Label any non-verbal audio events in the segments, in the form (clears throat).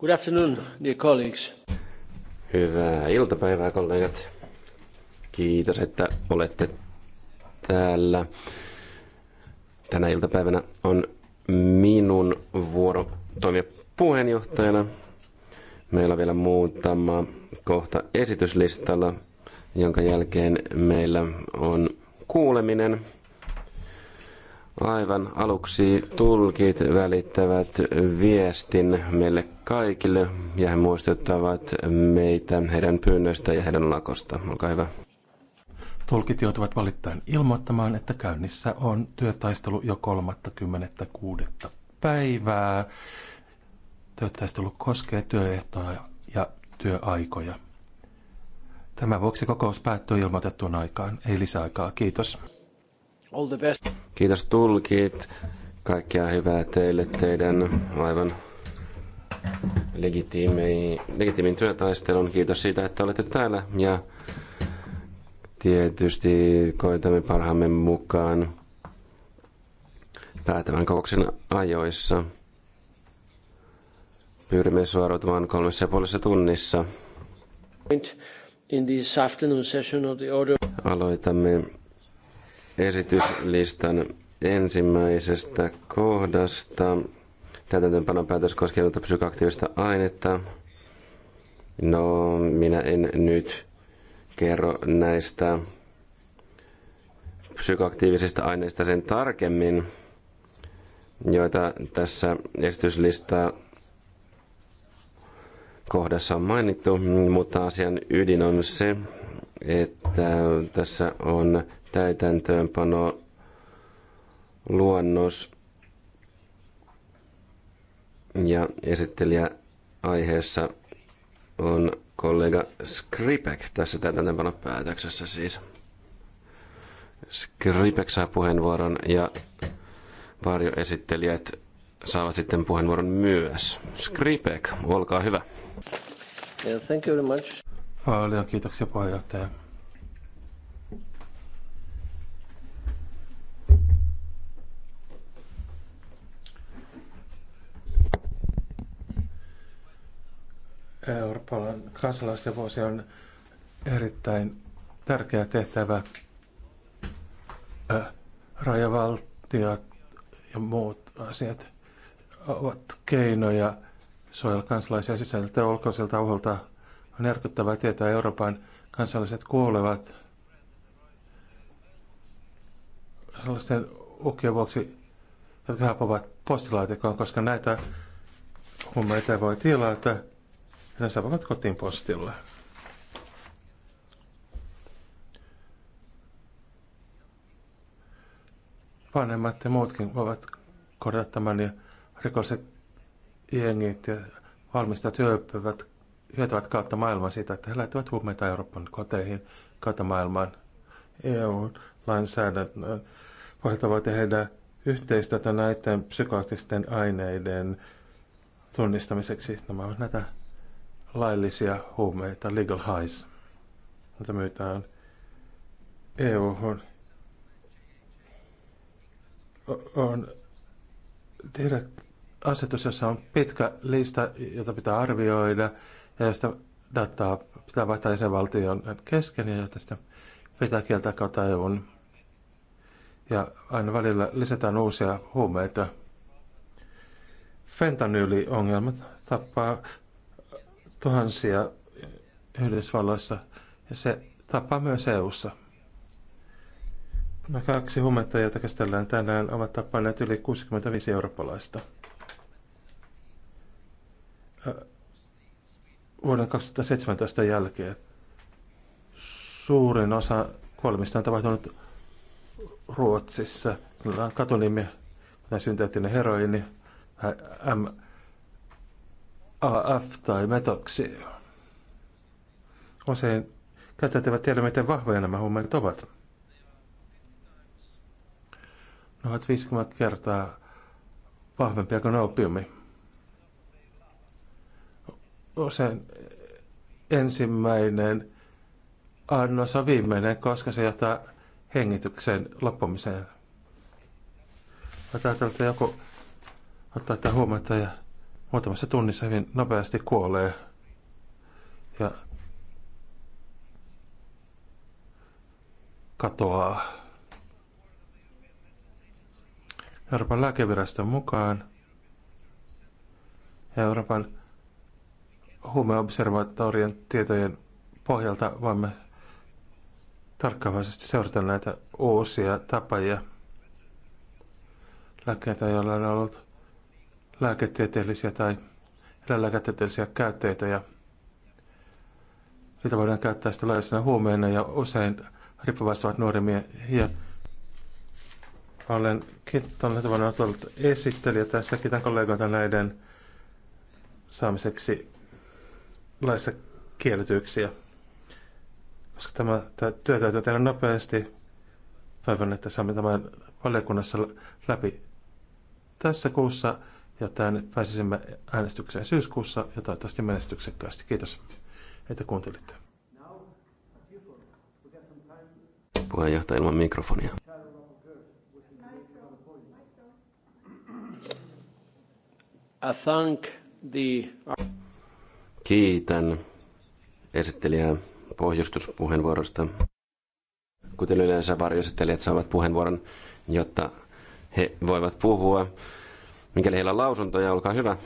Good afternoon, dear colleagues. Hyvää iltapäivää, kollegat. Kiitos, että olette täällä. Tänä iltapäivänä on minun vuoro toimia puheenjohtajana. Meillä on vielä muutama kohta esityslistalla, jonka jälkeen meillä on kuuleminen. Aivan aluksi tulkit välittävät viestin meille kaikille ja he muistuttavat meitä heidän pyynnöistä ja heidän lakosta. Olkaa hyvä. Tolkit joutuvat valittain ilmoittamaan, että käynnissä on työtaistelu jo 36. päivää. Työtaistelu koskee työehtoja ja työaikoja. Tämän vuoksi kokous päättyy ilmoitettuun aikaan, ei lisäaikaa. Kiitos. All the best. Kiitos tulkit. Kaikkea hyvää teille teidän aivan legitiimin työtaistelun. Kiitos siitä, että olette täällä ja tietysti koitamme parhaamme mukaan päätävän kokouksen ajoissa. Pyrimme suoroutumaan kolmessa ja puolessa tunnissa. Aloitamme esityslistan ensimmäisestä kohdasta päätös koskee uutta psykoaktiivista ainetta. No, minä en nyt kerro näistä psykoaktiivisista aineista sen tarkemmin, joita tässä esityslista kohdassa on mainittu, mutta asian ydin on se, että tässä on täytäntöönpano luonnos ja esittelijä aiheessa on kollega Skripek tässä täytäntöönpano päätöksessä siis. Skripek saa puheenvuoron ja varjoesittelijät saavat sitten puheenvuoron myös. Skripek, olkaa hyvä. Yeah, thank you very much. Paljon kiitoksia puheenjohtaja. Euroopan kansalaisten vuosi on erittäin tärkeä tehtävä. Rajavaltiot ja muut asiat ovat keinoja suojella kansalaisia sisältä ja ulkoiselta uholta. On järkyttävää tietää Euroopan kansalaiset kuolevat sellaisten uhkien vuoksi, jotka hapovat postilaatikkoon, koska näitä huumeita voi tilata ja ne saapuvat kotiin postilla. Vanhemmat ja muutkin voivat kohdata tämän ja rikolliset jengit ja valmistajat hyöpyvät, hyötyvät kautta maailmaa siitä, että he lähtevät huumeita Euroopan koteihin kautta maailmaan. EU-lainsäädännön pohjalta voi tehdä yhteistyötä näiden psykoottisten aineiden tunnistamiseksi. Nämä ovat näitä laillisia huumeita, legal highs, joita myytään eu on, on tehdä asetus, jossa on pitkä lista, jota pitää arvioida ja josta dataa pitää vaihtaa jäsenvaltion kesken ja josta sitä pitää kieltää kautta EUn. Ja aina välillä lisätään uusia huumeita. Fentanyyli-ongelmat tappaa tuhansia Yhdysvalloissa ja se tappaa myös EUssa. Nämä kaksi huumetta, joita käsitellään tänään, ovat tappaneet yli 65 eurooppalaista. Vuoden 2017 jälkeen suurin osa kuolemista on tapahtunut Ruotsissa. Meillä katonimi, kuten synteettinen heroini, AF tai metoksi. Usein käyttäjät eivät tiedä, miten vahvoja nämä huumeet ovat. Ne ovat 50 kertaa vahvempia kuin opiumi. Usein ensimmäinen annos on viimeinen, koska se johtaa hengityksen loppumiseen. Mä että joku ottaa tämän huomata ja muutamassa tunnissa hyvin nopeasti kuolee. Ja katoaa. Euroopan lääkeviraston mukaan ja Euroopan huumeobservatorien tietojen pohjalta voimme tarkkaavaisesti seurata näitä uusia tapoja lääkkeitä, joilla on ollut lääketieteellisiä tai eläinlääketieteellisiä käytteitä ja niitä voidaan käyttää sitten laajaisena huomioina ja usein riippuvaistavat nuorimia. Ja olen kiittänyt tämän ollut esittelijä tässä. Kiitän kollegoita näiden saamiseksi laissa kielletyksiä. Koska tämä, tämä työ täytyy tehdä nopeasti, toivon, että saamme tämän valiokunnassa läpi tässä kuussa jotta pääsisimme äänestykseen syyskuussa ja toivottavasti menestyksekkäästi. Kiitos, että kuuntelitte. Puheenjohtaja ilman mikrofonia. Kiitän esittelijää pohjustuspuheenvuorosta. Kuten yleensä varjoesittelijät saavat puheenvuoron, jotta he voivat puhua. Mikäli heillä on lausuntoja, olkaa hyvä.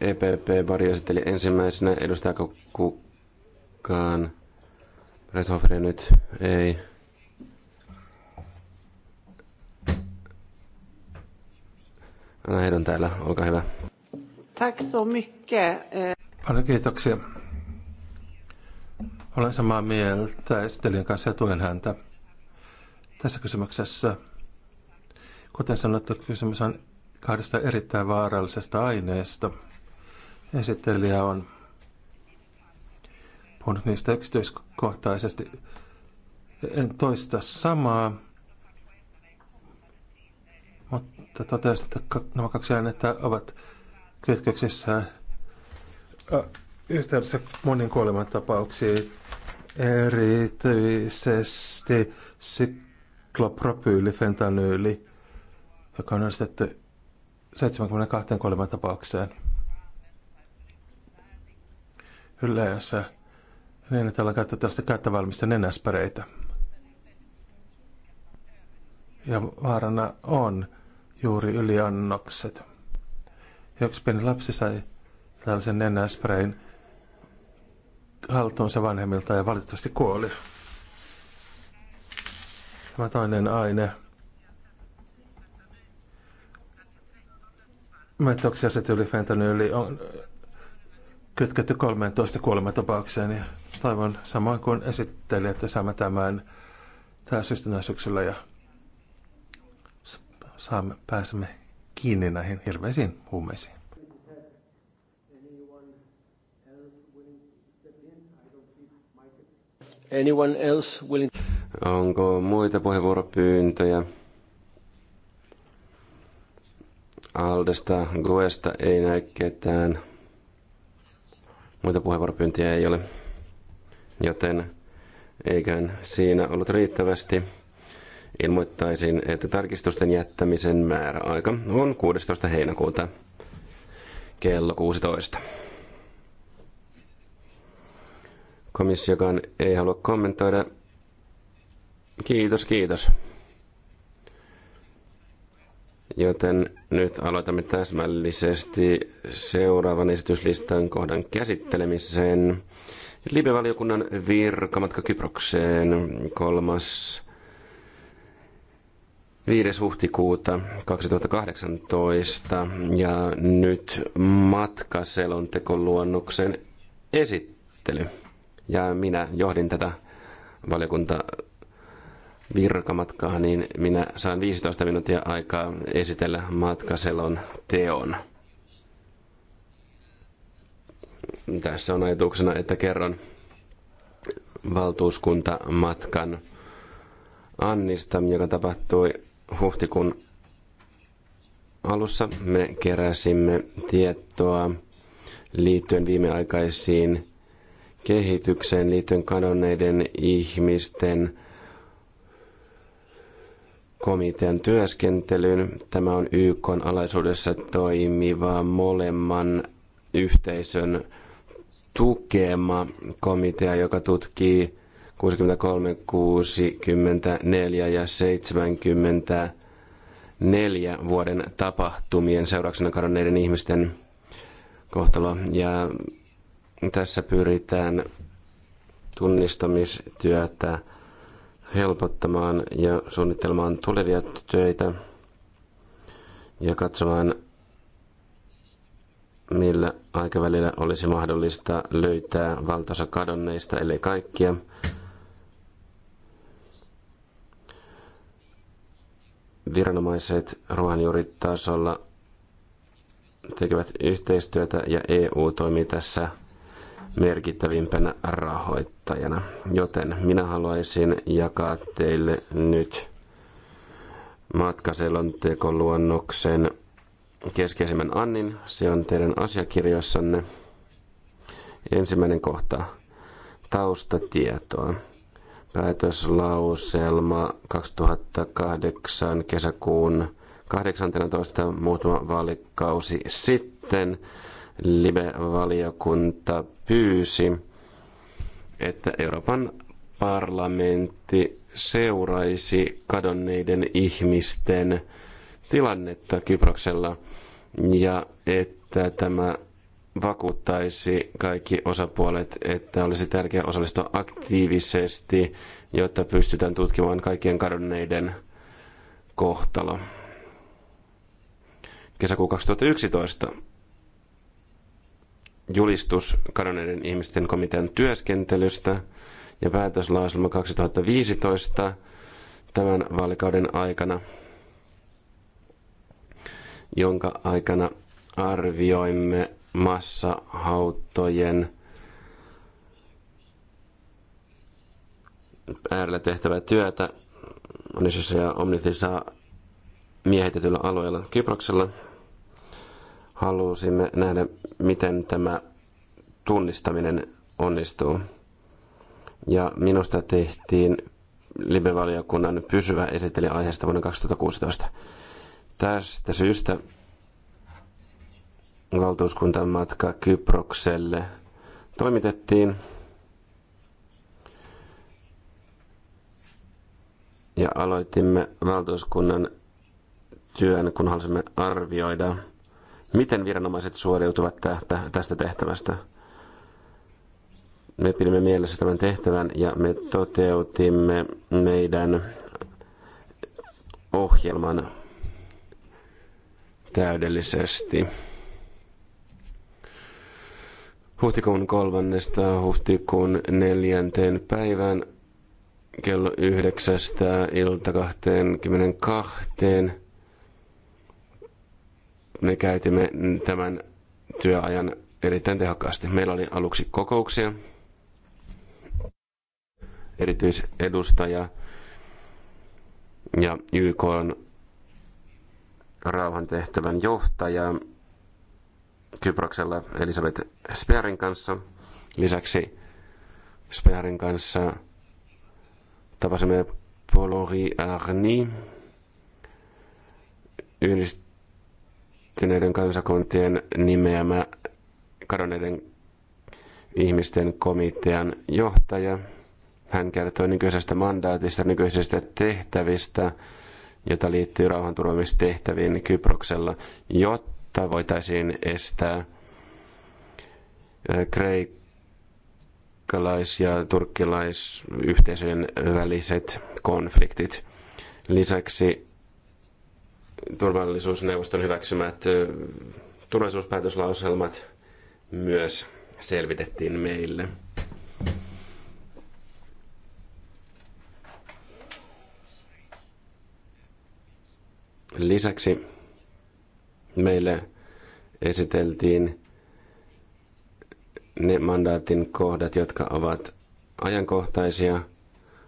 EPP-bari esitteli ensimmäisenä edustaako kukaan Reshofferi nyt ei. Anna Heidon täällä, olkaa hyvä. Tack så mycket. Paljon kiitoksia. Olen samaa mieltä esittelijän kanssa ja tuen häntä. Tässä kysymyksessä Kuten sanottu, kysymys on kahdesta erittäin vaarallisesta aineesta. Esittelijä on puhunut niistä yksityiskohtaisesti. En toista samaa, mutta totesin, että nämä kaksi ainetta ovat kytköksissä yhteydessä monin kuolemantapauksiin erityisesti syklopropyylifentanyyli joka on nostettu 72 kuoleman tapaukseen. Yleensä niin, että ollaan käyttää tällaista käyttävalmista nenäspäreitä. Ja vaarana on juuri yliannokset. Yksi pieni lapsi sai tällaisen nenäsprein haltuunsa vanhemmilta ja valitettavasti kuoli. Tämä toinen aine se tyyli fentanyyli on kytketty 13 kuolematapaukseen ja toivon samoin kuin esitteli, että saamme tämän täysistynä syksyllä ja saamme, pääsemme kiinni näihin hirveisiin huumeisiin. Anyone else willing? Onko muita puheenvuoropyyntöjä? Aldesta, Goesta ei näy ketään. Muita puheenvuoropyyntiä ei ole. Joten eikään siinä ollut riittävästi. Ilmoittaisin, että tarkistusten jättämisen määräaika on 16. heinäkuuta kello 16. Komissiokaan ei halua kommentoida. Kiitos, kiitos. Joten nyt aloitamme täsmällisesti seuraavan esityslistan kohdan käsittelemisen. Libevaliokunnan virkamatka Kyprokseen kolmas 5. huhtikuuta 2018 ja nyt matkaselontekoluonnoksen esittely. Ja minä johdin tätä valiokunta virkamatkaa, niin minä saan 15 minuuttia aikaa esitellä matkaselon teon. Tässä on ajatuksena, että kerron valtuuskuntamatkan Annista, joka tapahtui huhtikuun alussa. Me keräsimme tietoa liittyen viimeaikaisiin kehitykseen, liittyen kadonneiden ihmisten – komitean työskentelyyn. Tämä on YK alaisuudessa toimiva molemman yhteisön tukema komitea, joka tutkii 63, 64 ja 74 vuoden tapahtumien seurauksena kadonneiden ihmisten kohtalo. Ja tässä pyritään tunnistamistyötä helpottamaan ja suunnittelemaan tulevia töitä ja katsomaan, millä aikavälillä olisi mahdollista löytää valtaosa kadonneista, eli kaikkia. Viranomaiset ruohonjuuritasolla tekevät yhteistyötä ja EU toimii tässä – merkittävimpänä rahoittajana. Joten minä haluaisin jakaa teille nyt matkaselontekoluonnoksen keskeisimmän Annin. Se on teidän asiakirjoissanne. Ensimmäinen kohta. Taustatietoa. Päätöslauselma 2008 kesäkuun 18. muutama vaalikausi sitten. Live-valiokunta pyysi, että Euroopan parlamentti seuraisi kadonneiden ihmisten tilannetta Kyproksella ja että tämä vakuuttaisi kaikki osapuolet, että olisi tärkeää osallistua aktiivisesti, jotta pystytään tutkimaan kaikkien kadonneiden kohtalo. Kesäkuu 2011 julistus kadonneiden ihmisten komitean työskentelystä ja päätöslauselma 2015 tämän vaalikauden aikana, jonka aikana arvioimme massahautojen äärellä tehtävää työtä Onisissa ja Omnitissa miehitetyllä alueella Kyproksella – Halusimme nähdä, miten tämä tunnistaminen onnistuu. Ja minusta tehtiin Libe-valiokunnan pysyvä esittely aiheesta vuonna 2016. Tästä syystä valtuuskuntan matka Kyprokselle toimitettiin. Ja aloitimme valtuuskunnan työn, kun halusimme arvioida – Miten viranomaiset suoriutuvat tästä tehtävästä? Me pidimme mielessä tämän tehtävän ja me toteutimme meidän ohjelman täydellisesti. Huhtikuun kolmannesta huhtikuun neljänteen päivään kello yhdeksästä ilta kahteen kymmenen kahteen me käytimme tämän työajan erittäin tehokkaasti. Meillä oli aluksi kokouksia, erityisedustaja ja YK on rauhantehtävän johtaja Kyproksella Elisabeth Spearin kanssa. Lisäksi Spearin kanssa tapasimme Polori Arni, yhdist- kehittyneiden kansakuntien nimeämä kadonneiden ihmisten komitean johtaja. Hän kertoi nykyisestä mandaatista, nykyisistä tehtävistä, jota liittyy rauhanturvamistehtäviin Kyproksella, jotta voitaisiin estää äh, kreikkalaisia ja turkkilaisyhteisöjen väliset konfliktit. Lisäksi turvallisuusneuvoston hyväksymät turvallisuuspäätöslauselmat myös selvitettiin meille. Lisäksi meille esiteltiin ne mandaatin kohdat, jotka ovat ajankohtaisia,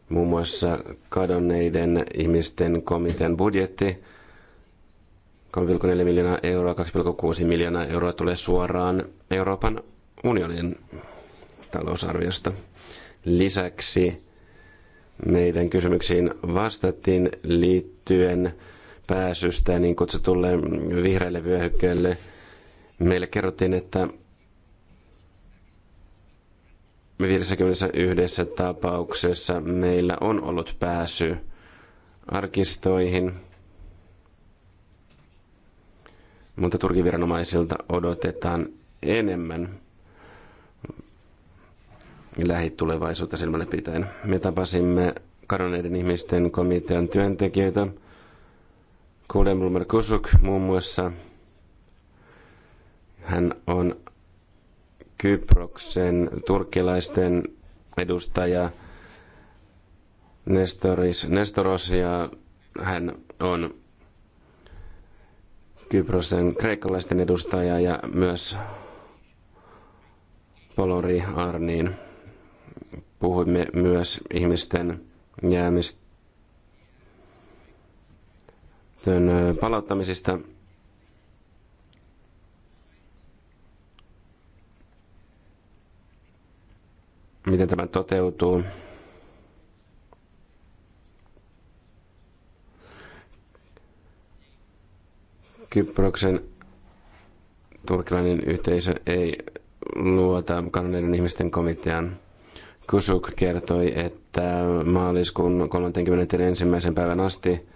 muun muassa kadonneiden ihmisten komitean budjetti, 3,4 miljoonaa euroa, 2,6 miljoonaa euroa tulee suoraan Euroopan unionin talousarviosta. Lisäksi meidän kysymyksiin vastattiin liittyen pääsystä niin kutsutulle vihreälle vyöhykkeelle. Meille kerrottiin, että 51 tapauksessa meillä on ollut pääsy arkistoihin – mutta Turkin viranomaisilta odotetaan enemmän lähitulevaisuutta silmälle pitäen. Me tapasimme kadonneiden ihmisten komitean työntekijöitä, Kulemblumar Kusuk muun muassa. Hän on Kyproksen turkkilaisten edustaja Nestoris, Nestoros ja hän on Kyprosen kreikkalaisten edustajaa ja myös Polori Arniin. Puhuimme myös ihmisten jäämistön palauttamisista. Miten tämä toteutuu? Kyproksen turkilainen yhteisö ei luota Kanadan ihmisten komitean. Kusuk kertoi, että maaliskuun 31. päivän asti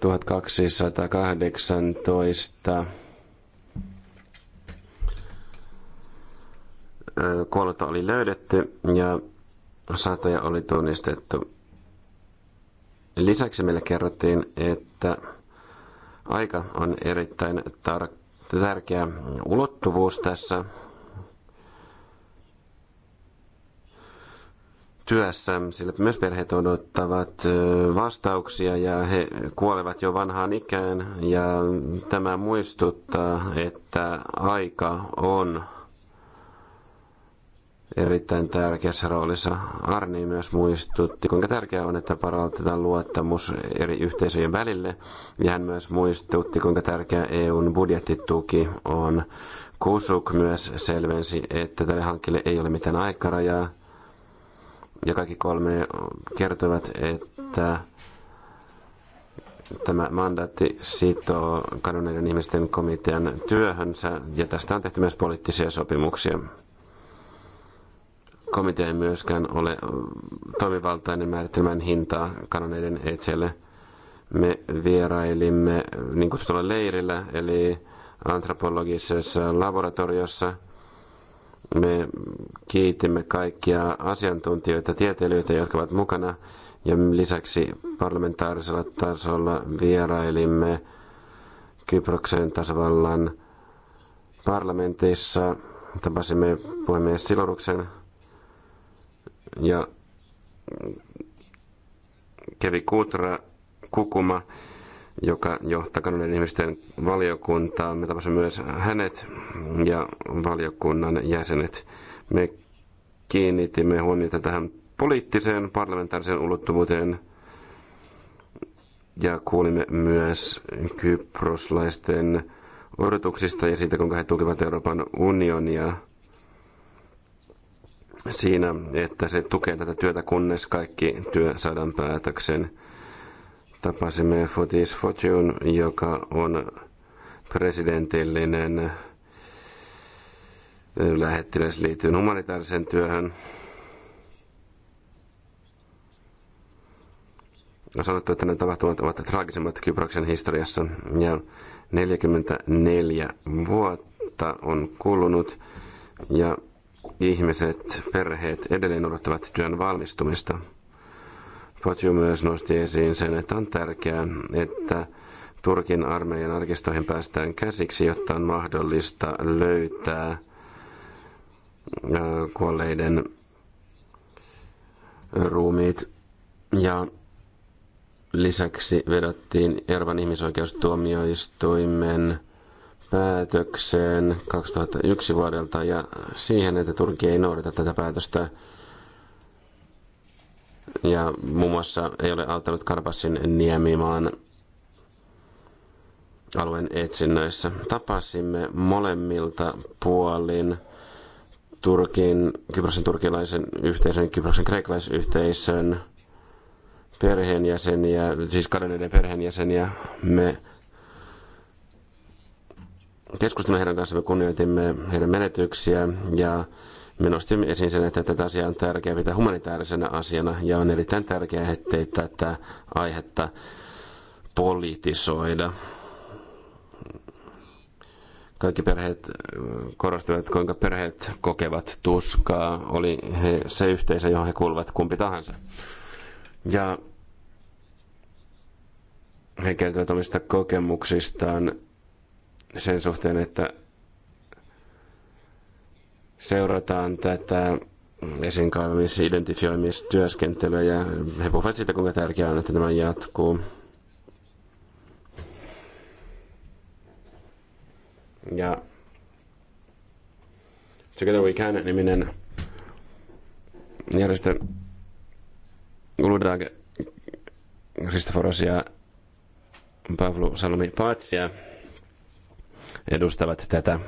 1218 kuollutta oli löydetty ja satoja oli tunnistettu. Lisäksi meille kerrottiin, että Aika on erittäin tar- tärkeä ulottuvuus tässä työssä, sillä myös perheet odottavat vastauksia ja he kuolevat jo vanhaan ikään. Ja tämä muistuttaa, että aika on erittäin tärkeässä roolissa. Arni myös muistutti, kuinka tärkeää on, että parautetaan luottamus eri yhteisöjen välille. Ja hän myös muistutti, kuinka tärkeää EUn budjettituki on. Kusuk myös selvensi, että tälle hankkeelle ei ole mitään aikarajaa. Ja kaikki kolme kertovat, että tämä mandaatti sitoo kadonneiden ihmisten komitean työhönsä, ja tästä on tehty myös poliittisia sopimuksia. Komitea ei myöskään ole toimivaltainen määrittelemään hintaa kanoneiden etselle. Me vierailimme niin kutsutulla leirillä, eli antropologisessa laboratoriossa. Me kiitimme kaikkia asiantuntijoita, tieteilijöitä, jotka ovat mukana. Ja lisäksi parlamentaarisella tasolla vierailimme Kyproksen tasavallan parlamentissa. Tapasimme puhemies Siloruksen ja Kevi Kutra Kukuma, joka johtaa Kanadan ihmisten valiokuntaa. Me tapasimme myös hänet ja valiokunnan jäsenet. Me kiinnitimme huomiota tähän poliittiseen parlamentaariseen ulottuvuuteen ja kuulimme myös kyproslaisten odotuksista ja siitä, kuinka he tukevat Euroopan unionia – siinä, että se tukee tätä työtä, kunnes kaikki työ saadaan päätöksen. Tapasimme Fotis Fortune, joka on presidentillinen eh, lähettiläs liittyen humanitaariseen työhön. On sanottu, että ne tapahtumat ovat traagisemmat Kyproksen historiassa ja 44 vuotta on kulunut ja ihmiset, perheet edelleen odottavat työn valmistumista. Potju myös nosti esiin sen, että on tärkeää, että Turkin armeijan arkistoihin päästään käsiksi, jotta on mahdollista löytää kuolleiden ruumiit. Ja lisäksi vedottiin Ervan ihmisoikeustuomioistuimen päätökseen 2001 vuodelta ja siihen, että Turkki ei noudata tätä päätöstä. Ja muun muassa ei ole auttanut Karpassin niemimaan alueen etsinnöissä. Tapasimme molemmilta puolin Turkin, Kyproksen turkilaisen yhteisön, Kyproksen kreikalaisyhteisön perheenjäseniä, siis kadonneiden perheenjäseniä. Me Keskustelimme heidän kanssaan, me kunnioitimme heidän menetyksiä ja me nostimme esiin sen, että tätä asiaa on tärkeää pitää humanitaarisena asiana ja on erittäin tärkeää, ettei tätä aihetta politisoida. Kaikki perheet äh, korostivat, kuinka perheet kokevat tuskaa, oli he se yhteisö, johon he kuuluvat kumpi tahansa. Ja he kertovat omista kokemuksistaan sen suhteen, että seurataan tätä esiin kaivamis- identifioimistyöskentelyä ja he puhuvat siitä, kuinka tärkeää on, että tämä jatkuu. Ja Together We Can-niminen järjestö Guludag Kristoforos ja Pavlu Salomi Patsia edustavat tätä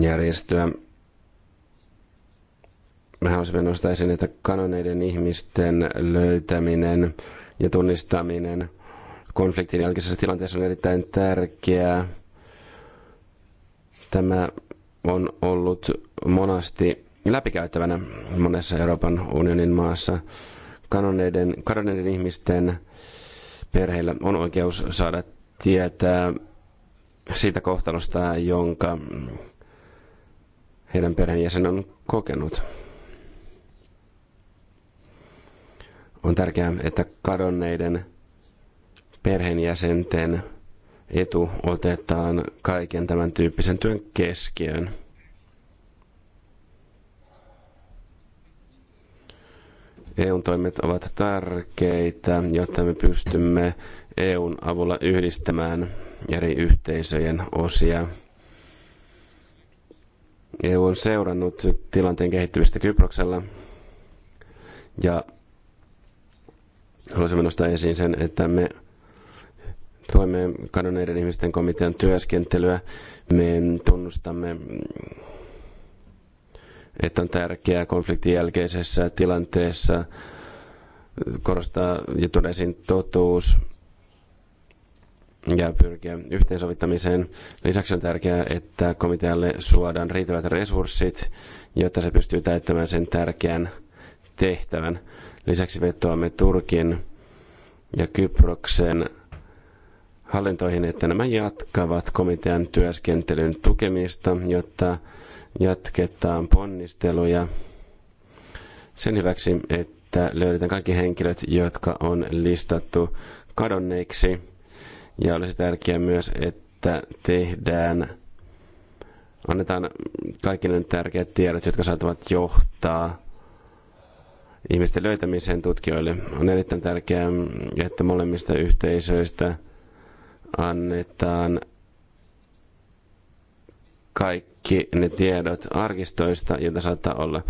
järjestöä. Mä haluaisin nostaa esiin, että kanoneiden ihmisten löytäminen ja tunnistaminen konfliktin jälkeisessä tilanteessa on erittäin tärkeää. Tämä on ollut monasti läpikäyttävänä monessa Euroopan unionin maassa. Kanoneiden, kanoneiden ihmisten perheillä on oikeus saada tietää siitä kohtalosta, jonka heidän perheenjäsen on kokenut. On tärkeää, että kadonneiden perheenjäsenten etu otetaan kaiken tämän tyyppisen työn keskiöön. EUn toimet ovat tärkeitä, jotta me pystymme EUn avulla yhdistämään eri yhteisöjen osia. EU on seurannut tilanteen kehittymistä Kyproksella ja haluaisin nostaa esiin sen, että me tuemme kadonneiden ihmisten komitean työskentelyä. Me tunnustamme, että on tärkeää konfliktin jälkeisessä tilanteessa korostaa ja tuoda esiin totuus – ja pyrkiä yhteensovittamiseen. Lisäksi on tärkeää, että komitealle suodaan riittävät resurssit, jotta se pystyy täyttämään sen tärkeän tehtävän. Lisäksi vetoamme Turkin ja Kyproksen hallintoihin, että nämä jatkavat komitean työskentelyn tukemista, jotta jatketaan ponnisteluja sen hyväksi, että löydetään kaikki henkilöt, jotka on listattu kadonneiksi ja olisi tärkeää myös, että tehdään, annetaan kaikki ne tärkeät tiedot, jotka saattavat johtaa ihmisten löytämiseen tutkijoille. On erittäin tärkeää, että molemmista yhteisöistä annetaan kaikki ne tiedot arkistoista, joita saattaa olla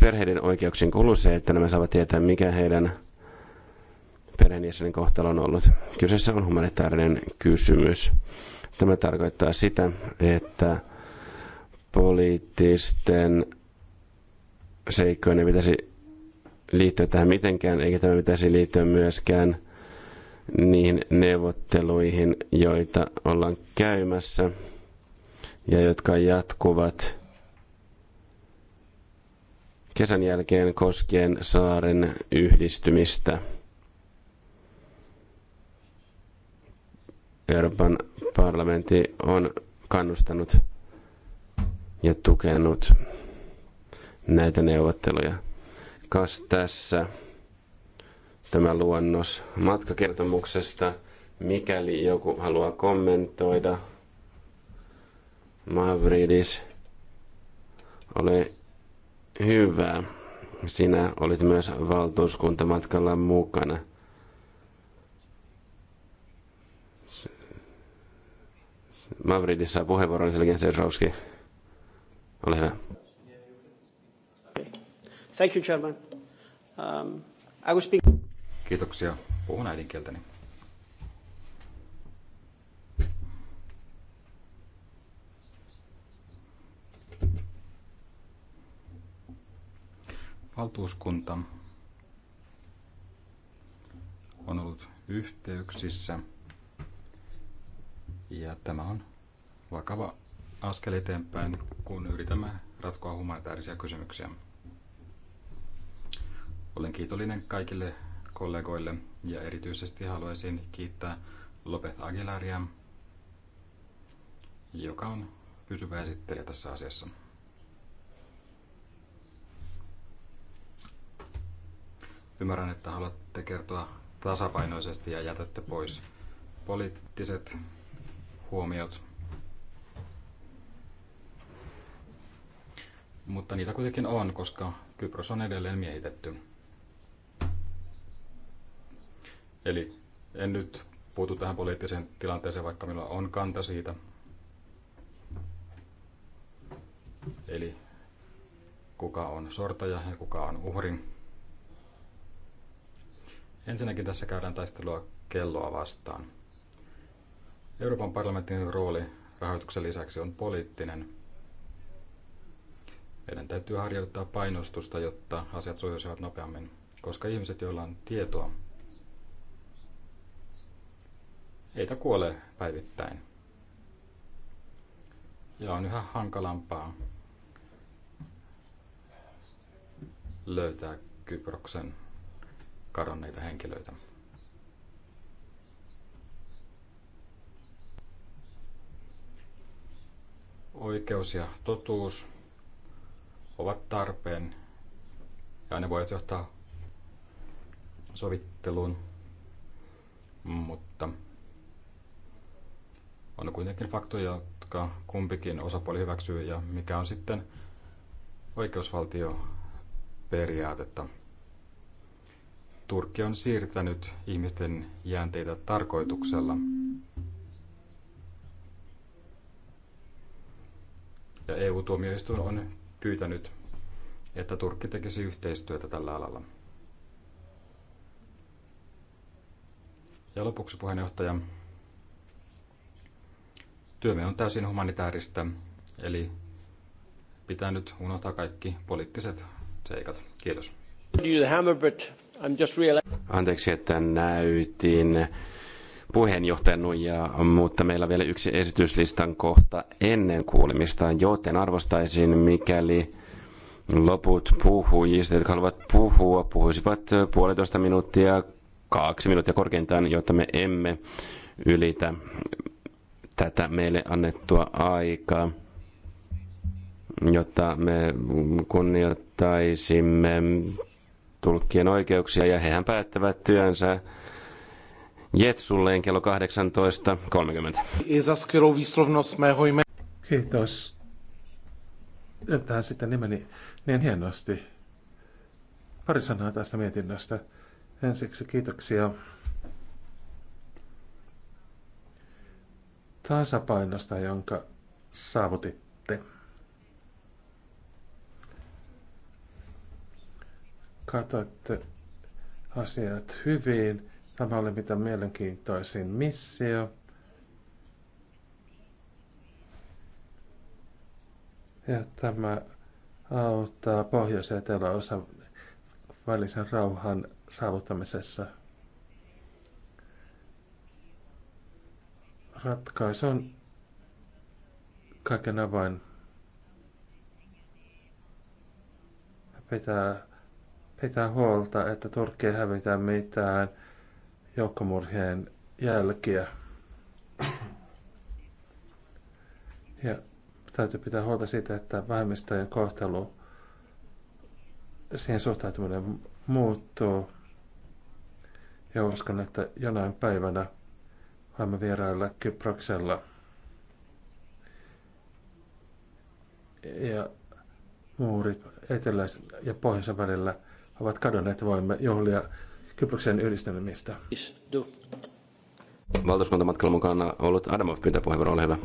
perheiden oikeuksien kuuluu se, että nämä saavat tietää, mikä heidän perheenjäsenen kohtalo on ollut. Kyseessä on humanitaarinen kysymys. Tämä tarkoittaa sitä, että poliittisten seikkojen ei pitäisi liittyä tähän mitenkään, eikä tämä pitäisi liittyä myöskään niihin neuvotteluihin, joita ollaan käymässä ja jotka jatkuvat kesän jälkeen koskien saaren yhdistymistä – Euroopan parlamentti on kannustanut ja tukenut näitä neuvotteluja. Kas tässä tämä luonnos matkakertomuksesta, mikäli joku haluaa kommentoida. Mavridis, ole hyvä. Sinä olit myös valtuuskuntamatkalla mukana. Mavridis saa puheenvuoron, sen jälkeen Ole hyvä. Thank you, Chairman. Um, I will speak... Kiitoksia. Puhun äidinkieltäni. Valtuuskunta on ollut yhteyksissä – ja tämä on vakava askel eteenpäin, kun yritämme ratkoa humanitaarisia kysymyksiä. Olen kiitollinen kaikille kollegoille ja erityisesti haluaisin kiittää Lopez Aguilaria, joka on pysyvä esittelijä tässä asiassa. Ymmärrän, että haluatte kertoa tasapainoisesti ja jätätte pois poliittiset huomiot. Mutta niitä kuitenkin on, koska Kypros on edelleen miehitetty. Eli en nyt puutu tähän poliittiseen tilanteeseen, vaikka minulla on kanta siitä. Eli kuka on sortaja ja kuka on uhri. Ensinnäkin tässä käydään taistelua kelloa vastaan. Euroopan parlamentin rooli rahoituksen lisäksi on poliittinen. Meidän täytyy harjoittaa painostusta, jotta asiat sujuisivat nopeammin, koska ihmiset, joilla on tietoa, heitä kuolee päivittäin. Ja on yhä hankalampaa löytää Kyproksen kadonneita henkilöitä. oikeus ja totuus ovat tarpeen ja ne voivat johtaa sovitteluun, mutta on kuitenkin faktoja, jotka kumpikin osapuoli hyväksyy ja mikä on sitten oikeusvaltioperiaatetta. Turkki on siirtänyt ihmisten jäänteitä tarkoituksella. ja EU-tuomioistuin on pyytänyt, että Turkki tekisi yhteistyötä tällä alalla. Ja lopuksi puheenjohtaja. Työme on täysin humanitaarista, eli pitää nyt unohtaa kaikki poliittiset seikat. Kiitos. Anteeksi, että näytin puheenjohtaja Nuija, mutta meillä on vielä yksi esityslistan kohta ennen kuulemista, joten arvostaisin, mikäli loput puhujista, jotka haluavat puhua, puhuisivat puolitoista minuuttia, kaksi minuuttia korkeintaan, jotta me emme ylitä tätä meille annettua aikaa, jotta me kunnioittaisimme tulkkien oikeuksia ja hehän päättävät työnsä Jetsulleen kello 18.30. Kiitos. Tämä sitten nimeni niin hienosti. Pari sanaa tästä mietinnöstä. Ensiksi kiitoksia tasapainosta, jonka saavutitte. Katoitte asiat hyvin Tämä oli mitä mielenkiintoisin missio. Ja tämä auttaa pohjois- ja eteläosa välisen rauhan saavuttamisessa. Ratkaisu on kaiken avain. Pitää, pitää huolta, että Turkki ei hävitä mitään joukkomurhien jälkiä. Ja täytyy pitää huolta siitä, että vähemmistöjen kohtelu, siihen suhtautuminen muuttuu. Ja uskon, että jonain päivänä voimme vierailla Kyproksella. Ja muurit eteläisen ja pohjoisen välillä ovat kadonneet. Voimme juhlia Kyproksen yhdistämistä. Valtuuskuntamatkalla mukana ollut Adamov pyytää puheenvuoro, ole hyvä.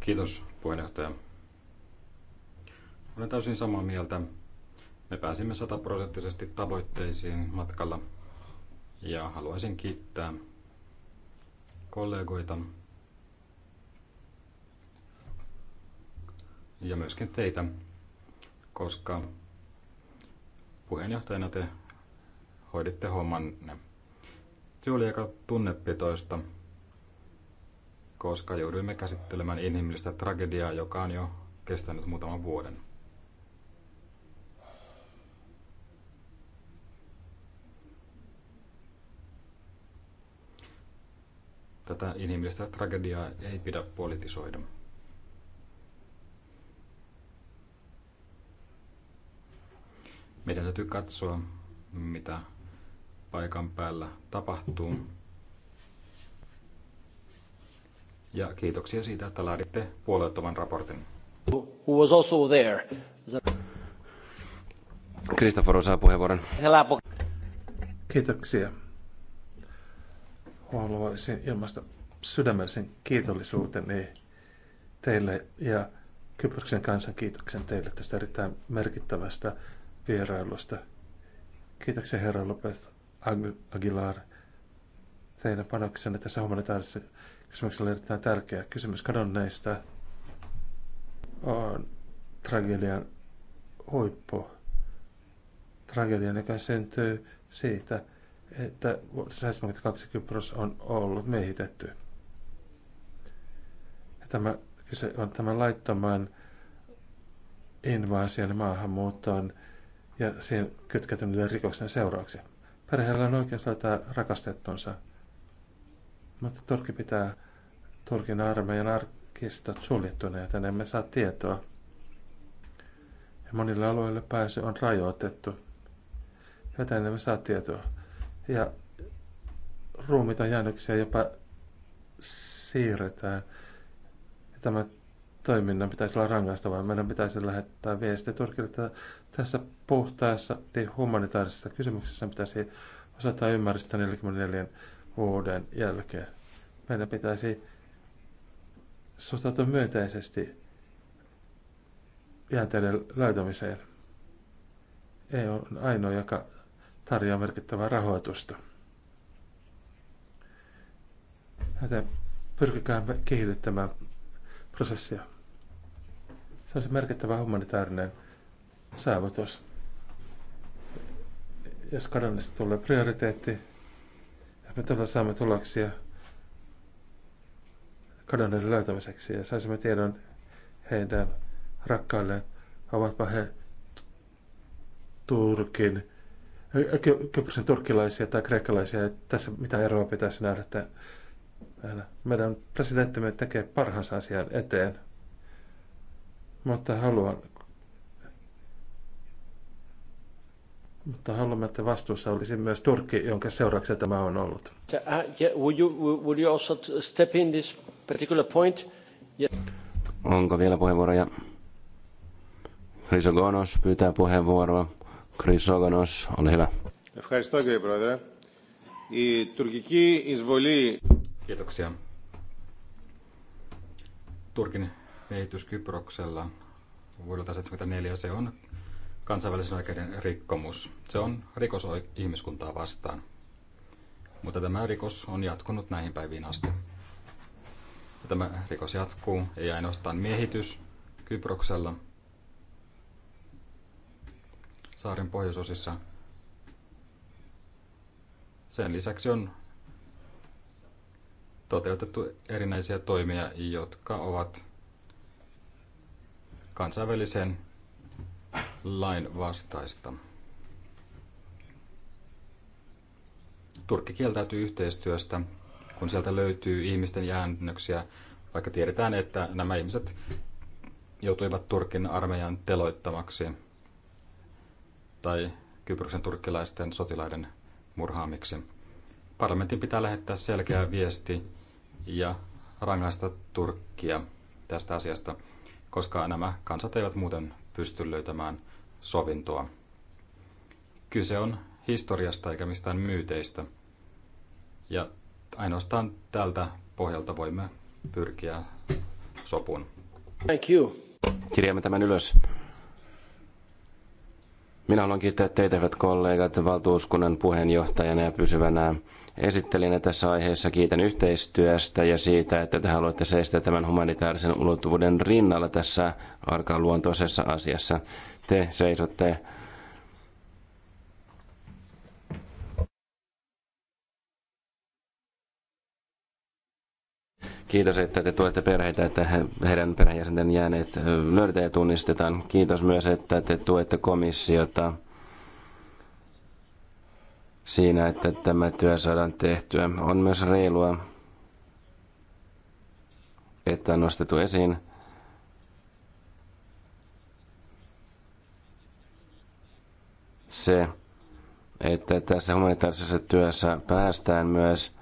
Kiitos, puheenjohtaja. Olen täysin samaa mieltä. Me pääsimme sataprosenttisesti tavoitteisiin matkalla ja haluaisin kiittää kollegoita ja myöskin teitä, koska puheenjohtajana te hoiditte hommanne. Se oli aika tunnepitoista, koska jouduimme käsittelemään inhimillistä tragediaa, joka on jo kestänyt muutaman vuoden. Tätä inhimillistä tragediaa ei pidä politisoida. Meidän täytyy katsoa, mitä paikan päällä tapahtuu. Ja kiitoksia siitä, että laaditte puolueettoman raportin. Who was also there. Kristoforo saa puheenvuoron. Kiitoksia. Haluaisin ilmaista sydämellisen kiitollisuuteni teille ja Kyproksen kansan kiitoksen teille tästä erittäin merkittävästä vierailusta. Kiitoksia herra Lopez Aguilar teidän panoksenne tässä humanitaarisessa kysymyksessä oli erittäin tärkeä kysymys kadonneista. On tragedian huippu. Tragedian, joka syntyy siitä, että 72 Kypros on ollut miehitetty. Ja tämä kyse on tämän laittoman invaasion maahanmuuttoon ja siihen kytketynnille rikoksen seurauksia. Perheellä on oikeus löytää rakastettunsa, mutta Turkki pitää Turkin armeijan arkistot suljettuna, joten emme saa tietoa. Ja monilla alueille pääsy on rajoitettu, joten emme saa tietoa. Ja ruumita jäännöksiä jopa siirretään. Ja tämä toiminnan pitäisi olla rangaistavaa. Meidän pitäisi lähettää viesti Turkille, että tässä puhtaessa humanitaarisessa kysymyksessä pitäisi osata ymmärrystä 44 vuoden jälkeen. Meidän pitäisi suhtautua myönteisesti jäänteiden löytämiseen. EU on ainoa, joka tarjoaa merkittävää rahoitusta. Joten pyrkikäämme kehittämään prosessia. Se on se merkittävä humanitaarinen saavutus. Jos kadonnista tulee prioriteetti, ja me todella saamme tuloksia kadonneiden löytämiseksi ja saisimme tiedon heidän rakkailleen, ovatpa he Turkin, Kyprosin turkkilaisia tai kreikkalaisia. Tässä mitä eroa pitäisi nähdä, että meidän presidenttimme tekee parhaansa asian eteen. Mutta haluan Mutta haluamme, että vastuussa olisi myös Turkki, jonka seurauksia tämä on ollut. Onko vielä puheenvuoroja? Chrysogonos pyytää puheenvuoroa. Chrysogonos, ole hyvä. Kiitoksia. Turkin kehitys Kyproksella vuodelta 1974 se on kansainvälisen oikeuden rikkomus. Se on rikos ihmiskuntaa vastaan. Mutta tämä rikos on jatkunut näihin päiviin asti. Ja tämä rikos jatkuu, ei ainoastaan miehitys Kyproksella, saaren pohjoisosissa. Sen lisäksi on toteutettu erinäisiä toimia, jotka ovat kansainvälisen lain vastaista. Turkki kieltäytyy yhteistyöstä, kun sieltä löytyy ihmisten jäännöksiä, vaikka tiedetään, että nämä ihmiset joutuivat Turkin armeijan teloittamaksi tai Kyproksen turkkilaisten sotilaiden murhaamiksi. Parlamentin pitää lähettää selkeä viesti ja rangaista Turkkia tästä asiasta, koska nämä kansat eivät muuten pysty löytämään sovintoa. Kyse on historiasta eikä mistään myyteistä. Ja ainoastaan tältä pohjalta voimme pyrkiä sopuun. Thank you. Kirjaamme tämän ylös. Minä haluan kiittää teitä, hyvät kollegat, valtuuskunnan puheenjohtajana ja pysyvänä esittelijänä tässä aiheessa. Kiitän yhteistyöstä ja siitä, että te haluatte seistä tämän humanitaarisen ulottuvuuden rinnalla tässä arkaluontoisessa asiassa. Te seisotte Kiitos, että te tuette perheitä, että he, heidän perheenjäsenten jääneet löydetään ja tunnistetaan. Kiitos myös, että te tuette komissiota siinä, että tämä työ saadaan tehtyä. On myös reilua, että on nostettu esiin se, että tässä humanitaarisessa työssä päästään myös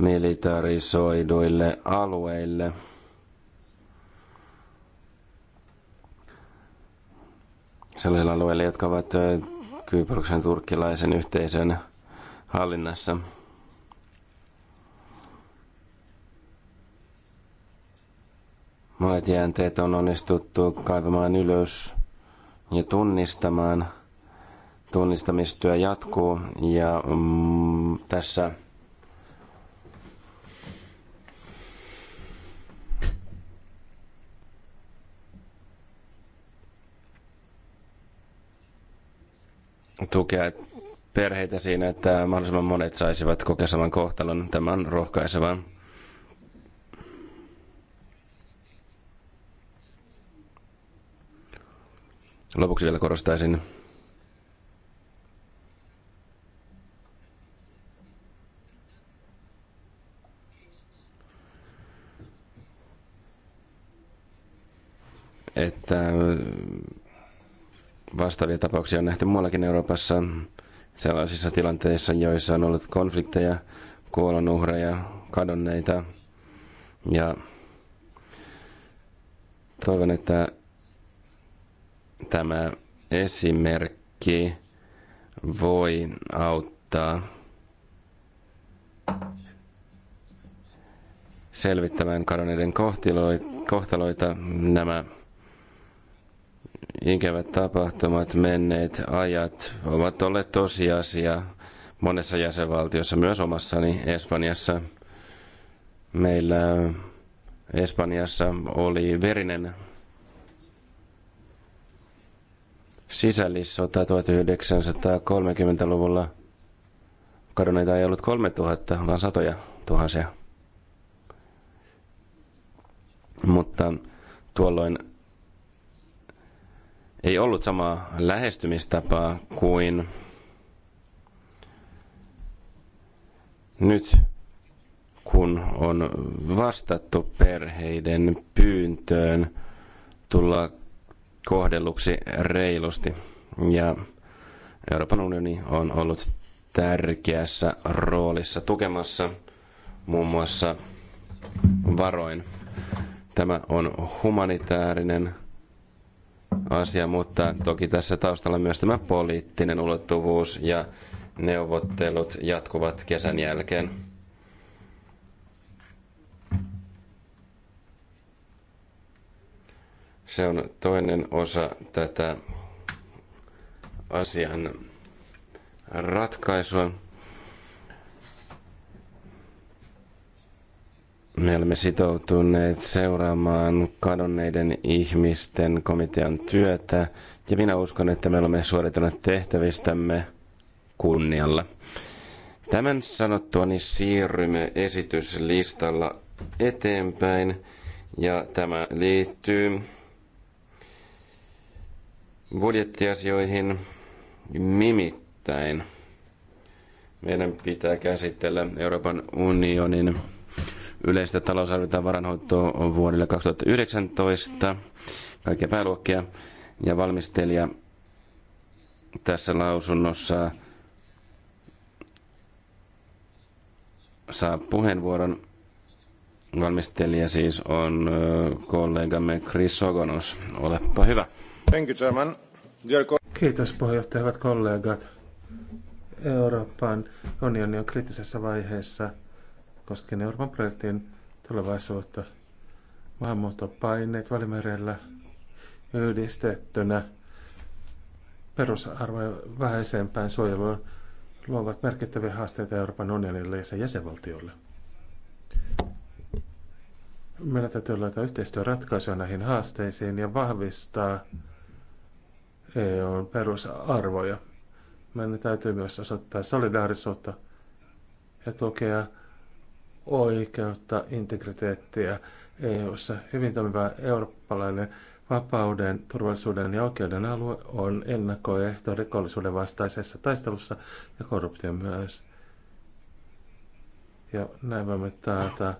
militarisoiduille alueille. Sellaisilla alueilla, jotka ovat Kyproksen turkkilaisen yhteisön hallinnassa. Monet jäänteet on onnistuttu kaivamaan ylös ja tunnistamaan. Tunnistamistyö jatkuu ja mm, tässä tukea perheitä siinä, että mahdollisimman monet saisivat kokea saman kohtalon. Tämä on rohkaisevaa. Lopuksi vielä korostaisin että Vastaavia tapauksia on nähty muuallakin Euroopassa sellaisissa tilanteissa, joissa on ollut konflikteja, kuolonuhreja, kadonneita. Ja toivon, että tämä esimerkki voi auttaa selvittämään kadonneiden kohtaloita. Nämä ikävät tapahtumat, menneet ajat ovat olleet tosiasia monessa jäsenvaltiossa, myös omassani Espanjassa. Meillä Espanjassa oli verinen sisällissota 1930-luvulla. Kadonneita ei ollut 3000, vaan satoja tuhansia. Mutta tuolloin ei ollut samaa lähestymistapaa kuin nyt, kun on vastattu perheiden pyyntöön tulla kohdelluksi reilusti. Ja Euroopan unioni on ollut tärkeässä roolissa tukemassa muun muassa varoin. Tämä on humanitaarinen asia, mutta toki tässä taustalla myös tämä poliittinen ulottuvuus ja neuvottelut jatkuvat kesän jälkeen. Se on toinen osa tätä asian ratkaisua. Me olemme sitoutuneet seuraamaan kadonneiden ihmisten komitean työtä, ja minä uskon, että me olemme suorittaneet tehtävistämme kunnialla. Tämän sanottuani siirrymme esityslistalla eteenpäin, ja tämä liittyy budjettiasioihin nimittäin. Meidän pitää käsitellä Euroopan unionin yleistä talousarviota varanhoitoa vuodelle 2019, kaikkia pääluokkia, ja valmistelija tässä lausunnossa saa puheenvuoron. Valmistelija siis on kollegamme Chris Sogonos. Olepa hyvä. Kiitos puheenjohtaja, hyvät kollegat. Euroopan unioni on kriittisessä vaiheessa – koskien Euroopan projektien tulevaisuutta. Maahanmuuttopaineet Välimerellä yhdistettynä perusarvojen vähäisempään suojeluun luovat merkittäviä haasteita Euroopan unionille ja sen jäsenvaltiolle. Meillä täytyy löytää yhteistyöratkaisuja näihin haasteisiin ja vahvistaa EUn perusarvoja. Meidän täytyy myös osoittaa solidaarisuutta ja tukea oikeutta, integriteettiä EU-ssa. Hyvin toimiva eurooppalainen vapauden, turvallisuuden ja oikeuden alue on ennakkoehto rikollisuuden vastaisessa taistelussa ja korruptio myös. Ja näin voimme taata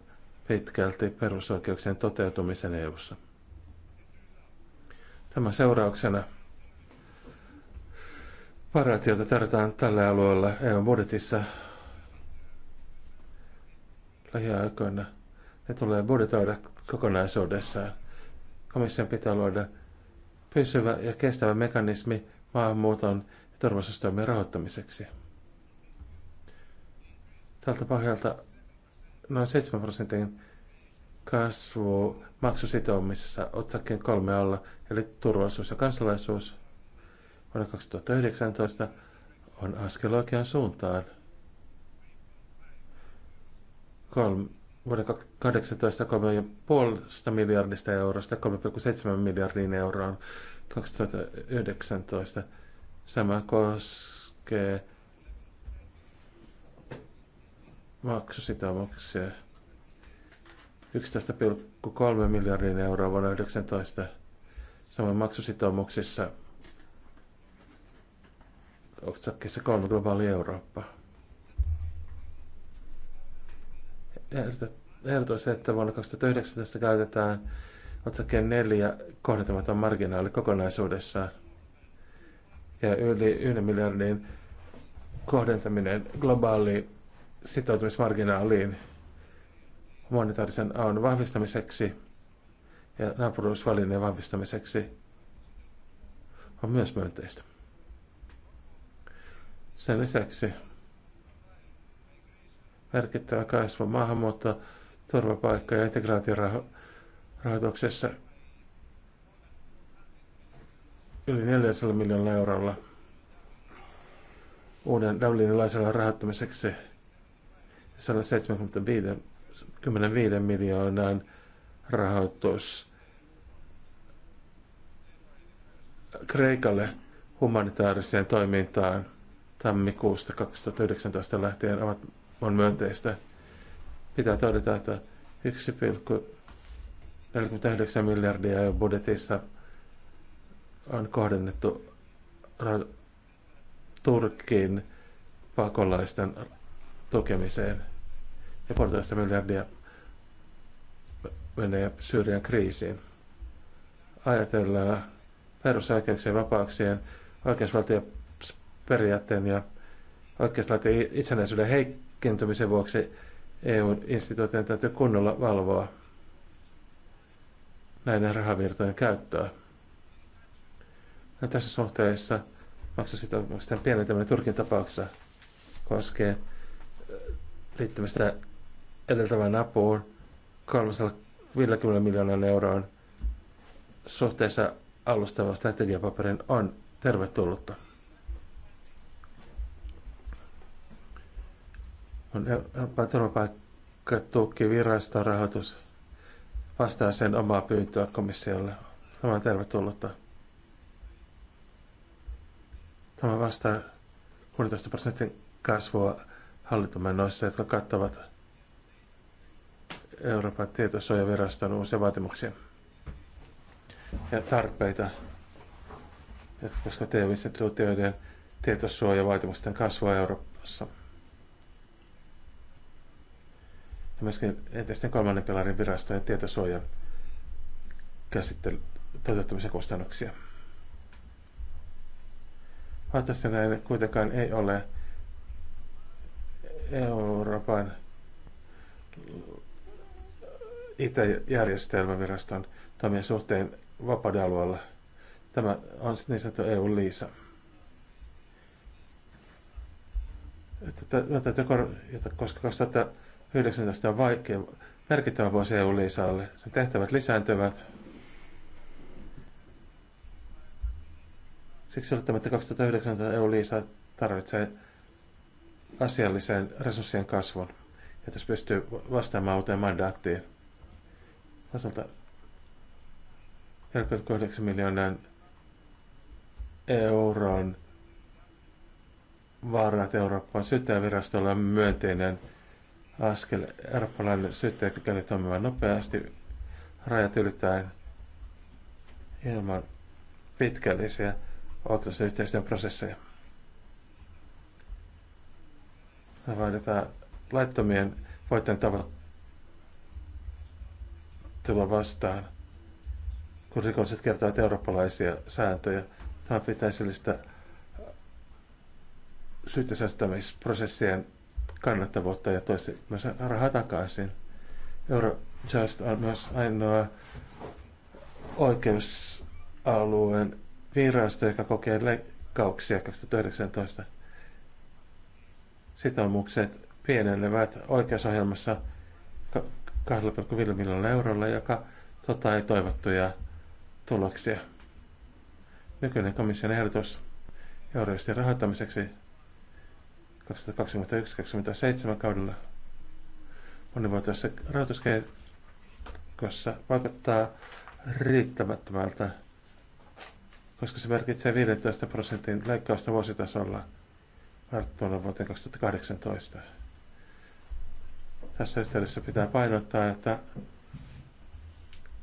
pitkälti perusoikeuksien toteutumisen EU-ssa. Tämän seurauksena varat, joita tarvitaan tällä alueella eu budjetissa, lähiaikoina. Ne tulee budjetoida kokonaisuudessaan. Komission pitää luoda pysyvä ja kestävä mekanismi maahanmuuton ja turvallisuustoimien rahoittamiseksi. Tältä pohjalta noin 7 prosentin kasvu maksusitoumisessa otsakkeen kolme alla, eli turvallisuus ja kansalaisuus vuonna 2019 on askel oikeaan suuntaan – vuoden 2018 3,5 miljardista eurosta 3,7 miljardiin euroon 2019. Sama koskee maksusitoumuksia 11,3 miljardiin euroa vuonna 2019. Samoin maksusitoumuksissa otsakkeessa 3 globaali Eurooppa. ehdotus, että vuonna 2019 käytetään otsakkeen neljä kohdentamaton marginaali kokonaisuudessaan ja yli yhden miljardin kohdentaminen globaaliin sitoutumismarginaaliin monetaarisen aun vahvistamiseksi ja naapuruusvälineen vahvistamiseksi on myös myönteistä. Sen lisäksi merkittävä kasvu maahanmuutto, turvapaikka- ja integraatiorahoituksessa yli 400 miljoonalla eurolla uuden Dublinin lainsäädännön rahoittamiseksi 175 miljoonan rahoitus Kreikalle humanitaariseen toimintaan tammikuusta 2019 lähtien ovat on myönteistä. Pitää todeta, että 1,49 miljardia budjetissa on kohdennettu Turkkiin pakolaisten tukemiseen ja puolitoista miljardia menee Syyrian kriisiin. Ajatellaan perusoikeuksien, vapauksien, oikeusvaltioperiaatteen ja oikeuslaitteen itsenäisyyden heikkoa heikentymisen vuoksi EU-instituutioiden täytyy kunnolla valvoa näiden rahavirtojen käyttöä. Ja tässä suhteessa maksusitoumusten pienentäminen Turkin tapauksessa koskee äh, liittymistä edeltävään apuun 350 miljoonan euroon suhteessa alustavan strategiapaperin on tervetullutta. on tukki virallista rahoitus vastaa sen omaa pyyntöä komissiolle. Tämä on tervetullutta. Tämä vastaa 16 prosentin kasvua hallintomenoissa, jotka kattavat Euroopan tietosuojaviraston uusia vaatimuksia ja tarpeita, koska tv instituutioiden tietosuojavaatimusten kasvua Euroopassa. ja myöskin entisten kolmannen pilarin virastojen tietosuojan käsittely, toteuttamisen kustannuksia. Valitettavasti näin kuitenkaan ei ole Euroopan itäjärjestelmäviraston toimien suhteen vapauden alueella. Tämä on niin sanottu EU-liisa. Tätä, tätä, koska 19 on vaikea, merkittävä vuosi EU-liisalle. Sen tehtävät lisääntyvät. Siksi olettamatta 2019 EU-liisa tarvitsee asiallisen resurssien kasvun, että se pystyy vastaamaan uuteen mandaattiin. Toisaalta 48 miljoonan euron vaarat Euroopan syyttäjävirastolla on myönteinen askel eurooppalainen syyttäjä kykenee toimimaan nopeasti rajat ylittäen ilman pitkällisiä oikeudellisen yhteistyön prosesseja. Me vaaditaan laittomien voittojen tavoittelua vastaan, kun rikolliset kertovat eurooppalaisia sääntöjä. Tämä pitäisi lisätä syyttäsäästämisprosessien kannattavuutta ja toisi myös rahaa takaisin. Eurojust on myös ainoa oikeusalueen virasto, joka kokee leikkauksia 2019. Sitoumukset pienenevät oikeusohjelmassa 2,5 miljoonalla eurolla, joka tota ei toivottuja tuloksia. Nykyinen komission ehdotus eurojustin rahoittamiseksi 2021-2027 kaudella monivuotisessa rahoituskehikossa vaikuttaa riittämättömältä, koska se merkitsee 15 prosentin leikkausta vuositasolla verrattuna vuoteen 2018. Tässä yhteydessä pitää painottaa, että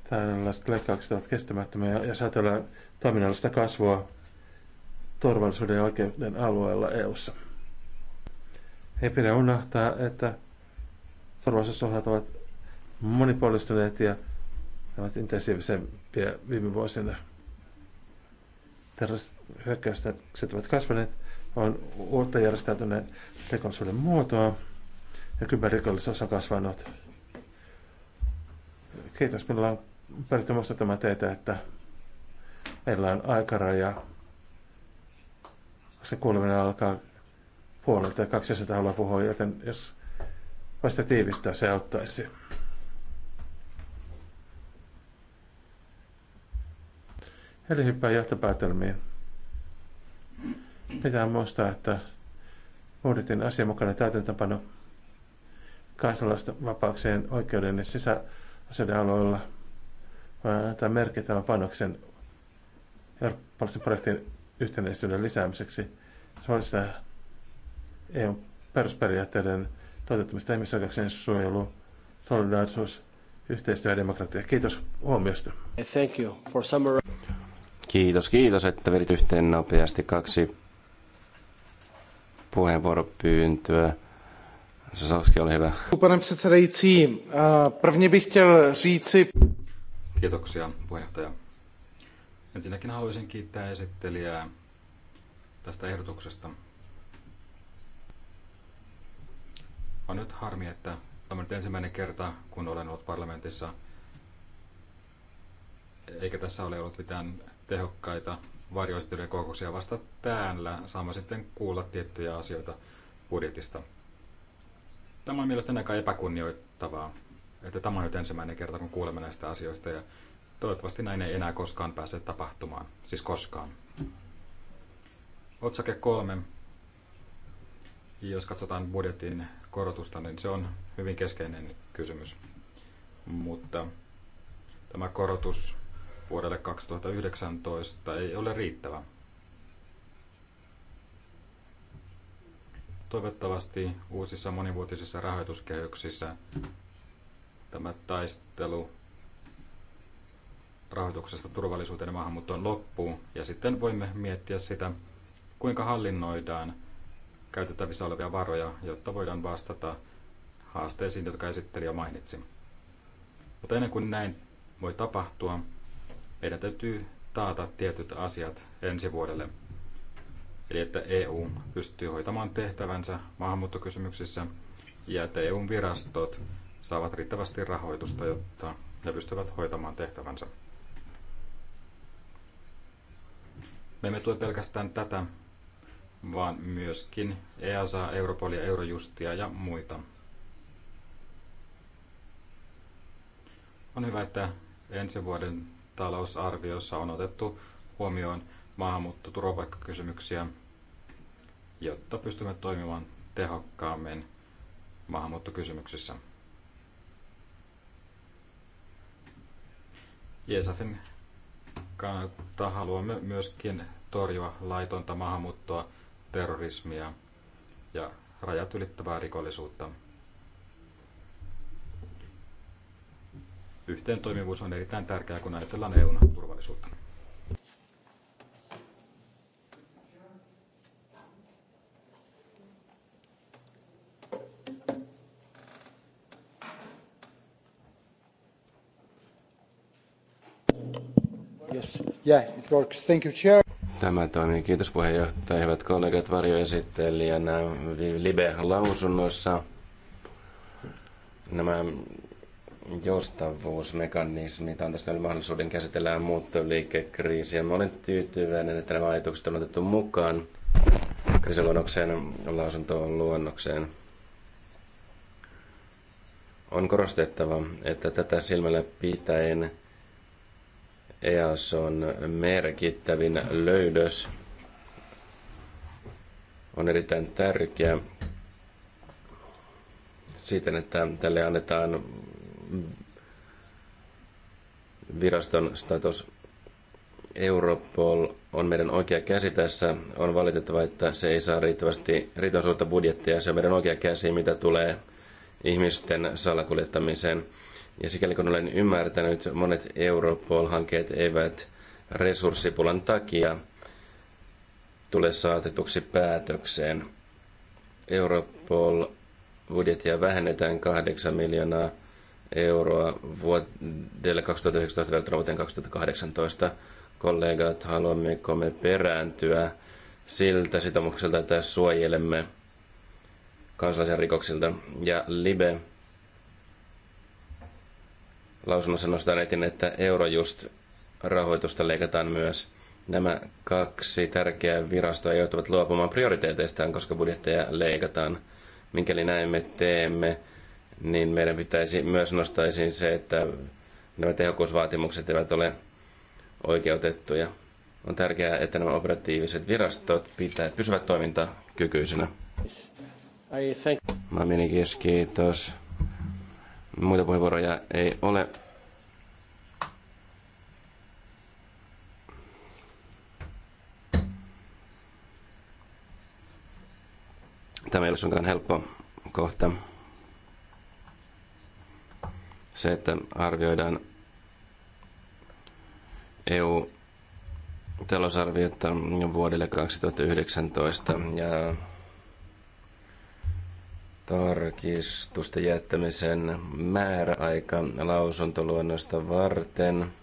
tällaiset leikkaukset ovat kestämättömiä ja säätellään toiminnallista kasvua turvallisuuden ja oikeuden alueella EU:ssa. Ei pidä unohtaa, että turvallisuusohjelmat ovat monipuolistuneet ja ovat intensiivisempiä viime vuosina. Terrorihyökkäykset ovat kasvaneet, on uutta järjestäytyneen rikollisuuden muotoa ja kyberrikollisuus on kasvanut. Kiitos, minulla on pyritty muistuttamaan teitä, että meillä on aikaraja. Se kuuleminen alkaa puolelta. Ja kaksi asiaa haluaa puhua, joten jos vasta tiivistää, se auttaisi. Eli hyppää johtopäätelmiin. Pitää muistaa, että budjetin asianmukainen täytäntöpano kansalaisten vapauksien oikeuden ja sisäasioiden aloilla antaa merkittävän panoksen eurooppalaisen projektin yhtenäisyyden lisäämiseksi. Se on sitä EUn perusperiaatteiden toteuttamista, ihmisoikeuksien suojelu, solidaarisuus, yhteistyö ja demokratia. Kiitos huomiosta. Thank you for summer... Kiitos, kiitos, että vedit yhteen nopeasti kaksi puheenvuoropyyntöä. Sosovski, oli hyvä. Pane předsedající, eh, prvně bych chtěl říci... Kiitoksia, puheenjohtaja. Ensinnäkin haluaisin kiittää esittelijää tästä ehdotuksesta. On nyt harmi, että tämä on nyt ensimmäinen kerta, kun olen ollut parlamentissa, eikä tässä ole ollut mitään tehokkaita varjoesittelyjen kokouksia vasta päällä, Saamme sitten kuulla tiettyjä asioita budjetista. Tämä on mielestäni aika epäkunnioittavaa, että tämä on nyt ensimmäinen kerta, kun kuulemme näistä asioista ja toivottavasti näin ei enää koskaan pääse tapahtumaan. Siis koskaan. Otsake kolme. Jos katsotaan budjetin korotusta, niin se on hyvin keskeinen kysymys. Mutta tämä korotus vuodelle 2019 ei ole riittävä. Toivottavasti uusissa monivuotisissa rahoituskehyksissä tämä taistelu rahoituksesta turvallisuuteen ja maahanmuuttoon loppuu, ja sitten voimme miettiä sitä, kuinka hallinnoidaan – käytettävissä olevia varoja, jotta voidaan vastata haasteisiin, jotka esittelijä mainitsi. Mutta ennen kuin näin voi tapahtua, meidän täytyy taata tietyt asiat ensi vuodelle. Eli että EU pystyy hoitamaan tehtävänsä maahanmuuttokysymyksissä ja että EUn virastot saavat riittävästi rahoitusta, jotta ne pystyvät hoitamaan tehtävänsä. Me emme tue pelkästään tätä, vaan myöskin EASA, ja Eurojustia ja muita. On hyvä, että ensi vuoden talousarviossa on otettu huomioon maahanmuutto- turvapaikkakysymyksiä, jotta pystymme toimimaan tehokkaammin maahanmuuttokysymyksissä. Jeesafin kannalta haluamme myöskin torjua laitonta maahanmuuttoa terrorismia ja rajat ylittävää rikollisuutta. Yhteen toimivuus on erittäin tärkeää, kun ajatellaan EUn turvallisuutta. Yes. Yeah, it works. Thank you, Chair. Tämä toimii. Kiitos puheenjohtaja, hyvät kollegat varjoesittelijänä Libe-lausunnoissa. Nämä joustavuusmekanismit on tästä mahdollisuuden käsitellä muuttoliikekriisiä. Mä olen tyytyväinen, että nämä ajatukset on otettu mukaan kriisiluonnokseen lausuntoon luonnokseen. On korostettava, että tätä silmällä pitäen – EASON merkittävin löydös on erittäin tärkeä siten, että tälle annetaan viraston status. Europol on meidän oikea käsi tässä. On valitettava, että se ei saa riittävästi riittävän suurta budjettia. Se on meidän oikea käsi, mitä tulee ihmisten salakuljettamiseen. Ja sikäli kun olen ymmärtänyt, monet Europol-hankkeet eivät resurssipulan takia tule saatetuksi päätökseen. Europol budjettia vähennetään 8 miljoonaa euroa vuodelle 2019 verrattuna vuoteen 2018. Kollegat, haluammeko me perääntyä siltä sitomukselta, että suojelemme kansalaisen rikoksilta? Ja Libe lausunnossa nostaneetin, että Eurojust-rahoitusta leikataan myös. Nämä kaksi tärkeää virastoa joutuvat luopumaan prioriteeteistaan, koska budjetteja leikataan. Minkäli näin me teemme, niin meidän pitäisi myös nostaa esiin se, että nämä tehokkuusvaatimukset eivät ole oikeutettuja. On tärkeää, että nämä operatiiviset virastot pitää, pysyvät toimintakykyisenä. Mä kiitos. Muita puheenvuoroja ei ole. Tämä ei ole suinkaan helppo kohta. Se, että arvioidaan EU-talousarviota vuodelle 2019 ja tarkistusten jättämisen määräaika lausuntoluonnosta varten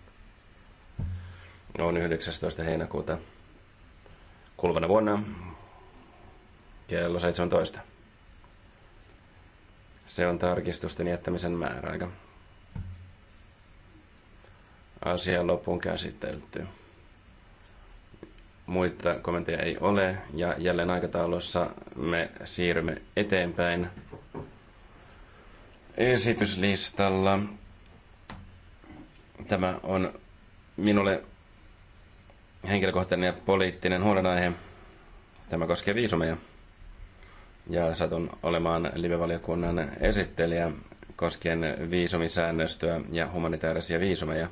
on 19. heinäkuuta kuluvana vuonna kello 17. Se on tarkistusten jättämisen määräaika. Asia loppuun käsitelty. Muita kommentteja ei ole ja jälleen aikataulussa me siirrymme eteenpäin esityslistalla. Tämä on minulle henkilökohtainen ja poliittinen huolenaihe. Tämä koskee viisumeja. Ja satun olemaan live-valiokunnan esittelijä koskien viisumisäännöstöä ja humanitaarisia viisumeja.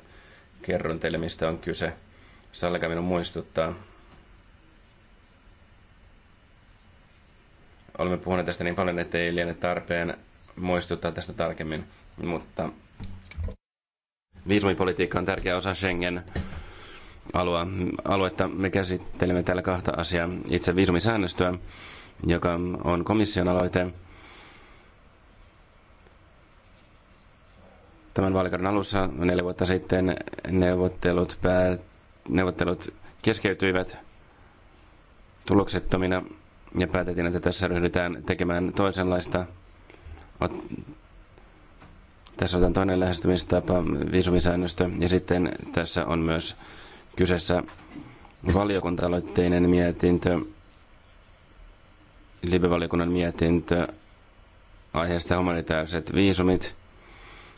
Kerron teille, mistä on kyse. Sallika minun muistuttaa, olemme puhuneet tästä niin paljon, että ei liene tarpeen muistuttaa tästä tarkemmin, mutta viisumipolitiikka on tärkeä osa Schengen alua, aluetta. Me käsittelemme täällä kahta asiaa. Itse viisumisäännöstöä, joka on komission aloite tämän vaalikauden alussa neljä vuotta sitten neuvottelut, pää, neuvottelut keskeytyivät tuloksettomina ja päätettiin, että tässä ryhdytään tekemään toisenlaista. Tässä otan toinen lähestymistapa, viisumisäännöstö, ja sitten tässä on myös kyseessä valiokunta-aloitteinen mietintö, Libe-valiokunnan mietintö aiheesta humanitaariset viisumit.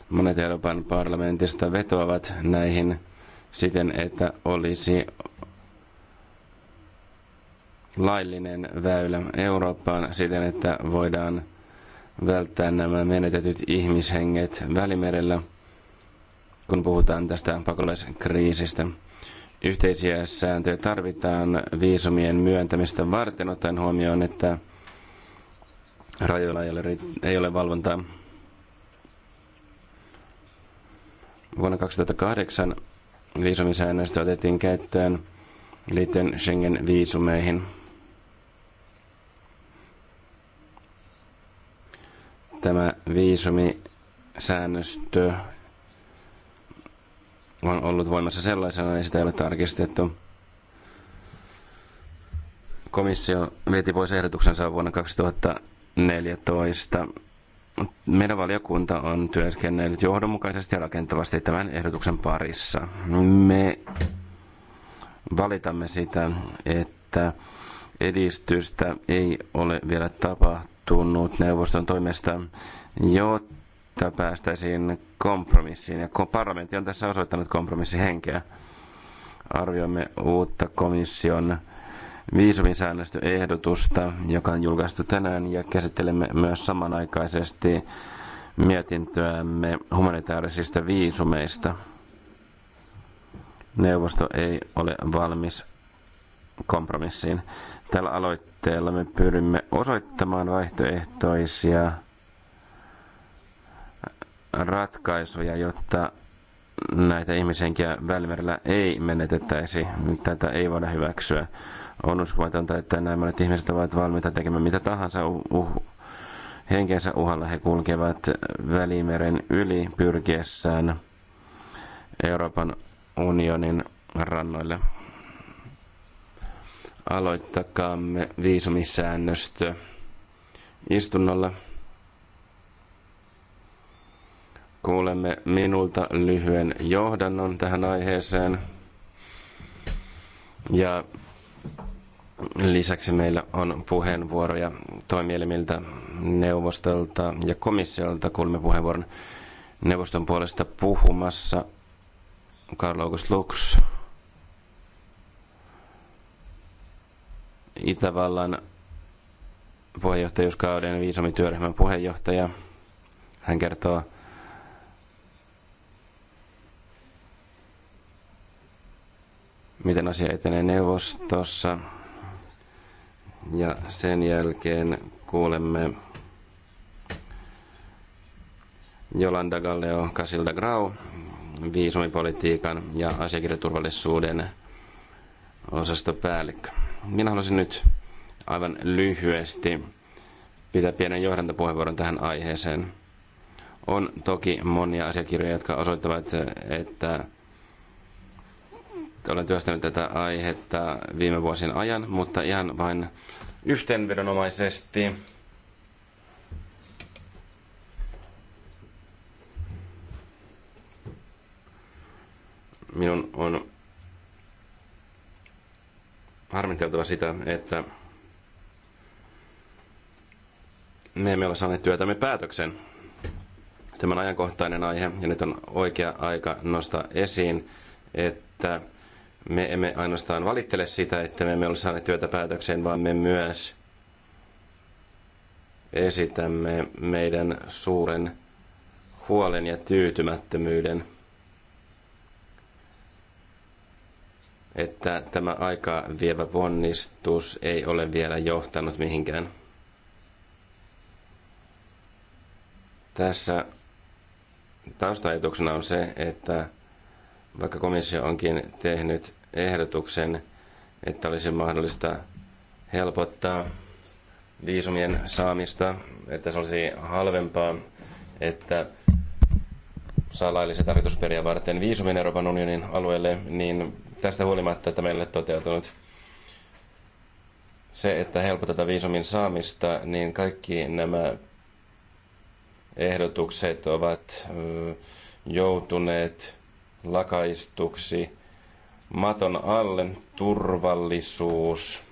Monet Euroopan parlamentista vetoavat näihin siten, että olisi laillinen väylä Eurooppaan siten, että voidaan välttää nämä menetetyt ihmishenget välimerellä, kun puhutaan tästä pakolaiskriisistä. Yhteisiä sääntöjä tarvitaan viisumien myöntämistä varten, ottaen huomioon, että rajoilla ei ole, ei ole valvontaa. Vuonna 2008 viisumisäännöstö otettiin käyttöön liittyen Schengen-viisumeihin – tämä viisumisäännöstö on ollut voimassa sellaisena, niin sitä ei ole tarkistettu. Komissio veti pois ehdotuksensa vuonna 2014. Meidän valiokunta on työskennellyt johdonmukaisesti ja rakentavasti tämän ehdotuksen parissa. Me valitamme sitä, että edistystä ei ole vielä tapahtunut muuttunut neuvoston toimesta, jotta päästäisiin kompromissiin. Ja parlamentti on tässä osoittanut kompromissihenkeä. Arvioimme uutta komission viisumisäännöstöehdotusta, joka on julkaistu tänään, ja käsittelemme myös samanaikaisesti mietintöämme humanitaarisista viisumeista. Neuvosto ei ole valmis kompromissiin. Tällä aloittaa perusteella me pyrimme osoittamaan vaihtoehtoisia ratkaisuja, jotta näitä ihmishenkiä välimerellä ei menetettäisi. Tätä ei voida hyväksyä. On uskomatonta, että nämä monet ihmiset ovat valmiita tekemään mitä tahansa uh, uh, henkensä uhalla. He kulkevat välimeren yli pyrkiessään Euroopan unionin rannoille aloittakaamme viisumisäännöstö istunnolla. Kuulemme minulta lyhyen johdannon tähän aiheeseen. Ja lisäksi meillä on puheenvuoroja toimielimiltä, neuvostolta ja komissiolta. Kuulemme puheenvuoron neuvoston puolesta puhumassa Karl August Lux, Itävallan puheenjohtajuuskauden viisomityöryhmän puheenjohtaja. Hän kertoo miten asia etenee neuvostossa. Ja sen jälkeen kuulemme Jolanda Galleo Casilda Grau viisumipolitiikan ja asiakirjaturvallisuuden osastopäällikkö. Minä haluaisin nyt aivan lyhyesti pitää pienen johdantopuheenvuoron tähän aiheeseen. On toki monia asiakirjoja, jotka osoittavat, että olen työstänyt tätä aihetta viime vuosien ajan, mutta ihan vain yhteenvedonomaisesti. Minun on harmiteltava sitä, että me emme ole saaneet työtämme päätöksen. Tämä on ajankohtainen aihe ja nyt on oikea aika nostaa esiin, että me emme ainoastaan valittele sitä, että me emme ole saaneet työtä päätökseen, vaan me myös esitämme meidän suuren huolen ja tyytymättömyyden – että tämä aikaa vievä ponnistus ei ole vielä johtanut mihinkään. Tässä taustaajatuksena on se, että vaikka komissio onkin tehnyt ehdotuksen, että olisi mahdollista helpottaa viisumien saamista, että se olisi halvempaa, että saa lailliset tarkoitusperiä varten viisumin Euroopan unionin alueelle, niin tästä huolimatta, että meille toteutunut se, että helpotetaan viisumin saamista, niin kaikki nämä ehdotukset ovat joutuneet lakaistuksi maton alle turvallisuus.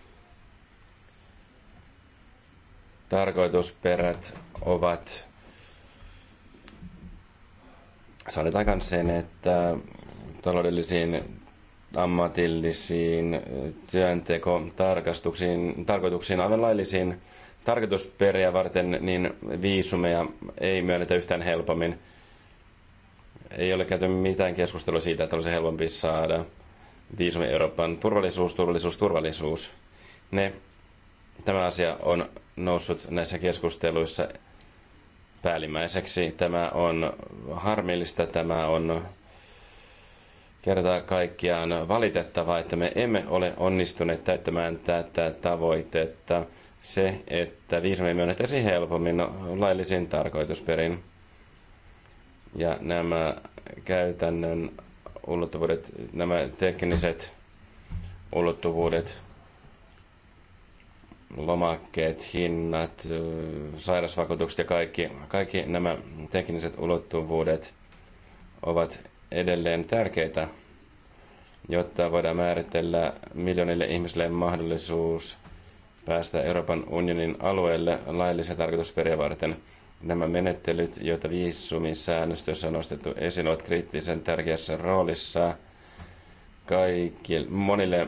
Tarkoitusperät ovat sanotaankaan sen, että taloudellisiin ammatillisiin eh, työntekotarkastuksiin, tarkoituksiin, aivan laillisiin tarkoitusperiä varten, niin viisumeja ei myönnetä yhtään helpommin. Ei ole käyty mitään keskustelua siitä, että olisi helpompi saada viisumi Euroopan turvallisuus, turvallisuus, turvallisuus. Ne, tämä asia on noussut näissä keskusteluissa päällimmäiseksi. Tämä on harmillista, tämä on kertaa kaikkiaan valitettavaa, että me emme ole onnistuneet täyttämään tätä tavoitetta. Se, että viisumi myönnettäisiin helpommin no, laillisin tarkoitusperin. Ja nämä käytännön ulottuvuudet, nämä tekniset ulottuvuudet, lomakkeet, hinnat, sairausvakuutukset ja kaikki, kaikki nämä tekniset ulottuvuudet ovat edelleen tärkeitä, jotta voidaan määritellä miljoonille ihmisille mahdollisuus päästä Euroopan unionin alueelle laillisia tarkoitusperiä varten. Nämä menettelyt, joita viisumisäännöstössä on nostettu esiin, ovat kriittisen tärkeässä roolissa kaikille, monille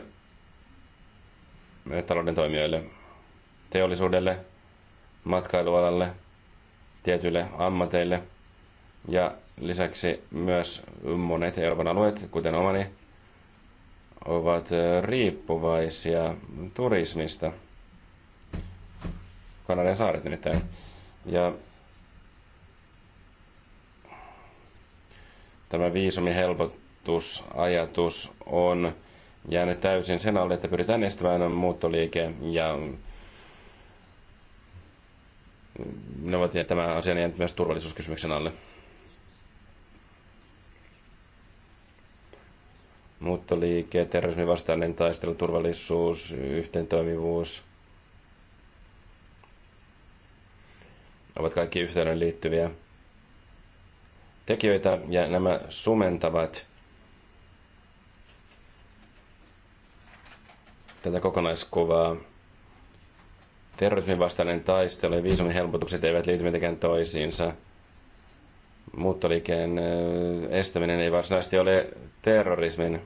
talouden toimijoille, teollisuudelle, matkailualalle, tietyille ammateille ja Lisäksi myös monet Euroopan alueet, kuten omani, ovat riippuvaisia turismista. Kanarian saaret nimittäin. Ja tämä viisumihelpotusajatus on jäänyt täysin sen alle, että pyritään estämään muuttoliike ja ne ovat tämä asia jäänyt myös turvallisuuskysymyksen alle. muuttoliike, terrorismin vastainen taistelu, turvallisuus, yhteentoimivuus ovat kaikki yhteyden liittyviä tekijöitä ja nämä sumentavat tätä kokonaiskuvaa. Terrorismin vastainen taistelu ja viisumin helpotukset eivät liity mitenkään toisiinsa. Muuttoliikkeen äh, estäminen ei varsinaisesti ole terrorismin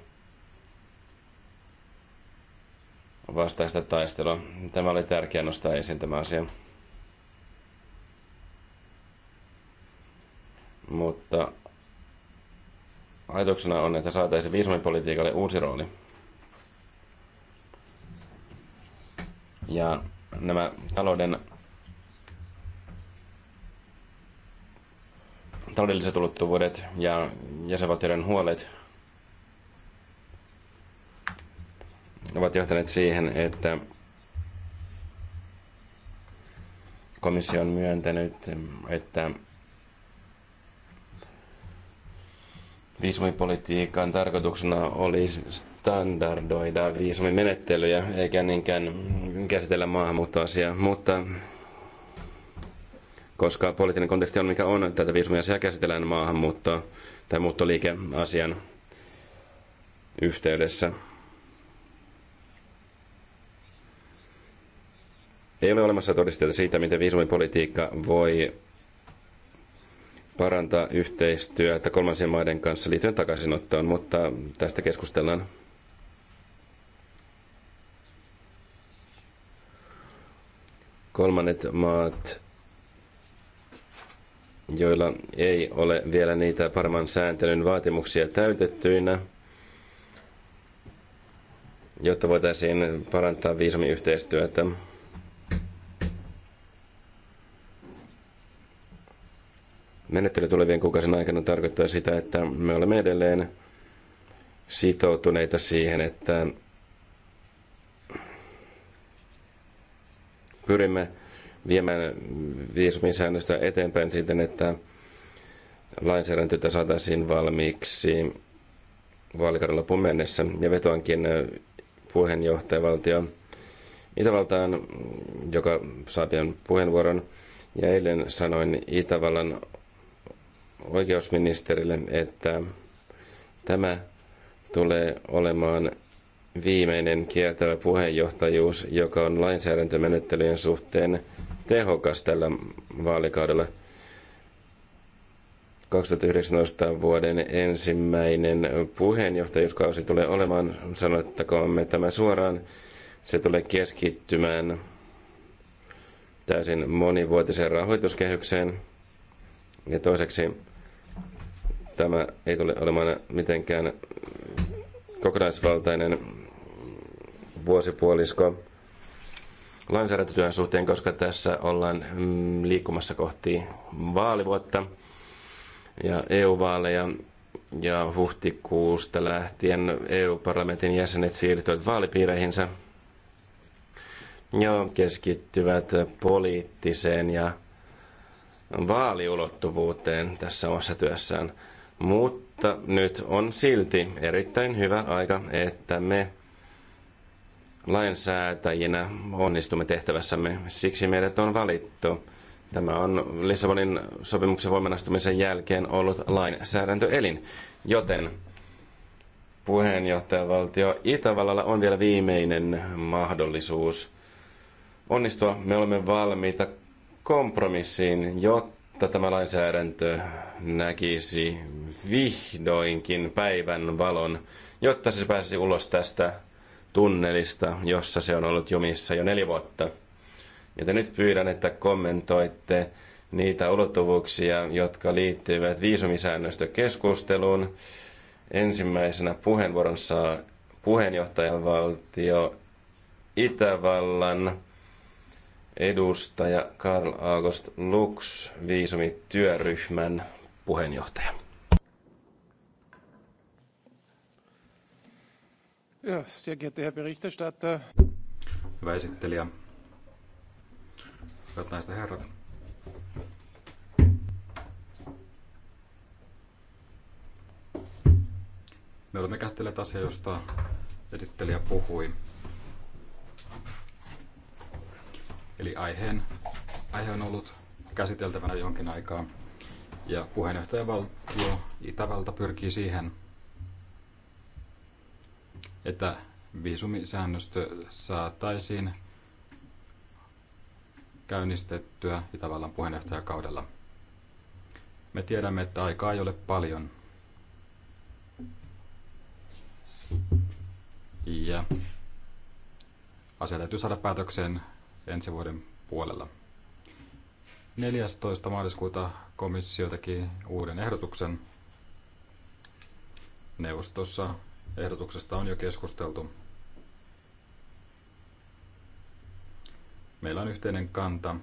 vastaista taistelua. Tämä oli tärkeää nostaa esiin tämä asia. Mutta ajatuksena on, että saataisiin viisumipolitiikalle uusi rooli. Ja nämä talouden taloudelliset ulottuvuudet ja jäsenvaltioiden huolet ovat johtaneet siihen, että komissio on myöntänyt, että viisumipolitiikan tarkoituksena olisi standardoida viisumimenettelyjä eikä niinkään käsitellä maahanmuuttoasiaa, mutta koska poliittinen konteksti on mikä on, tätä viisumiasiaa käsitellään maahanmuuttoa tai muuttoliikeasian yhteydessä. Ei ole olemassa todisteita siitä, miten viisumipolitiikka voi parantaa yhteistyötä kolmansien maiden kanssa liittyen takaisinottoon, mutta tästä keskustellaan. Kolmannet maat, joilla ei ole vielä niitä parman sääntelyn vaatimuksia täytettyinä, jotta voitaisiin parantaa viisumiyhteistyötä. yhteistyötä. Menettely tulevien kuukausien aikana tarkoittaa sitä, että me olemme edelleen sitoutuneita siihen, että pyrimme viemään viisumisäännöstä eteenpäin siten, että lainsäädäntötä saataisiin valmiiksi vaalikauden loppuun mennessä. Ja vetoankin puheenjohtajavaltio Itävaltaan, joka saa pian puheenvuoron. Ja eilen sanoin Itävallan oikeusministerille, että tämä tulee olemaan viimeinen kiertävä puheenjohtajuus, joka on lainsäädäntömenettelyjen suhteen tehokas tällä vaalikaudella. 2019 vuoden ensimmäinen puheenjohtajuuskausi tulee olemaan, sanottakoon tämä suoraan, se tulee keskittymään täysin monivuotiseen rahoituskehykseen. Ja toiseksi Tämä ei tule olemaan mitenkään kokonaisvaltainen vuosipuolisko lainsäädäntötyön suhteen, koska tässä ollaan mm, liikkumassa kohti vaalivuotta ja EU-vaaleja. Ja huhtikuusta lähtien EU-parlamentin jäsenet siirtyvät vaalipiireihinsä ja keskittyvät poliittiseen ja vaaliulottuvuuteen tässä omassa työssään. Mutta nyt on silti erittäin hyvä aika, että me lainsäätäjinä onnistumme tehtävässämme. Siksi meidät on valittu. Tämä on Lissabonin sopimuksen voimanastumisen jälkeen ollut lainsäädäntöelin, joten puheenjohtajavaltio Itävallalla on vielä viimeinen mahdollisuus onnistua. Me olemme valmiita kompromissiin, jotta että tämä lainsäädäntö näkisi vihdoinkin päivän valon, jotta se pääsisi ulos tästä tunnelista, jossa se on ollut jumissa jo neljä vuotta. te nyt pyydän, että kommentoitte niitä ulottuvuuksia, jotka liittyvät viisumisäännöstökeskusteluun. Ensimmäisenä puheenvuoron saa puheenjohtajavaltio Itävallan edustaja Karl August Lux, viisumityöryhmän puheenjohtaja. Ja, sehr geehrter Herr Berichterstatter. Hyvä esittelijä. Hyvät naiset herrat. Me olemme käsitelleet asiaa, josta esittelijä puhui. Eli aiheen, aihe on ollut käsiteltävänä jonkin aikaa. Ja puheenjohtajavaltio Itävalta pyrkii siihen, että viisumisäännöstö saataisiin käynnistettyä Itävallan puheenjohtajakaudella. Me tiedämme, että aikaa ei ole paljon. Ja asia täytyy saada päätökseen ensi vuoden puolella. 14. maaliskuuta komissio teki uuden ehdotuksen. Neuvostossa ehdotuksesta on jo keskusteltu. Meillä on yhteinen kanta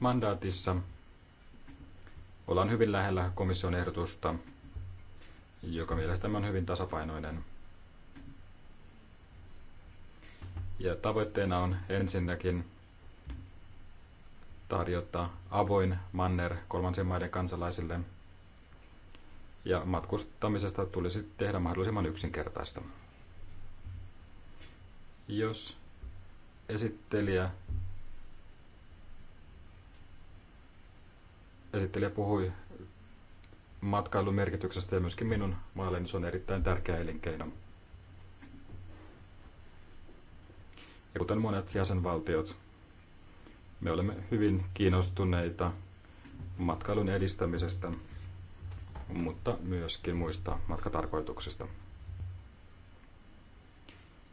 mandaatissa ollaan hyvin lähellä komission ehdotusta, joka mielestäni on hyvin tasapainoinen. Ja tavoitteena on ensinnäkin tarjota avoin manner kolmansien maiden kansalaisille ja matkustamisesta tulisi tehdä mahdollisimman yksinkertaista. Jos esittelijä esittelijä puhui matkailun merkityksestä ja myöskin minun maalleni se on erittäin tärkeä elinkeino. Ja kuten monet jäsenvaltiot, me olemme hyvin kiinnostuneita matkailun edistämisestä, mutta myöskin muista matkatarkoituksista.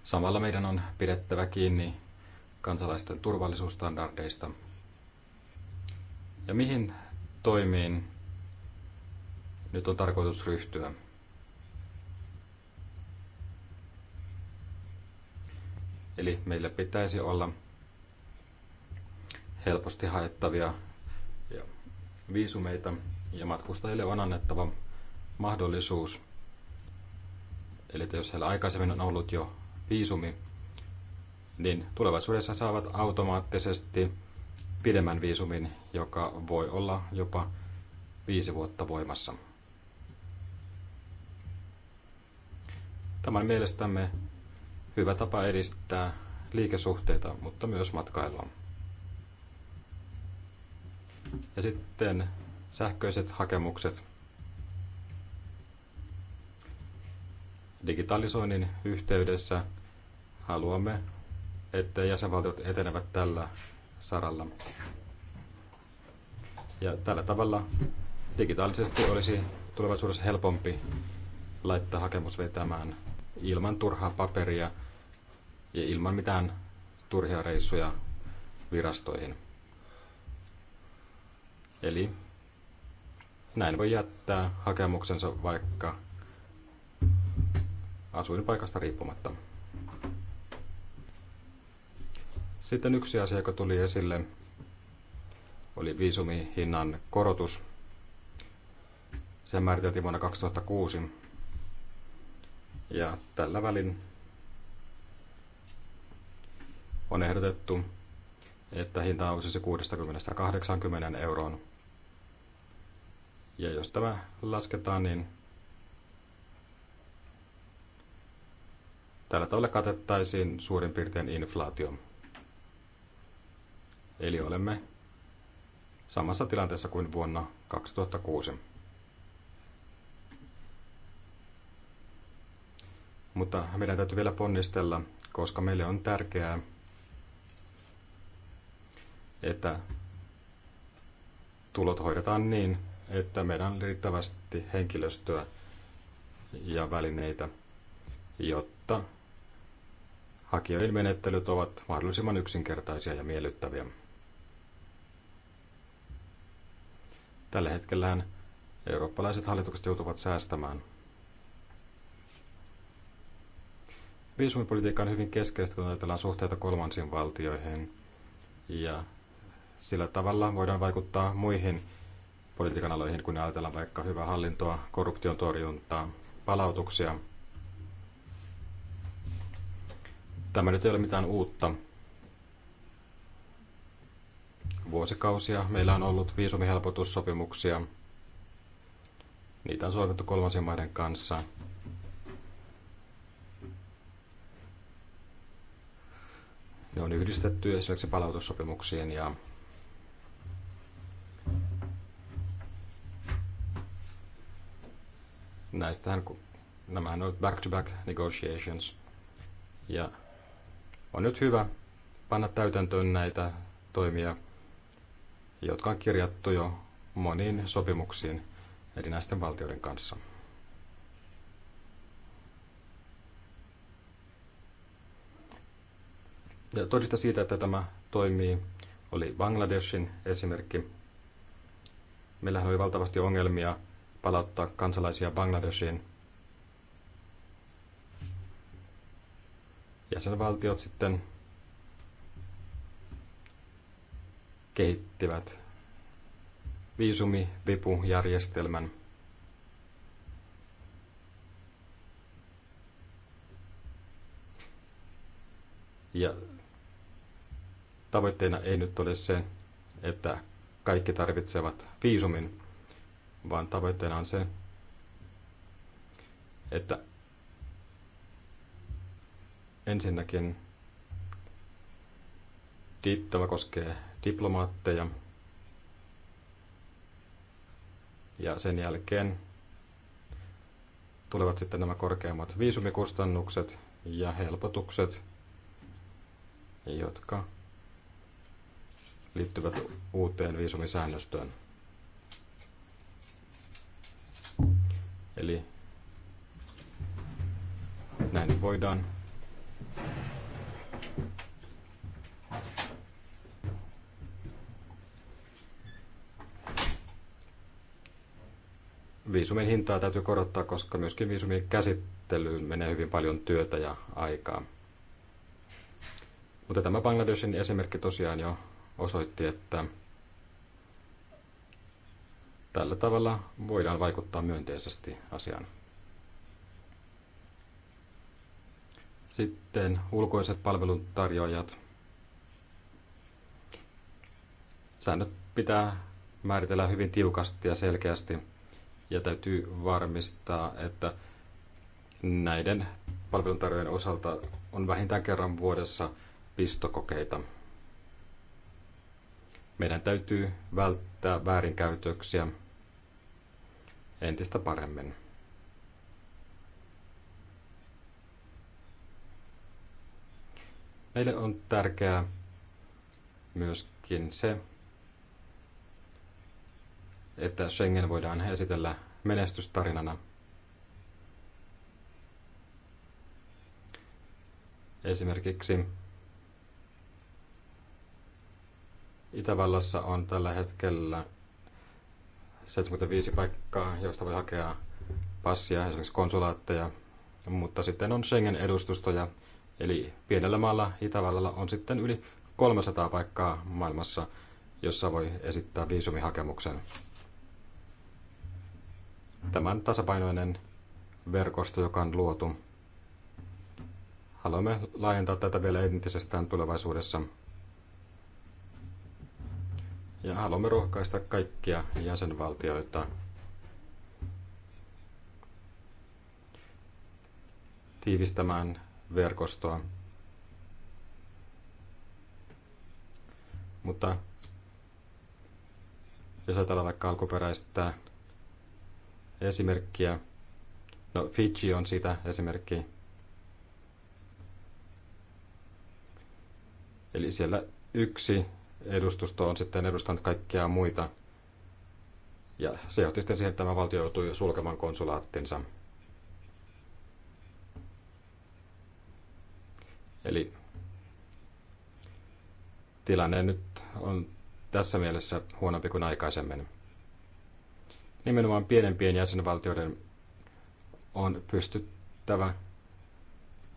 Samalla meidän on pidettävä kiinni kansalaisten turvallisuusstandardeista. Ja mihin toimiin nyt on tarkoitus ryhtyä. Eli meillä pitäisi olla helposti haettavia viisumeita ja matkustajille on annettava mahdollisuus. Eli että jos heillä aikaisemmin on ollut jo viisumi, niin tulevaisuudessa saavat automaattisesti pidemmän viisumin, joka voi olla jopa viisi vuotta voimassa. Tämä on mielestämme hyvä tapa edistää liikesuhteita, mutta myös matkailua. Ja sitten sähköiset hakemukset. Digitalisoinnin yhteydessä haluamme, että jäsenvaltiot etenevät tällä saralla. Ja tällä tavalla digitaalisesti olisi tulevaisuudessa helpompi laittaa hakemus vetämään ilman turhaa paperia ja ilman mitään turhia reissuja virastoihin. Eli näin voi jättää hakemuksensa vaikka asuinpaikasta riippumatta. Sitten yksi asia, joka tuli esille, oli viisumihinnan korotus. Se määriteltiin vuonna 2006. Ja tällä välin on ehdotettu, että hinta nousisi 60-80 euroon. Ja jos tämä lasketaan, niin tällä tavalla katettaisiin suurin piirtein inflaatio. Eli olemme samassa tilanteessa kuin vuonna 2006. Mutta meidän täytyy vielä ponnistella, koska meille on tärkeää, että tulot hoidetaan niin, että meidän on riittävästi henkilöstöä ja välineitä, jotta hakijoiden menettelyt ovat mahdollisimman yksinkertaisia ja miellyttäviä. Tällä hetkellä eurooppalaiset hallitukset joutuvat säästämään. Viisumipolitiikka on hyvin keskeistä, kun ajatellaan suhteita kolmansiin valtioihin. Ja sillä tavalla voidaan vaikuttaa muihin politiikan aloihin, kun ajatellaan vaikka hyvää hallintoa, korruption torjuntaa, palautuksia. Tämä nyt ei ole mitään uutta, Vuosikausia meillä on ollut viisumihelpotussopimuksia. Niitä on solmittu kolmansien maiden kanssa. Ne on yhdistetty esimerkiksi palautussopimuksiin ja näistähän nämä on back-to-back negotiations. Ja on nyt hyvä panna täytäntöön näitä toimia jotka on kirjattu jo moniin sopimuksiin erinäisten valtioiden kanssa. Ja todista siitä, että tämä toimii, oli Bangladeshin esimerkki. Meillähän oli valtavasti ongelmia palauttaa kansalaisia Bangladeshiin. Jäsenvaltiot sitten kehittivät viisumivipujärjestelmän. Ja tavoitteena ei nyt ole se, että kaikki tarvitsevat viisumin, vaan tavoitteena on se, että ensinnäkin tämä koskee diplomaatteja. Ja sen jälkeen tulevat sitten nämä korkeammat viisumikustannukset ja helpotukset, jotka liittyvät uuteen viisumisäännöstöön. Eli näin voidaan viisumin hintaa täytyy korottaa, koska myöskin viisumin käsittelyyn menee hyvin paljon työtä ja aikaa. Mutta tämä Bangladeshin esimerkki tosiaan jo osoitti, että tällä tavalla voidaan vaikuttaa myönteisesti asiaan. Sitten ulkoiset palveluntarjoajat. Säännöt pitää määritellä hyvin tiukasti ja selkeästi ja täytyy varmistaa, että näiden palveluntarjoajien osalta on vähintään kerran vuodessa pistokokeita. Meidän täytyy välttää väärinkäytöksiä entistä paremmin. Meille on tärkeää myöskin se, että Schengen voidaan esitellä menestystarinana. Esimerkiksi Itävallassa on tällä hetkellä 75 paikkaa, joista voi hakea passia, esimerkiksi konsulaatteja, mutta sitten on Schengen-edustustoja, eli pienellä maalla Itävallalla on sitten yli 300 paikkaa maailmassa, jossa voi esittää viisumihakemuksen. Tämä tasapainoinen verkosto, joka on luotu. Haluamme laajentaa tätä vielä entisestään tulevaisuudessa. Ja haluamme rohkaista kaikkia jäsenvaltioita tiivistämään verkostoa. Mutta jos ajatellaan vaikka alkuperäistä esimerkkiä. No, Fiji on sitä esimerkki. Eli siellä yksi edustusto on sitten edustanut kaikkia muita. Ja se johti sitten siihen, että tämä valtio joutui sulkemaan konsulaattinsa. Eli tilanne nyt on tässä mielessä huonompi kuin aikaisemmin nimenomaan pienempien jäsenvaltioiden on pystyttävä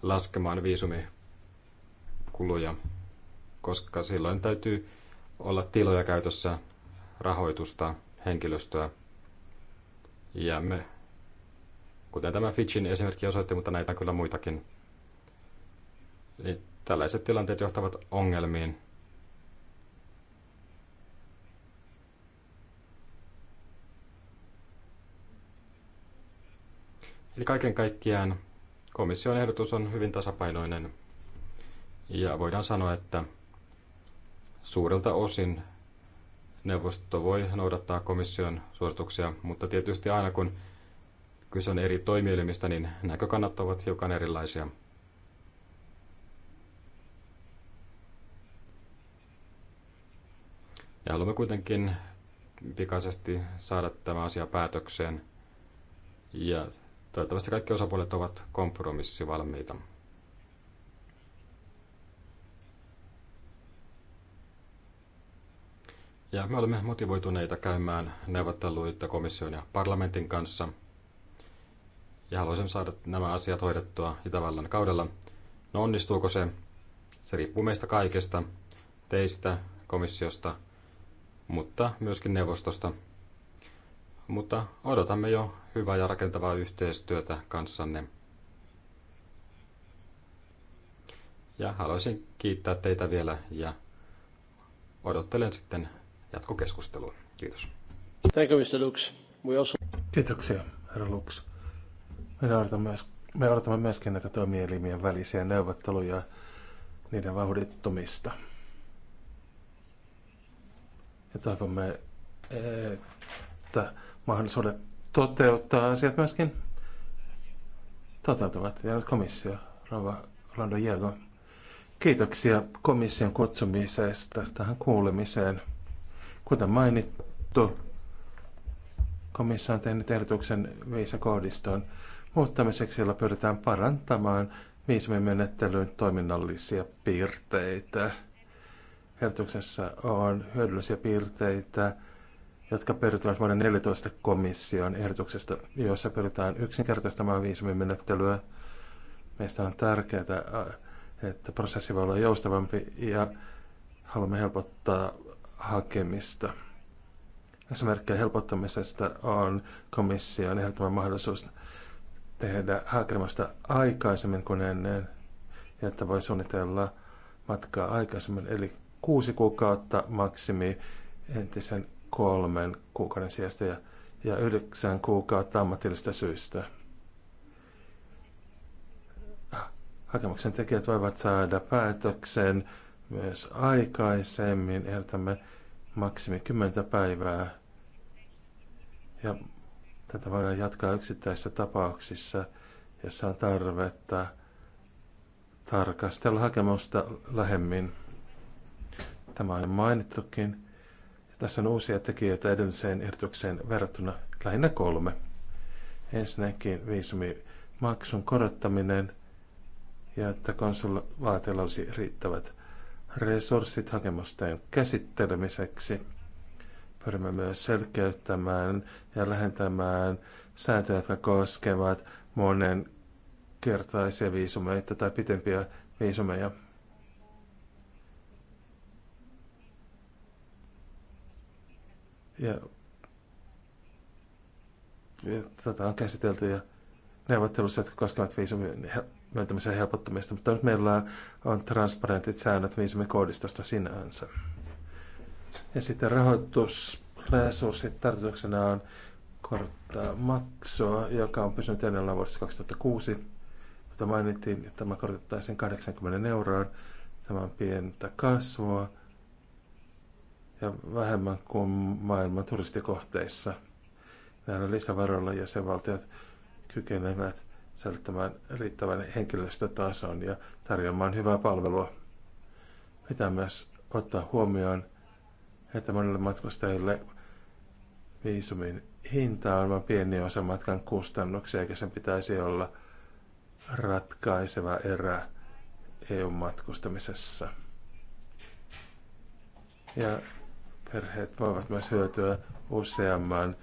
laskemaan viisumikuluja, koska silloin täytyy olla tiloja käytössä, rahoitusta, henkilöstöä. Ja me, kuten tämä Fitchin esimerkki osoitti, mutta näitä on kyllä muitakin, niin tällaiset tilanteet johtavat ongelmiin – Eli kaiken kaikkiaan komission ehdotus on hyvin tasapainoinen ja voidaan sanoa, että suurelta osin neuvosto voi noudattaa komission suosituksia, mutta tietysti aina kun kyse on eri toimielimistä, niin näkökannat ovat hiukan erilaisia. Ja haluamme kuitenkin pikaisesti saada tämä asia päätökseen. Ja Toivottavasti kaikki osapuolet ovat kompromissivalmiita. Ja me olemme motivoituneita käymään neuvotteluita komission ja parlamentin kanssa. Ja haluaisin saada nämä asiat hoidettua Itävallan kaudella. No onnistuuko se? Se riippuu meistä kaikesta, teistä, komissiosta, mutta myöskin neuvostosta mutta odotamme jo hyvää ja rakentavaa yhteistyötä kanssanne. Ja haluaisin kiittää teitä vielä ja odottelen sitten jatkokeskustelua. Kiitos. Thank you, Mr. Lux. We also... Kiitoksia, herra Lux. Me odotamme, myös, me odotamme myöskin näitä toimielimien välisiä neuvotteluja niiden vauhdittumista. Ja toivomme, että mahdollisuudet toteuttaa asiat myöskin toteutuvat. Ja nyt komissio, Rova Lando Diego. Kiitoksia komission kutsumisesta tähän kuulemiseen. Kuten mainittu, komissio on tehnyt ehdotuksen viisakoodistoon muuttamiseksi, jolla pyritään parantamaan viisumimenettelyn toiminnallisia piirteitä. Ehdotuksessa on hyödyllisiä piirteitä jotka perustuvat vuoden 14 komission ehdotuksesta, joissa pyritään yksinkertaistamaan viisumimenettelyä. Meistä on tärkeää, että prosessi voi olla joustavampi ja haluamme helpottaa hakemista. Esimerkkejä helpottamisesta on komission ehdottama mahdollisuus tehdä hakemusta aikaisemmin kuin ennen, jotta voi suunnitella matkaa aikaisemmin, eli kuusi kuukautta maksimi entisen kolmen kuukauden sijasta ja, ja yhdeksän kuukautta ammatillista syistä. Hakemuksen tekijät voivat saada päätöksen myös aikaisemmin. Ehdotamme maksimi 10 päivää. Ja tätä voidaan jatkaa yksittäisissä tapauksissa, jossa on tarvetta tarkastella hakemusta lähemmin. Tämä on mainittukin tässä on uusia tekijöitä edelliseen ehdotukseen verrattuna lähinnä kolme. Ensinnäkin viisumimaksun korottaminen, ja että konsulaatilla olisi riittävät resurssit hakemusten käsittelemiseksi. Pyrimme myös selkeyttämään ja lähentämään sääntöjä, jotka koskevat monen kertaisia viisumeita tai pitempiä viisumeja. Ja, ja tätä on käsitelty ja neuvottelussa, jotka koskevat viisumin myöntämisen helpottamista, mutta nyt meillä on transparentit säännöt viisumikoodistosta sinänsä. Ja sitten rahoitusresurssit tarkoituksena on korottaa maksua, joka on pysynyt ennallaan vuodessa 2006. Mutta mainittiin, että tämä korotettaisiin 80 euroon. Tämä on pientä kasvua ja vähemmän kuin maailman turistikohteissa. Näillä lisävaroilla jäsenvaltiot kykenevät säilyttämään riittävän henkilöstötason ja tarjoamaan hyvää palvelua. Pitää myös ottaa huomioon, että monille matkustajille viisumin hinta on vain pieni osa matkan kustannuksia, eikä sen pitäisi olla ratkaiseva erä EU-matkustamisessa. Ja Perheet voivat myös hyötyä useamman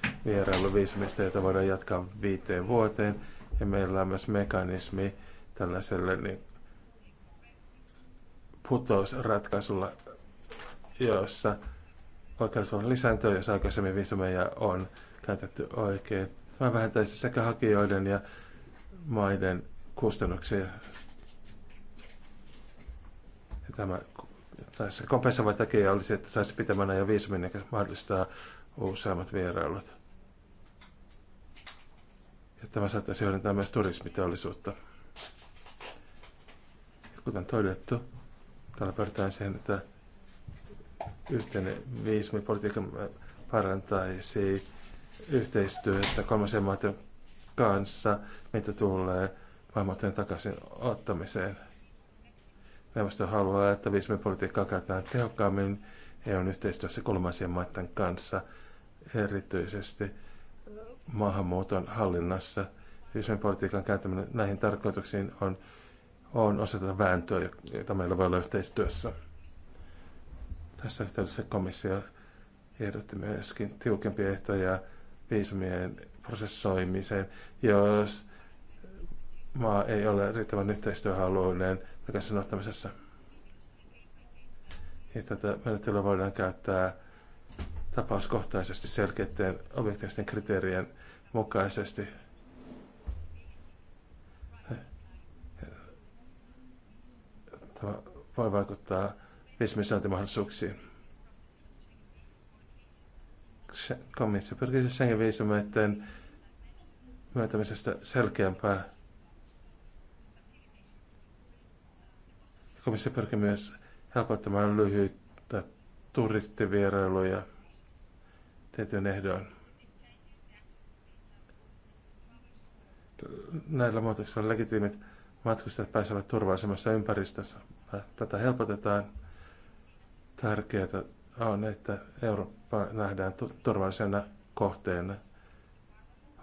viisumista, jota voidaan jatkaa viiteen vuoteen. Ja meillä on myös mekanismi tällaiselle niin putousratkaisulla, jossa oikeus on lisääntyy, jos aikaisemmin viisumeja on käytetty oikein. Tämä vähentäisi sekä hakijoiden ja maiden kustannuksia. Ja tämä tai se kompensoiva tekijä olisi, että saisi pitämään ja viisumin, mikä mahdollistaa useammat vierailut. Ja tämä saattaisi hyödyntää myös turismiteollisuutta. Ja kuten todettu, täällä pyritään siihen, että yhteinen viisumi-politiikka parantaisi yhteistyötä kolmansien maiden kanssa, mitä tulee maailmantojen takaisin ottamiseen. Neuvosto haluaa, että viisumipolitiikkaa käytetään tehokkaammin EUn yhteistyössä kolmansien maiden kanssa, erityisesti maahanmuuton hallinnassa. Viisumipolitiikan käyttäminen näihin tarkoituksiin on, on osa tätä vääntöä, jota meillä voi olla yhteistyössä. Tässä yhteydessä komissio ehdotti myöskin tiukempia ehtoja viisumien prosessoimiseen, jos maa ei ole riittävän yhteistyöhaluinen takaisin ottamisessa. Ja tätä menettelyä voidaan käyttää tapauskohtaisesti selkeiden objektiivisten kriteerien mukaisesti. Tämä voi vaikuttaa viisumisaantimahdollisuuksiin. Komissio pyrkisi siis Schengen-viisumeiden myöntämisestä selkeämpää Komissio pyrkii myös helpottamaan lyhyitä turistivierailuja tietyn ehdoin. Näillä muutoksilla legitiimit matkustajat pääsevät turvallisemmassa ympäristössä. Tätä helpotetaan. Tärkeää on, että Eurooppa nähdään turvallisena kohteena.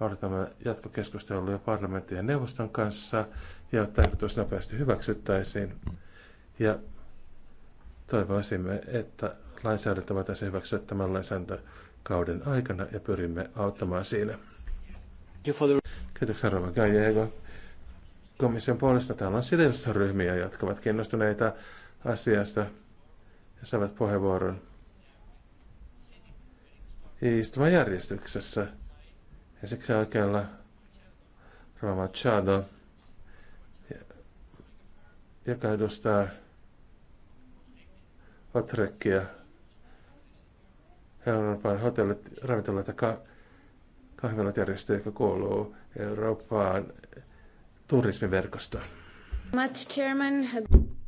Odotamme jatkokeskustelua parlamentin ja neuvoston kanssa, ja tarkoitus nopeasti hyväksyttäisiin. Ja toivoisimme, että lainsäädäntö voitaisiin hyväksyä tämän lainsäädäntökauden aikana ja pyrimme auttamaan siinä. Kiitoksia Rova Gallego. Komission puolesta täällä on sidosryhmiä, jotka ovat kiinnostuneita asiasta ja saavat puheenvuoron istumajärjestyksessä. Ja siksi oikealla Rova Machado, joka edustaa hotrekkiä. vain hotellit, ravintolat ja ka- kahvilat järjestöjä, jotka kuuluu Euroopan turismiverkostoon. Much chairman.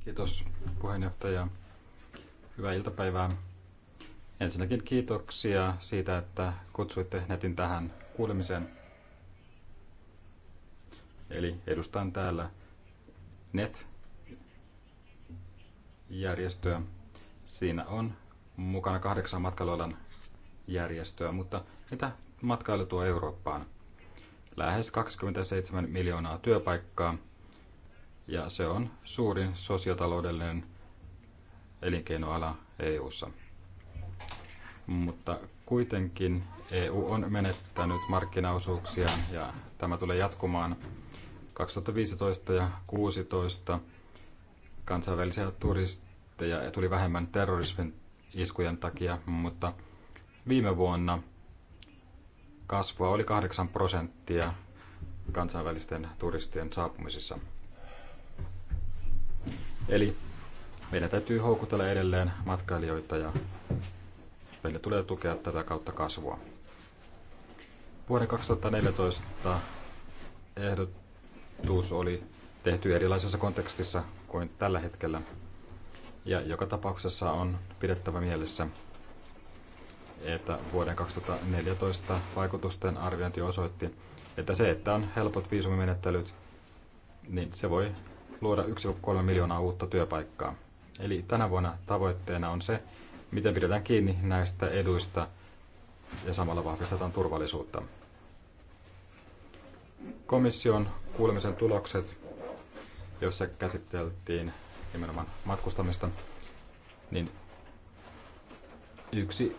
Kiitos puheenjohtaja. Hyvää iltapäivää. Ensinnäkin kiitoksia siitä, että kutsuitte netin tähän kuulemiseen. Eli edustan täällä NET-järjestöä, Siinä on mukana kahdeksan matkailualan järjestöä, mutta mitä matkailu tuo Eurooppaan? Lähes 27 miljoonaa työpaikkaa ja se on suurin sosiotaloudellinen elinkeinoala EU:ssa. Mutta kuitenkin EU on menettänyt markkinaosuuksia ja tämä tulee jatkumaan 2015 ja 2016 kansainvälisiä turist terroristeja ja tuli vähemmän terrorismin iskujen takia, mutta viime vuonna kasvua oli 8 prosenttia kansainvälisten turistien saapumisissa. Eli meidän täytyy houkutella edelleen matkailijoita ja meidän tulee tukea tätä kautta kasvua. Vuoden 2014 ehdotus oli tehty erilaisessa kontekstissa kuin tällä hetkellä – ja joka tapauksessa on pidettävä mielessä, että vuoden 2014 vaikutusten arviointi osoitti, että se, että on helpot viisumimenettelyt, niin se voi luoda 1,3 miljoonaa uutta työpaikkaa. Eli tänä vuonna tavoitteena on se, miten pidetään kiinni näistä eduista ja samalla vahvistetaan turvallisuutta. Komission kuulemisen tulokset, joissa käsiteltiin nimenomaan matkustamista, niin yksi,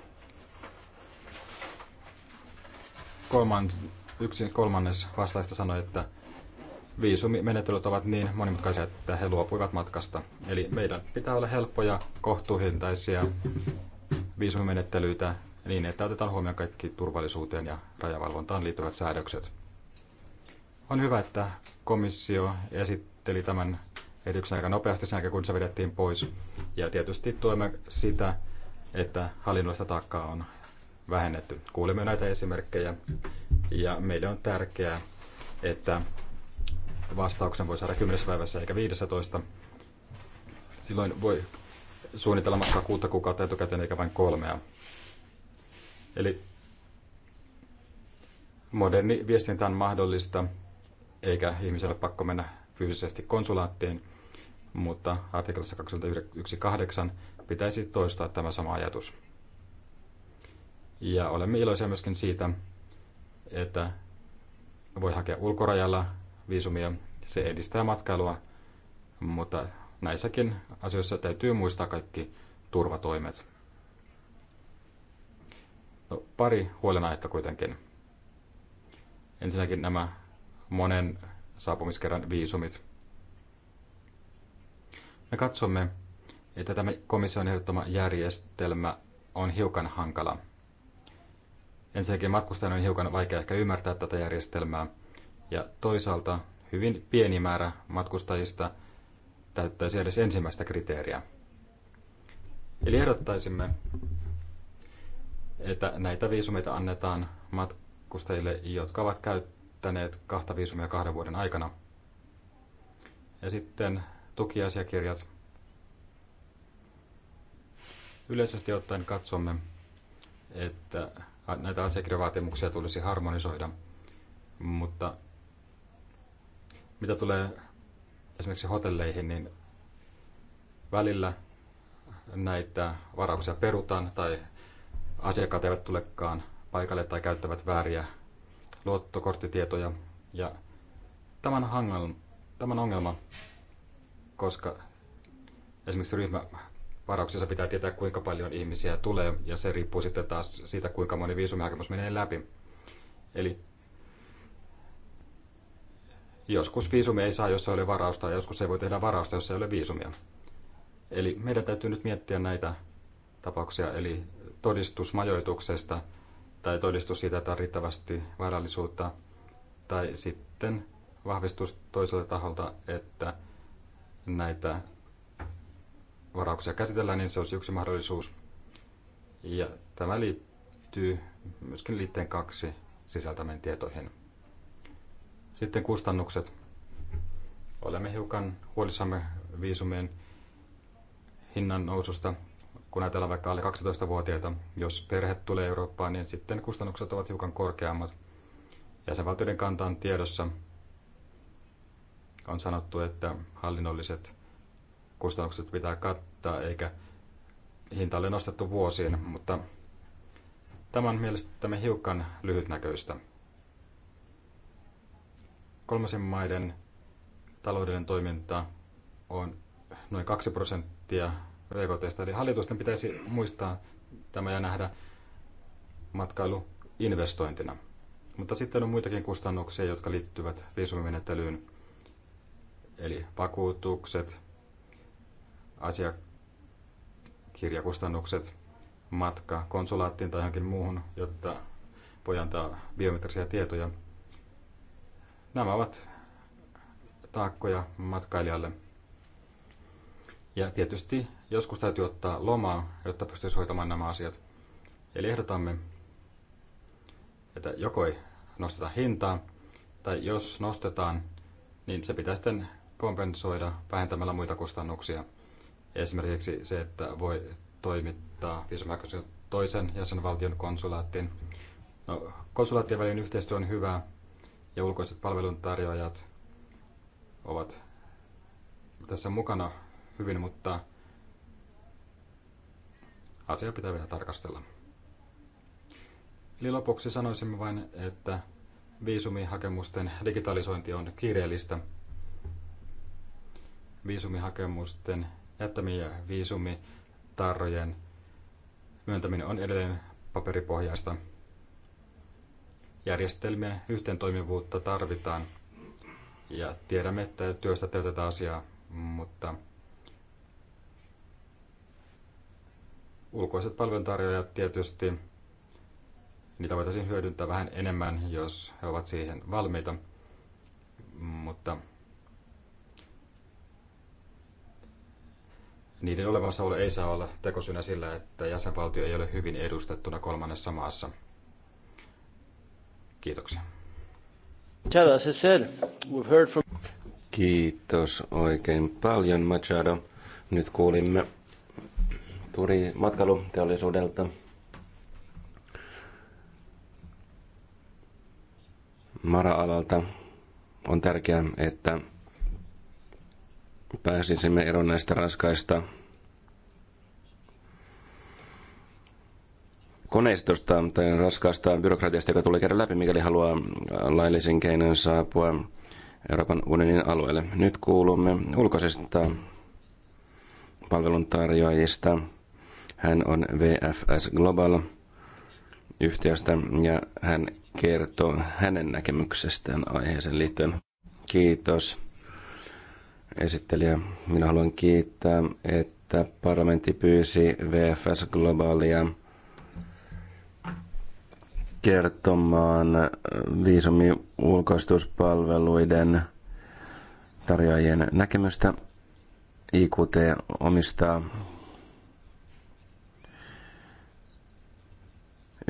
kolman, yksi kolmannes vastaista sanoi, että viisumimenettelyt ovat niin monimutkaisia, että he luopuivat matkasta. Eli meidän pitää olla helppoja, kohtuuhintaisia viisumimenettelyitä niin, että otetaan huomioon kaikki turvallisuuteen ja rajavalvontaan liittyvät säädökset. On hyvä, että komissio esitteli tämän esityksen aika nopeasti sen jälkeen, kun se vedettiin pois. Ja tietysti tuemme sitä, että hallinnollista taakkaa on vähennetty. Kuulemme näitä esimerkkejä ja meille on tärkeää, että vastauksen voi saada 10 päivässä eikä 15. Silloin voi suunnitella matkaa kuutta kuukautta etukäteen eikä vain kolmea. Eli moderni viestintä on mahdollista, eikä ihmiselle pakko mennä fyysisesti konsulaattiin, mutta artiklassa 21.8 pitäisi toistaa tämä sama ajatus. Ja olemme iloisia myöskin siitä, että voi hakea ulkorajalla viisumia. Se edistää matkailua, mutta näissäkin asioissa täytyy muistaa kaikki turvatoimet. No, pari huolenaihetta kuitenkin. Ensinnäkin nämä monen saapumiskerran viisumit. Me katsomme, että tämä komission ehdottama järjestelmä on hiukan hankala. Ensinnäkin matkustajan on hiukan vaikea ehkä ymmärtää tätä järjestelmää, ja toisaalta hyvin pieni määrä matkustajista täyttäisi edes ensimmäistä kriteeriä. Eli ehdottaisimme, että näitä viisumeita annetaan matkustajille, jotka ovat käyttäneet kahta viisumia kahden vuoden aikana. Ja sitten tukiasiakirjat. Yleisesti ottaen katsomme, että näitä asiakirjavaatimuksia tulisi harmonisoida, mutta mitä tulee esimerkiksi hotelleihin, niin välillä näitä varauksia perutaan tai asiakkaat eivät tulekaan paikalle tai käyttävät vääriä luottokorttitietoja. Ja tämän, hangal, tämän ongelman koska esimerkiksi ryhmävarauksessa pitää tietää, kuinka paljon ihmisiä tulee, ja se riippuu sitten taas siitä, kuinka moni viisumihakemus menee läpi. Eli joskus viisumi ei saa, jos ei ole varausta, ja joskus ei voi tehdä varausta, jos ei ole viisumia. Eli meidän täytyy nyt miettiä näitä tapauksia, eli todistus majoituksesta tai todistus siitä, että on riittävästi varallisuutta, tai sitten vahvistus toiselta taholta, että – näitä varauksia käsitellään, niin se olisi yksi mahdollisuus. Ja tämä liittyy myöskin liitteen kaksi sisältämien tietoihin. Sitten kustannukset. Olemme hiukan huolissamme viisumien hinnan noususta. Kun ajatellaan vaikka alle 12-vuotiaita, jos perhe tulee Eurooppaan, niin sitten kustannukset ovat hiukan korkeammat. Jäsenvaltioiden kanta on tiedossa, on sanottu, että hallinnolliset kustannukset pitää kattaa, eikä hinta ole nostettu vuosiin, mutta tämä on mielestäni hiukan lyhytnäköistä. Kolmasen maiden taloudellinen toiminta on noin 2 prosenttia VKT, eli hallitusten pitäisi muistaa tämä ja nähdä matkailu investointina. Mutta sitten on muitakin kustannuksia, jotka liittyvät viisumimenettelyyn eli vakuutukset, asiakirjakustannukset, matka konsulaattiin tai johonkin muuhun, jotta voi antaa biometrisiä tietoja. Nämä ovat taakkoja matkailijalle. Ja tietysti joskus täytyy ottaa lomaa, jotta pystyisi hoitamaan nämä asiat. Eli ehdotamme, että joko ei nosteta hintaa, tai jos nostetaan, niin se pitää sitten kompensoida vähentämällä muita kustannuksia. Esimerkiksi se, että voi toimittaa viisumihakemuksen toisen jäsenvaltion konsulaattiin. No, konsulaattien välinen yhteistyö on hyvä ja ulkoiset palveluntarjoajat ovat tässä mukana hyvin, mutta asia pitää vielä tarkastella. Eli lopuksi sanoisimme vain, että viisumihakemusten digitalisointi on kiireellistä – viisumihakemusten jättäminen ja viisumitarrojen myöntäminen on edelleen paperipohjaista. Järjestelmien yhteentoimivuutta tarvitaan ja tiedämme, että työstä tätä asiaa, mutta ulkoiset palveluntarjoajat tietysti, niitä voitaisiin hyödyntää vähän enemmän, jos he ovat siihen valmiita, mutta niiden olemassaolo ei saa olla tekosyynä sillä, että jäsenvaltio ei ole hyvin edustettuna kolmannessa maassa. Kiitoksia. Kiitos oikein paljon, Machado. Nyt kuulimme turi matkailuteollisuudelta. Mara-alalta on tärkeää, että pääsisimme eroon näistä raskaista koneistosta tai raskaasta byrokratiasta, joka tulee käydä läpi, mikäli haluaa laillisen keinoin saapua Euroopan unionin alueelle. Nyt kuulumme ulkoisesta palveluntarjoajista. Hän on VFS Global yhtiöstä ja hän kertoo hänen näkemyksestään aiheeseen liittyen. Kiitos esittelijä. Minä haluan kiittää, että parlamentti pyysi VFS Globalia kertomaan viisumi ulkoistuspalveluiden tarjoajien näkemystä. IQT omistaa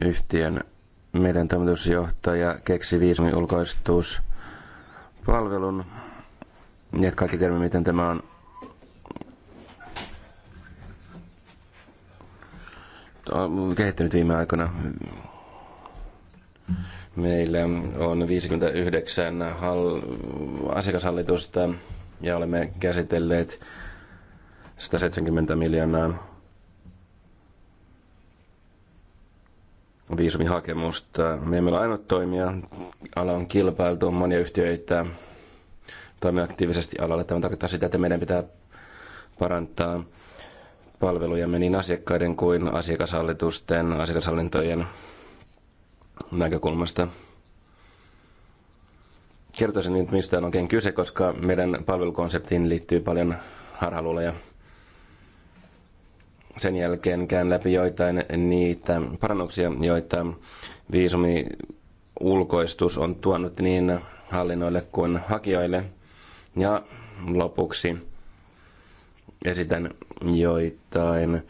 yhtiön meidän toimitusjohtaja keksi viisumin ulkoistuspalvelun niin, että kaikki tiedämme, miten tämä on kehittynyt viime aikoina. Meillä on 59 hall- asiakashallitusta ja olemme käsitelleet 170 miljoonaa viisumihakemusta. Me emme ole ainoa toimija. Ala on kilpailtu monia yhtiöitä toimia aktiivisesti alalla. Tämä tarkoittaa sitä, että meidän pitää parantaa palveluja niin asiakkaiden kuin asiakashallitusten, asiakashallintojen näkökulmasta. Kertoisin nyt, mistä on oikein kyse, koska meidän palvelukonseptiin liittyy paljon harhaluuloja. Sen jälkeen käyn läpi joitain niitä parannuksia, joita viisumi ulkoistus on tuonut niin hallinnoille kuin hakijoille – ja lopuksi esitän joitain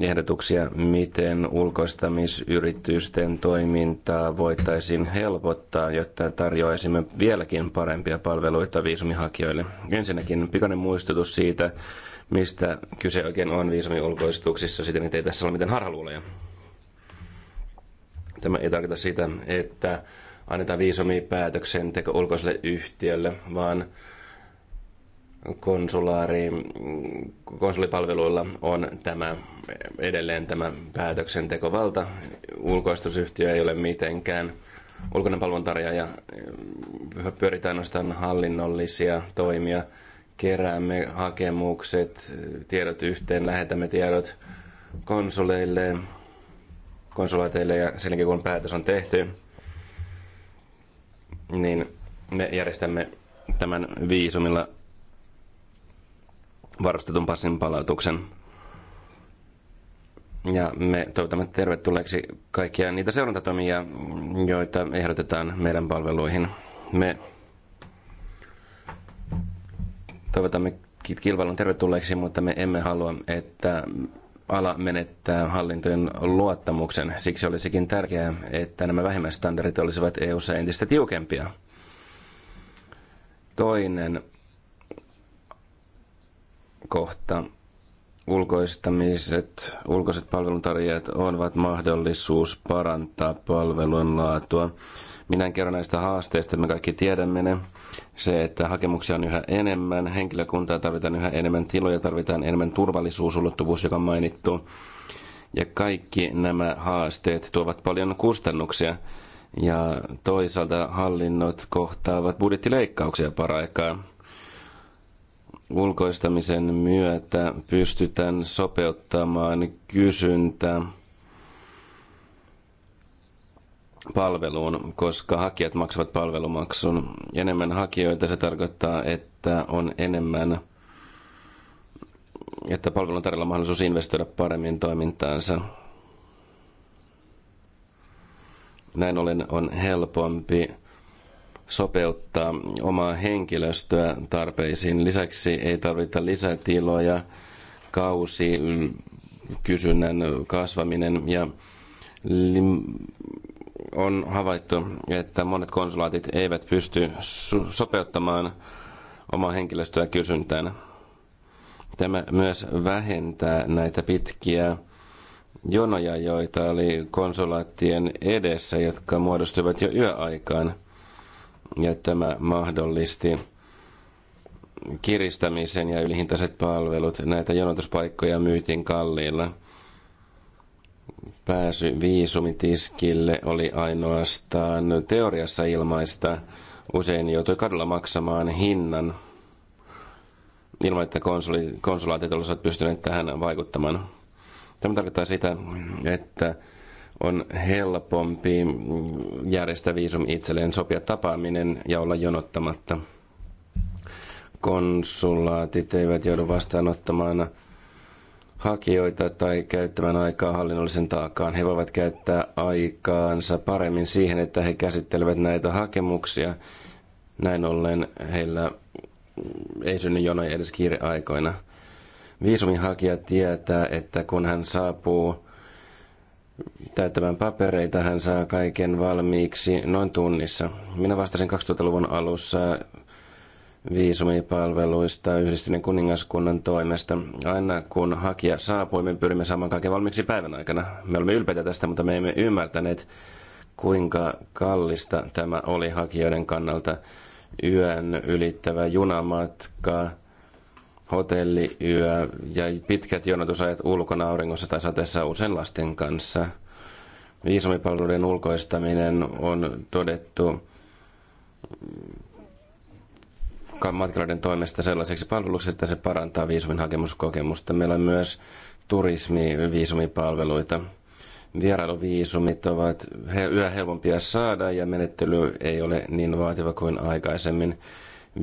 ehdotuksia, miten ulkoistamisyritysten toimintaa voitaisiin helpottaa, jotta tarjoaisimme vieläkin parempia palveluita viisumihakijoille. Ensinnäkin pikainen muistutus siitä, mistä kyse oikein on viisumiulkoistuksissa, siten ettei tässä ole mitään harhaluuloja. Tämä ei tarkoita sitä, että anneta päätöksen päätöksenteko ulkoiselle yhtiölle, vaan konsulaari, konsulipalveluilla on tämä, edelleen tämä päätöksentekovalta. Ulkoistusyhtiö ei ole mitenkään ulkoinen palveluntarjaaja. Eh, pyöritään ainoastaan hallinnollisia toimia. Keräämme hakemukset, tiedot yhteen, lähetämme tiedot konsuleille, konsulaateille ja sen jälkeen kun päätös on tehty, niin me järjestämme tämän viisumilla varustetun passin palautuksen. Ja me toivotamme tervetulleeksi kaikkia niitä seurantatoimia, joita ehdotetaan meidän palveluihin. Me toivotamme kilpailun tervetulleeksi, mutta me emme halua, että ala menettää hallintojen luottamuksen. Siksi olisikin tärkeää, että nämä vähimmäistandardit olisivat EU-ssa entistä tiukempia. Toinen kohta. Ulkoistamiset, ulkoiset palveluntarjoajat ovat mahdollisuus parantaa palvelun laatua. Minä en kerro näistä haasteista, me kaikki tiedämme ne. Se, että hakemuksia on yhä enemmän, henkilökuntaa tarvitaan yhä enemmän, tiloja tarvitaan enemmän, turvallisuusulottuvuus, joka on mainittu. Ja kaikki nämä haasteet tuovat paljon kustannuksia. Ja toisaalta hallinnot kohtaavat budjettileikkauksia paraikaa ulkoistamisen myötä pystytään sopeuttamaan kysyntää palveluun, koska hakijat maksavat palvelumaksun. Enemmän hakijoita se tarkoittaa, että on enemmän että palvelun tarjolla mahdollisuus investoida paremmin toimintaansa. Näin ollen on helpompi sopeuttaa omaa henkilöstöä tarpeisiin. Lisäksi ei tarvita lisätiloja, kausi, kysynnän kasvaminen ja on havaittu, että monet konsulaatit eivät pysty sopeuttamaan omaa henkilöstöä kysyntään. Tämä myös vähentää näitä pitkiä jonoja, joita oli konsulaattien edessä, jotka muodostuivat jo yöaikaan. Ja tämä mahdollisti kiristämisen ja ylihintaiset palvelut. Näitä jonotuspaikkoja myytiin kalliilla pääsy viisumitiskille oli ainoastaan teoriassa ilmaista. Usein joutui kadulla maksamaan hinnan ilman, että konsuli, konsulaatit olisivat pystyneet tähän vaikuttamaan. Tämä tarkoittaa sitä, että on helpompi järjestää viisum itselleen, sopia tapaaminen ja olla jonottamatta. Konsulaatit eivät joudu vastaanottamaan hakijoita tai käyttämään aikaa hallinnollisen taakkaan. He voivat käyttää aikaansa paremmin siihen, että he käsittelevät näitä hakemuksia. Näin ollen heillä ei synny jonoja edes kiireaikoina. Viisumihakija tietää, että kun hän saapuu täyttämään papereita, hän saa kaiken valmiiksi noin tunnissa. Minä vastasin 2000-luvun alussa viisumipalveluista yhdistyneen kuningaskunnan toimesta. Aina kun hakija saapui, me pyrimme saamaan kaiken valmiiksi päivän aikana. Me olemme ylpeitä tästä, mutta me emme ymmärtäneet, kuinka kallista tämä oli hakijoiden kannalta. Yön ylittävä junamatka, hotelliyö ja pitkät jonotusajat ulkona auringossa tai sateessa usein lasten kanssa. Viisumipalveluiden ulkoistaminen on todettu matkailijoiden toimesta sellaiseksi palveluksi, että se parantaa viisumin hakemuskokemusta. Meillä on myös turismiviisumipalveluita. Vierailuviisumit ovat yhä helpompia saada ja menettely ei ole niin vaativa kuin aikaisemmin.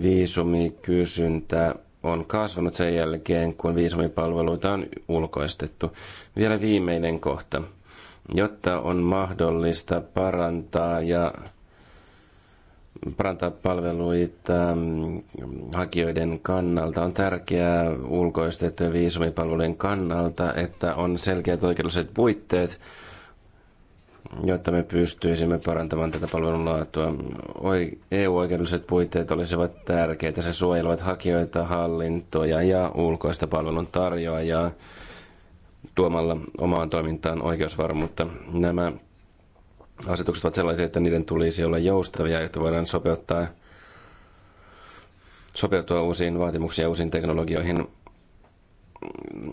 Viisumikysyntä on kasvanut sen jälkeen, kun viisumipalveluita on ulkoistettu. Vielä viimeinen kohta. Jotta on mahdollista parantaa ja parantaa palveluita mm, hakijoiden kannalta. On tärkeää ulkoistettujen viisumipalvelujen kannalta, että on selkeät oikeudelliset puitteet, jotta me pystyisimme parantamaan tätä palvelun laatua. EU-oikeudelliset puitteet olisivat tärkeitä. Se suojelevat hakijoita, hallintoja ja ulkoista palvelun tarjoajaa tuomalla omaan toimintaan oikeusvarmuutta. Nämä asetukset ovat sellaisia, että niiden tulisi olla joustavia, että voidaan sopeuttaa, sopeutua uusiin vaatimuksiin ja uusiin teknologioihin.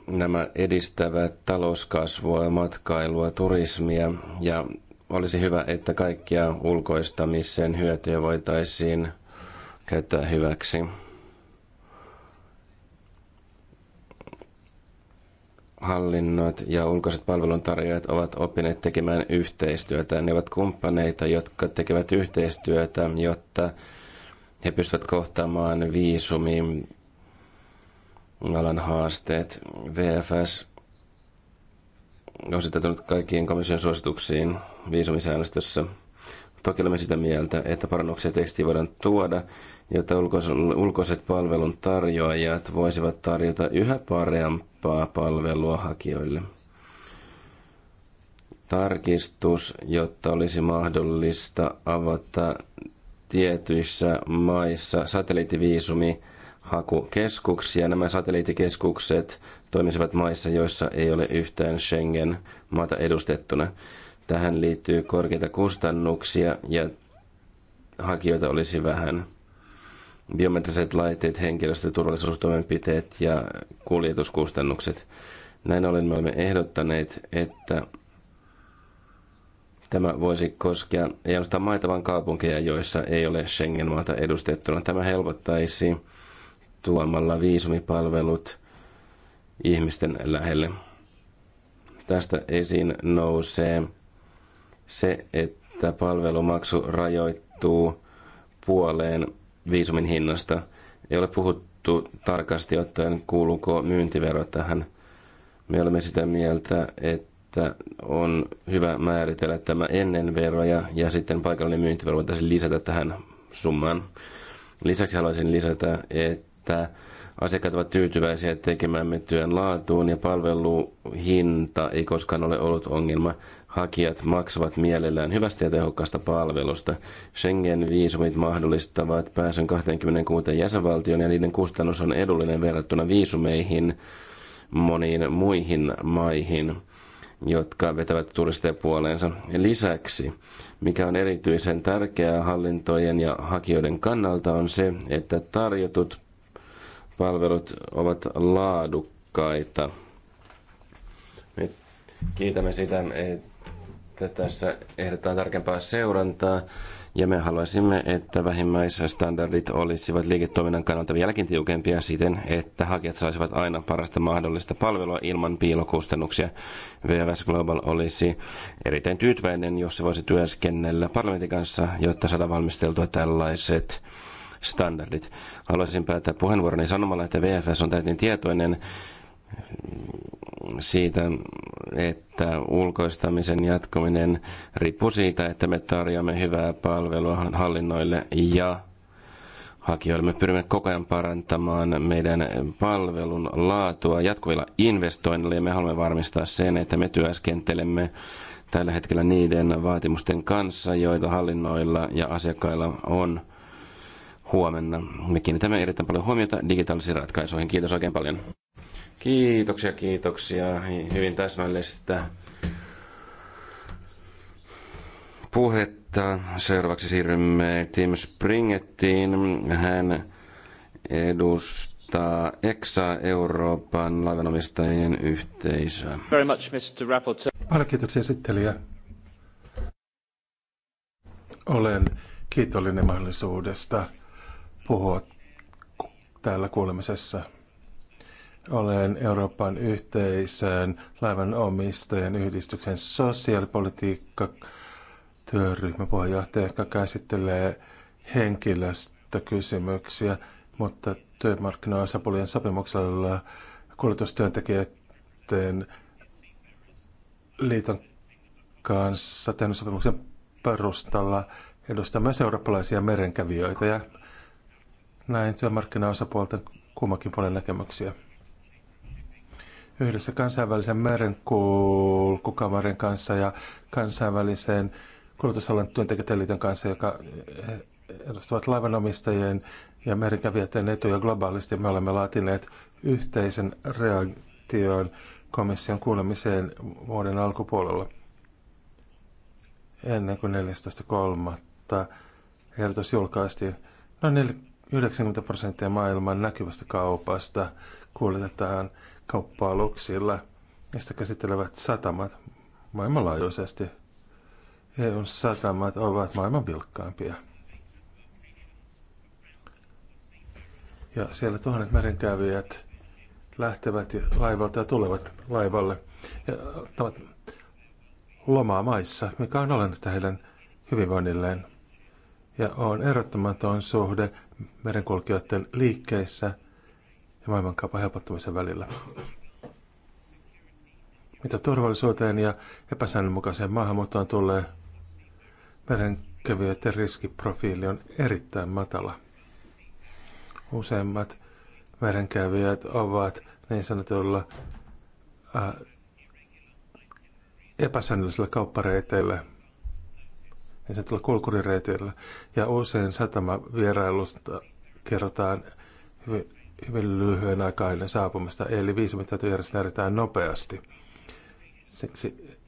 Nämä edistävät talouskasvua, matkailua, turismia ja olisi hyvä, että kaikkia ulkoistamisen hyötyjä voitaisiin käyttää hyväksi. hallinnot ja ulkoiset palveluntarjoajat ovat oppineet tekemään yhteistyötä. Ne ovat kumppaneita, jotka tekevät yhteistyötä, jotta he pystyvät kohtaamaan viisumin alan haasteet. VFS on sitoutunut kaikkiin komission suosituksiin viisumisäännöstössä – Toki olemme sitä mieltä, että parannuksia teksti voidaan tuoda, jotta ulkoiset palvelun tarjoajat voisivat tarjota yhä parempaa palvelua hakijoille. Tarkistus, jotta olisi mahdollista avata tietyissä maissa satelliittiviisumi hakukeskuksia. Nämä satelliittikeskukset toimisivat maissa, joissa ei ole yhtään Schengen-maata edustettuna. Tähän liittyy korkeita kustannuksia ja hakijoita olisi vähän. Biometriset laitteet, henkilöstöturvallisuustoimenpiteet ja kuljetuskustannukset. Näin ollen me olemme ehdottaneet, että Tämä voisi koskea ei ainoastaan maita, vaan kaupunkeja, joissa ei ole Schengen-maata edustettuna. Tämä helpottaisi tuomalla viisumipalvelut ihmisten lähelle. Tästä esiin nousee se, että palvelumaksu rajoittuu puoleen viisumin hinnasta. Ei ole puhuttu tarkasti ottaen, kuuluuko myyntivero tähän. Me olemme sitä mieltä, että on hyvä määritellä tämä ennen veroja ja sitten paikallinen myyntivero voitaisiin lisätä tähän summaan. Lisäksi haluaisin lisätä, että asiakkaat ovat tyytyväisiä tekemämme työn laatuun ja palveluhinta ei koskaan ole ollut ongelma hakijat maksavat mielellään hyvästä ja tehokkaasta palvelusta. Schengen-viisumit mahdollistavat pääsyn 26 jäsenvaltioon ja niiden kustannus on edullinen verrattuna viisumeihin moniin muihin maihin jotka vetävät turisteja puoleensa. Lisäksi, mikä on erityisen tärkeää hallintojen ja hakijoiden kannalta, on se, että tarjotut palvelut ovat laadukkaita. Me kiitämme sitä, että että tässä ehdotetaan tarkempaa seurantaa ja me haluaisimme, että vähimmäisstandardit olisivat liiketoiminnan kannalta vieläkin tiukempia siten, että hakijat saisivat aina parasta mahdollista palvelua ilman piilokustannuksia. VVS Global olisi erittäin tyytyväinen, jos se voisi työskennellä parlamentin kanssa, jotta saadaan valmisteltua tällaiset standardit. Haluaisin päättää puheenvuoroni sanomalla, että VFS on täysin tietoinen siitä, että ulkoistamisen jatkuminen riippuu siitä, että me tarjoamme hyvää palvelua hallinnoille ja hakijoille. Me pyrimme koko ajan parantamaan meidän palvelun laatua jatkuvilla investoinneilla ja me haluamme varmistaa sen, että me työskentelemme tällä hetkellä niiden vaatimusten kanssa, joita hallinnoilla ja asiakkailla on huomenna. Me kiinnitämme erittäin paljon huomiota digitaalisiin ratkaisuihin. Kiitos oikein paljon. Kiitoksia, kiitoksia hyvin täsmällistä puhetta. Seuraavaksi siirrymme Tim Springettiin. Hän edustaa EXA Euroopan laivanomistajien yhteisöä. Very much, Mr. Rapporteur. Paljon kiitoksia esittelijä. Olen kiitollinen mahdollisuudesta puhua täällä kuulemisessa – olen Euroopan yhteisön laivan omistajien yhdistyksen sosiaalipolitiikka työryhmän puheenjohtaja, joka käsittelee henkilöstökysymyksiä, mutta työmarkkinaosapuolien sopimuksella kuljetustyöntekijöiden liiton kanssa tehnyt sopimuksen perustalla edustaa myös eurooppalaisia merenkävijöitä ja näin työmarkkinaosapuolten kummakin puolen näkemyksiä yhdessä kansainvälisen merenkulkukamarin kanssa ja kansainvälisen kulutusalan työntekijöiden kanssa, joka eh, edustavat laivanomistajien ja merikävijöiden etuja globaalisti. Me olemme laatineet yhteisen reaktion komission kuulemiseen vuoden alkupuolella ennen kuin 14.3. ehdotus julkaistiin. Noin 90 prosenttia maailman näkyvästä kaupasta kuuletetaan kauppa-aluksilla ja sitä käsittelevät satamat maailmanlaajuisesti. EUn satamat ovat maailman vilkkaampia. Ja siellä tuhannet merenkävijät lähtevät laivalta ja tulevat laivalle ja ottavat lomaa maissa, mikä on olennaista heidän hyvinvoinnilleen. Ja on erottamaton suhde merenkulkijoiden liikkeissä – ja maailmankaupan helpottumisen välillä. Mitä turvallisuuteen ja epäsäännönmukaiseen maahanmuuttoon tulee, merenkävijöiden riskiprofiili on erittäin matala. Useimmat merenkävijät ovat niin sanotulla ää, epäsäännöllisillä kauppareiteillä, niin sanotulla kulkurireiteillä. Ja usein satamavierailusta kerrotaan hyvin hyvin lyhyen aikaa ennen saapumista, eli viisumit täytyy järjestää erittäin nopeasti. Siksi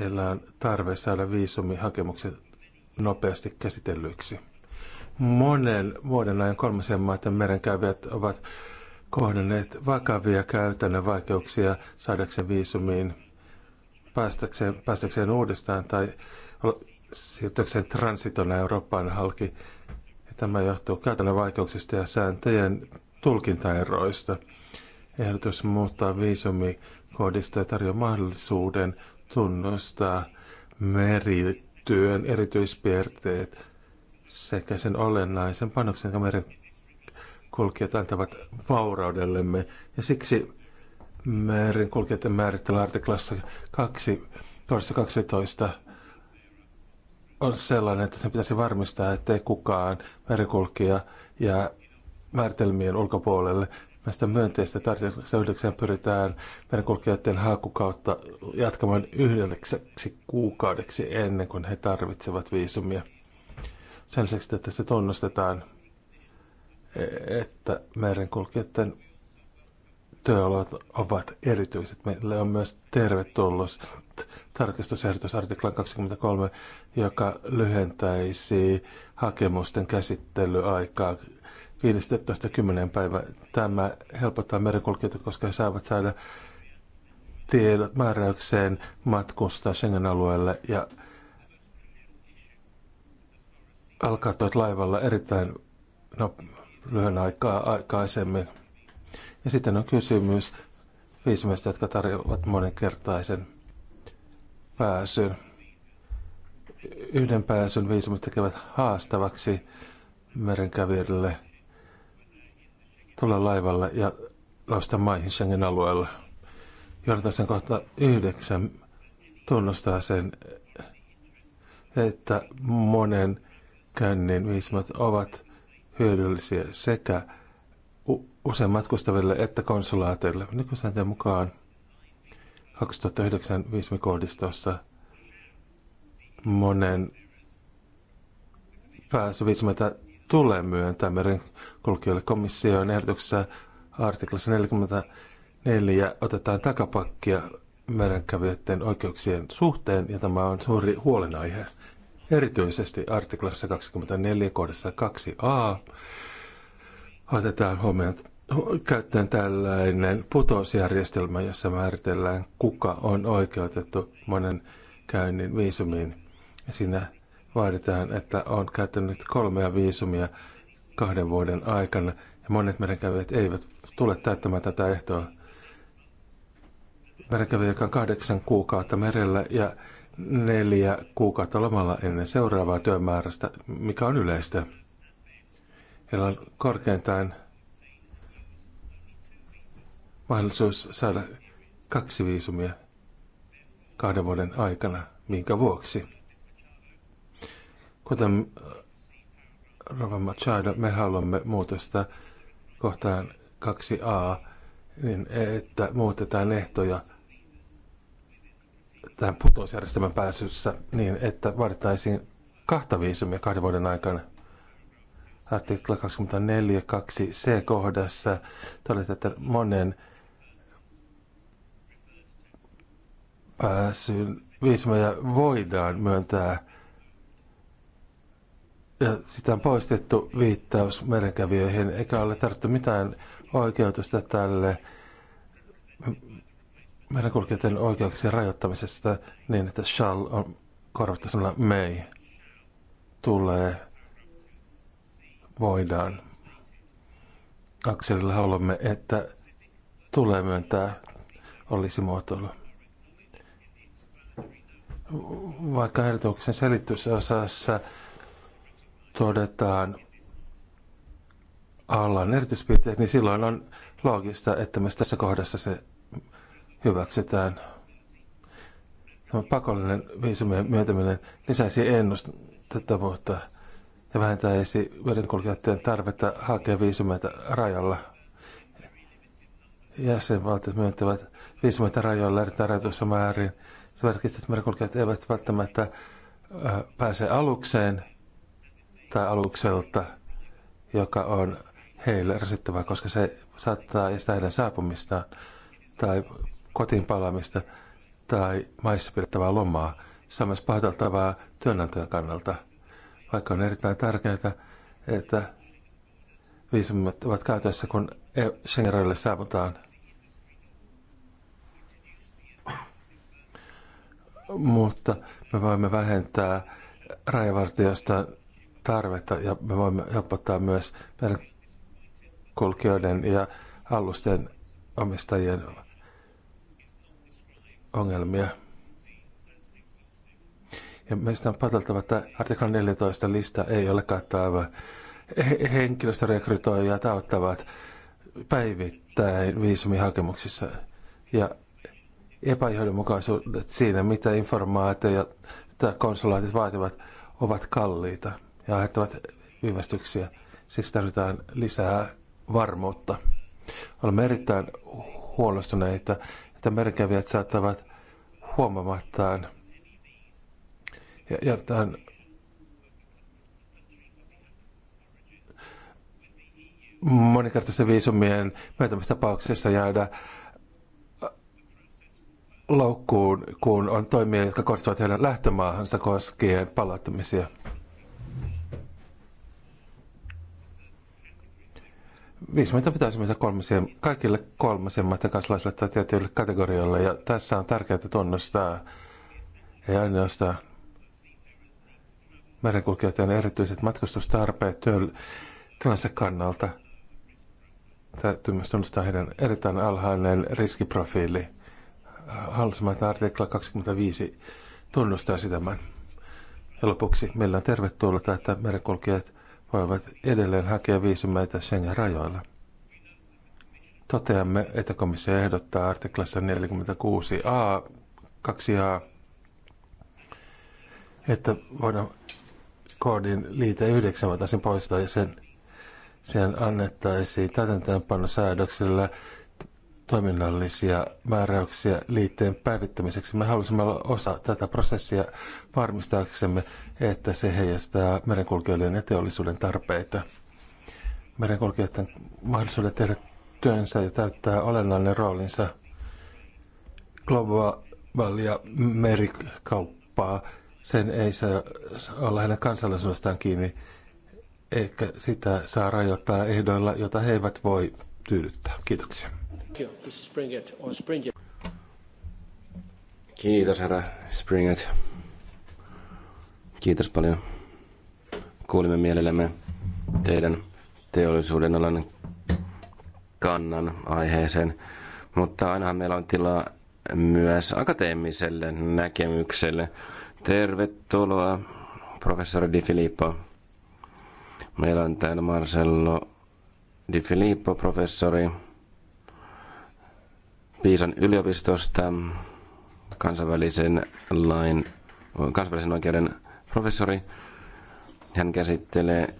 heillä on tarve saada viisumihakemukset nopeasti käsitellyiksi. Monen vuoden ajan kolmasen maiden merenkävijät ovat kohdanneet vakavia käytännön vaikeuksia saadakseen viisumiin, päästäkseen, päästäkseen uudestaan tai siirtyäkseen transitona Eurooppaan halki Tämä johtuu käytännön vaikeuksista ja sääntöjen tulkintaeroista. Ehdotus muuttaa viisumikoodista ja tarjoaa mahdollisuuden tunnustaa merityön erityispiirteet sekä sen olennaisen panoksen, jonka meren kulkijat antavat vauraudellemme. Ja siksi meren kulkijoiden määrittely artiklassa 2, 12 on sellainen, että sen pitäisi varmistaa, ettei kukaan merikulkija ja määritelmien ulkopuolelle. Näistä myönteistä tarkoituksesta yhdeksään pyritään merenkulkijoiden hakukautta jatkamaan yhdeksäksi kuukaudeksi ennen kuin he tarvitsevat viisumia. Sen lisäksi, että se tunnustetaan, että merenkulkijoiden työolot ovat erityiset. Meillä on myös tervetullut tarkistusehdotus artiklan 23, joka lyhentäisi hakemusten käsittelyaikaa 15-10 päivä. Tämä helpottaa merenkulkijoita, koska he saavat saada tiedot määräykseen matkusta Schengen-alueelle ja alkaa tuot laivalla erittäin no, lyhyen aikaa aikaisemmin. Ja sitten on kysymys viisumista, jotka tarjoavat monenkertaisen pääsyn. Yhden pääsyn viisumit tekevät haastavaksi merenkävijöille tulla laivalle ja nousta maihin Schengen-alueella. Joudutaan sen kohta yhdeksän tunnustaa sen, että monen käynnin viisumat ovat hyödyllisiä sekä usein matkustaville että konsulaateille. Nykysääntöjen mukaan 2009 viisumikoodistossa monen pääsyviisumeita tulee myöntää kulkijoille komission ehdotuksessa artiklassa 44 otetaan takapakkia merenkävijöiden oikeuksien suhteen, ja tämä on suuri huolenaihe. Erityisesti artiklassa 24 kohdassa 2a otetaan huomioon käyttäen tällainen putousjärjestelmä, jossa määritellään, kuka on oikeutettu monen käynnin viisumiin. Siinä vaaditaan, että on käyttänyt kolmea viisumia kahden vuoden aikana, ja monet merenkävijät eivät tule täyttämään tätä ehtoa. Merenkävijä, joka on kahdeksan kuukautta merellä ja neljä kuukautta lomalla ennen seuraavaa työmäärästä, mikä on yleistä. Heillä on korkeintaan mahdollisuus saada kaksi viisumia kahden vuoden aikana, minkä vuoksi. Kuten äh, Rava Machado, me haluamme muutosta kohtaan 2a, niin että muutetaan ehtoja tähän putousjärjestelmän pääsyssä niin, että vaadittaisiin kahta viisumia kahden vuoden aikana. Artikla 24.2c kohdassa todetaan, että monen pääsyn viisumeja voidaan myöntää. Ja sitä on poistettu viittaus merenkävijöihin, eikä ole tarvittu mitään oikeutusta tälle merenkulkijoiden oikeuksien rajoittamisesta niin, että shall on korvattu sanalla may, tulee, voidaan. Akselilla haluamme, että tulee myöntää olisi muotoilu vaikka ehdotuksen selitysosassa todetaan alan erityispiirteet, niin silloin on loogista, että myös tässä kohdassa se hyväksytään. Tämä pakollinen viisumien myöntäminen lisäisi ennustettavuutta ja vähentäisi vedenkulkijoiden tarvetta hakea viisumeita rajalla. Jäsenvaltiot myöntävät viisumeita rajoilla erittäin määrin Esimerkiksi merenkulkijat eivät välttämättä pääse alukseen tai alukselta, joka on heille rasittavaa, koska se saattaa estää heidän saapumistaan tai kotiin palaamista tai maissa pidettävää lomaa. Se on myös pahateltavaa työnantajan kannalta, vaikka on erittäin tärkeää, että viisumit ovat käytössä, kun e- schengen saavutaan. mutta me voimme vähentää rajavartijoista tarvetta ja me voimme helpottaa myös meidän kulkijoiden ja alusten omistajien ongelmia. Ja meistä on pateltava, että artikla 14 lista ei ole kattava. Henkilöstörekrytoijat auttavat päivittäin viisumihakemuksissa ja epäjohdonmukaisuudet siinä, mitä tämä konsulaatit vaativat, ovat kalliita ja aiheuttavat viivästyksiä. Siksi tarvitaan lisää varmuutta. Olemme erittäin huolestuneita, että merkäviät saattavat huomamattaan ja, ja tämän monikertaisten viisumien myöntämistapauksessa jäädä loukkuun, kun on toimia, jotka kohdistuvat heidän lähtömaahansa koskien palauttamisia. Viisi pitäisi mennä kolmasien, kaikille kolmasien maiden kansalaisille tai tietyille kategorioille. Ja tässä on tärkeää tunnustaa, ei ainoastaan merenkulkijoiden erityiset matkustustarpeet työnsä kannalta. Täytyy myös tunnustaa heidän erittäin alhainen riskiprofiili – hallitsematon artikla 25 tunnustaa tämän. Ja lopuksi meillä on tervetulleita, että merenkulkijat voivat edelleen hakea viisumeita Schengen-rajoilla. Toteamme, että komissio ehdottaa artiklassa 46a, 2a, että voidaan koodin liite 9 voitaisiin poistaa ja sen, sen annettaisiin täytäntöönpanosäädöksellä toiminnallisia määräyksiä liitteen päivittämiseksi. Me haluaisimme olla osa tätä prosessia varmistaaksemme, että se heijastaa merenkulkijoiden ja teollisuuden tarpeita. Merenkulkijoiden mahdollisuudet tehdä työnsä ja täyttää olennainen roolinsa globaalia merikauppaa. Sen ei saa olla hänen kansallisuudestaan kiinni, eikä sitä saa rajoittaa ehdoilla, jota he eivät voi tyydyttää. Kiitoksia. Kiitos herra Springet. Kiitos paljon. Kuulimme mielellämme teidän teollisuuden alan kannan aiheeseen, mutta ainahan meillä on tilaa myös akateemiselle näkemykselle. Tervetuloa, professori Di Filippo. Meillä on täällä Marcello Di Filippo, professori Piisan yliopistosta kansainvälisen, lain, kansainvälisen oikeuden professori. Hän käsittelee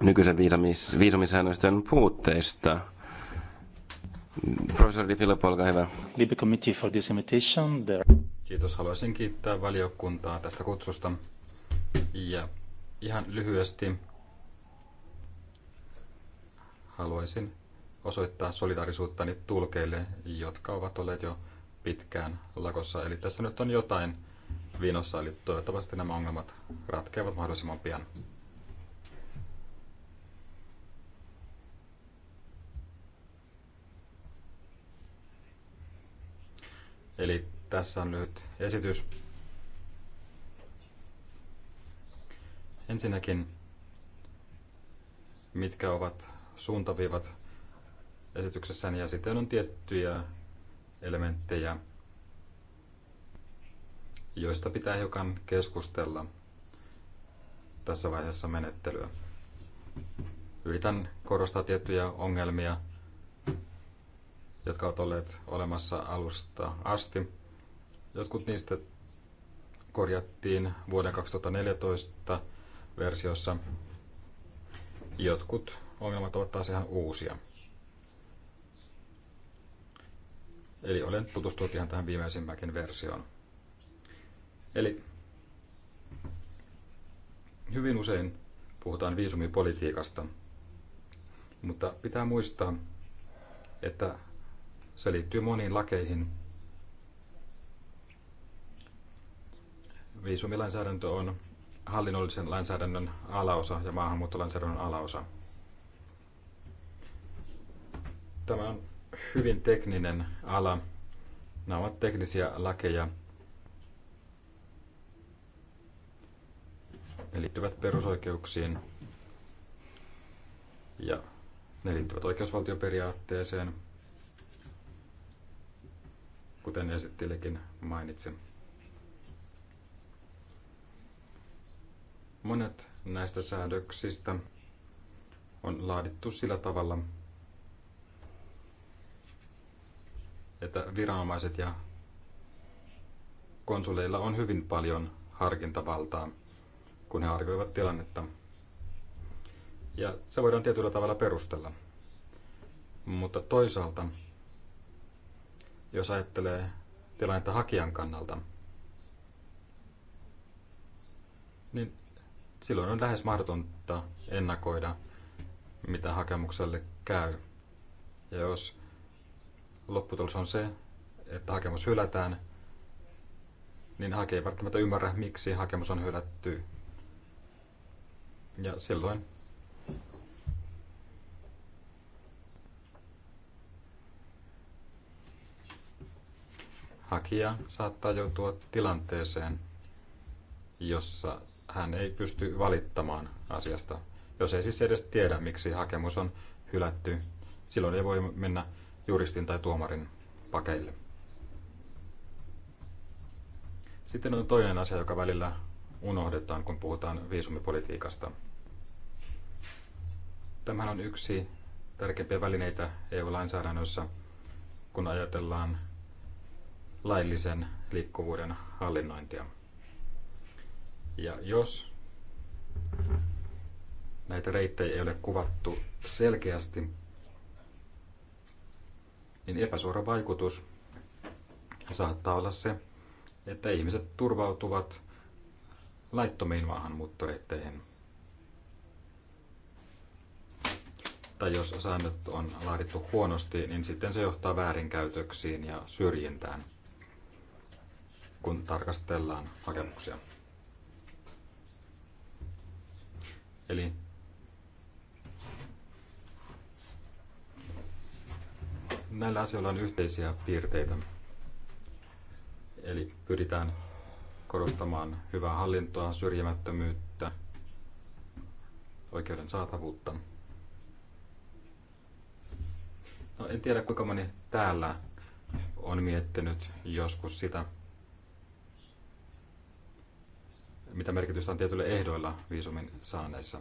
nykyisen viisumis, viisumisäännöstön puutteista. Professori Di Filippo, olkaa hyvä. Committee for this invitation. There. Kiitos. Haluaisin kiittää valiokuntaa tästä kutsusta. Ja ihan lyhyesti haluaisin osoittaa solidaarisuuttani tulkeille, jotka ovat olleet jo pitkään lakossa. Eli tässä nyt on jotain vinossa, eli toivottavasti nämä ongelmat ratkeavat mahdollisimman pian. Eli tässä on nyt esitys. Ensinnäkin, mitkä ovat suuntaviivat esityksessäni ja sitten on tiettyjä elementtejä, joista pitää hiukan keskustella tässä vaiheessa menettelyä. Yritän korostaa tiettyjä ongelmia, jotka ovat olleet olemassa alusta asti. Jotkut niistä korjattiin vuoden 2014 versiossa. Jotkut ongelmat ovat taas ihan uusia. Eli olen tutustunut ihan tähän viimeisimmäkin versioon. Eli hyvin usein puhutaan viisumipolitiikasta, mutta pitää muistaa, että se liittyy moniin lakeihin. Viisumilainsäädäntö on hallinnollisen lainsäädännön alaosa ja maahanmuuttolainsäädännön alaosa. Tämä on hyvin tekninen ala. Nämä ovat teknisiä lakeja. Ne liittyvät perusoikeuksiin ja ne liittyvät oikeusvaltioperiaatteeseen, kuten esittelikin mainitsin. Monet näistä säädöksistä on laadittu sillä tavalla, että viranomaiset ja konsuleilla on hyvin paljon harkintavaltaa, kun he arvioivat tilannetta. Ja se voidaan tietyllä tavalla perustella. Mutta toisaalta, jos ajattelee tilannetta hakijan kannalta, niin silloin on lähes mahdotonta ennakoida, mitä hakemukselle käy. Ja jos lopputulos on se, että hakemus hylätään, niin hakija ei välttämättä ymmärrä, miksi hakemus on hylätty. Ja silloin hakija saattaa joutua tilanteeseen, jossa hän ei pysty valittamaan asiasta. Jos ei siis edes tiedä, miksi hakemus on hylätty, silloin ei voi mennä juristin tai tuomarin pakeille. Sitten on toinen asia, joka välillä unohdetaan, kun puhutaan viisumipolitiikasta. Tämähän on yksi tärkeimpiä välineitä EU-lainsäädännössä, kun ajatellaan laillisen liikkuvuuden hallinnointia. Ja jos näitä reittejä ei ole kuvattu selkeästi, niin epäsuora vaikutus saattaa olla se, että ihmiset turvautuvat laittomiin maahanmuuttoreitteihin. Tai jos säännöt on laadittu huonosti, niin sitten se johtaa väärinkäytöksiin ja syrjintään, kun tarkastellaan hakemuksia. Eli näillä asioilla on yhteisiä piirteitä. Eli pyritään korostamaan hyvää hallintoa, syrjimättömyyttä, oikeuden saatavuutta. No, en tiedä kuinka moni täällä on miettinyt joskus sitä, mitä merkitystä on tietyillä ehdoilla viisumin saaneissa.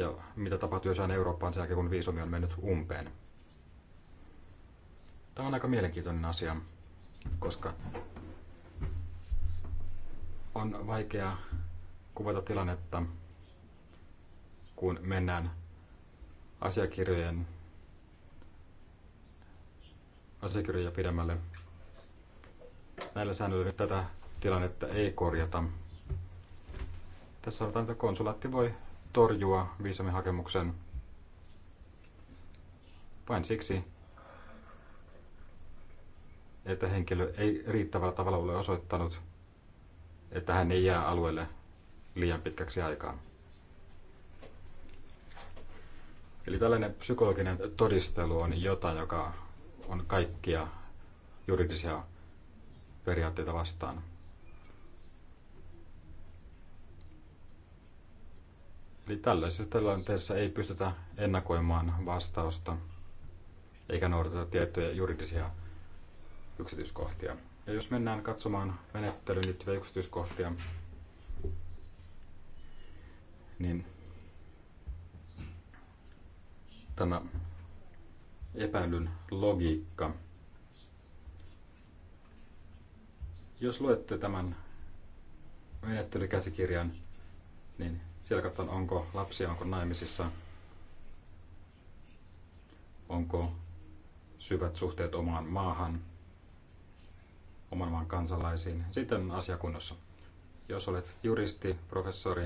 ja mitä tapahtuu, jossain Eurooppaan sen jälkeen, kun viisumi on mennyt umpeen. Tämä on aika mielenkiintoinen asia, koska on vaikea kuvata tilannetta, kun mennään asiakirjojen asiakirjoja pidemmälle. Näillä säännöillä tätä tilannetta ei korjata. Tässä sanotaan, että konsulaatti voi torjua viisumihakemuksen vain siksi, että henkilö ei riittävällä tavalla ole osoittanut, että hän ei jää alueelle liian pitkäksi aikaa. Eli tällainen psykologinen todistelu on jotain, joka on kaikkia juridisia periaatteita vastaan. Eli tällaisessa tilanteessa ei pystytä ennakoimaan vastausta eikä noudateta tiettyjä juridisia yksityiskohtia. Ja jos mennään katsomaan menettelyyn liittyviä yksityiskohtia, niin tämä epäilyn logiikka. Jos luette tämän menettelykäsikirjan, niin siellä katson, onko lapsia, onko naimisissa, onko syvät suhteet omaan maahan, oman maan kansalaisiin. Sitten on asiakunnossa. Jos olet juristi, professori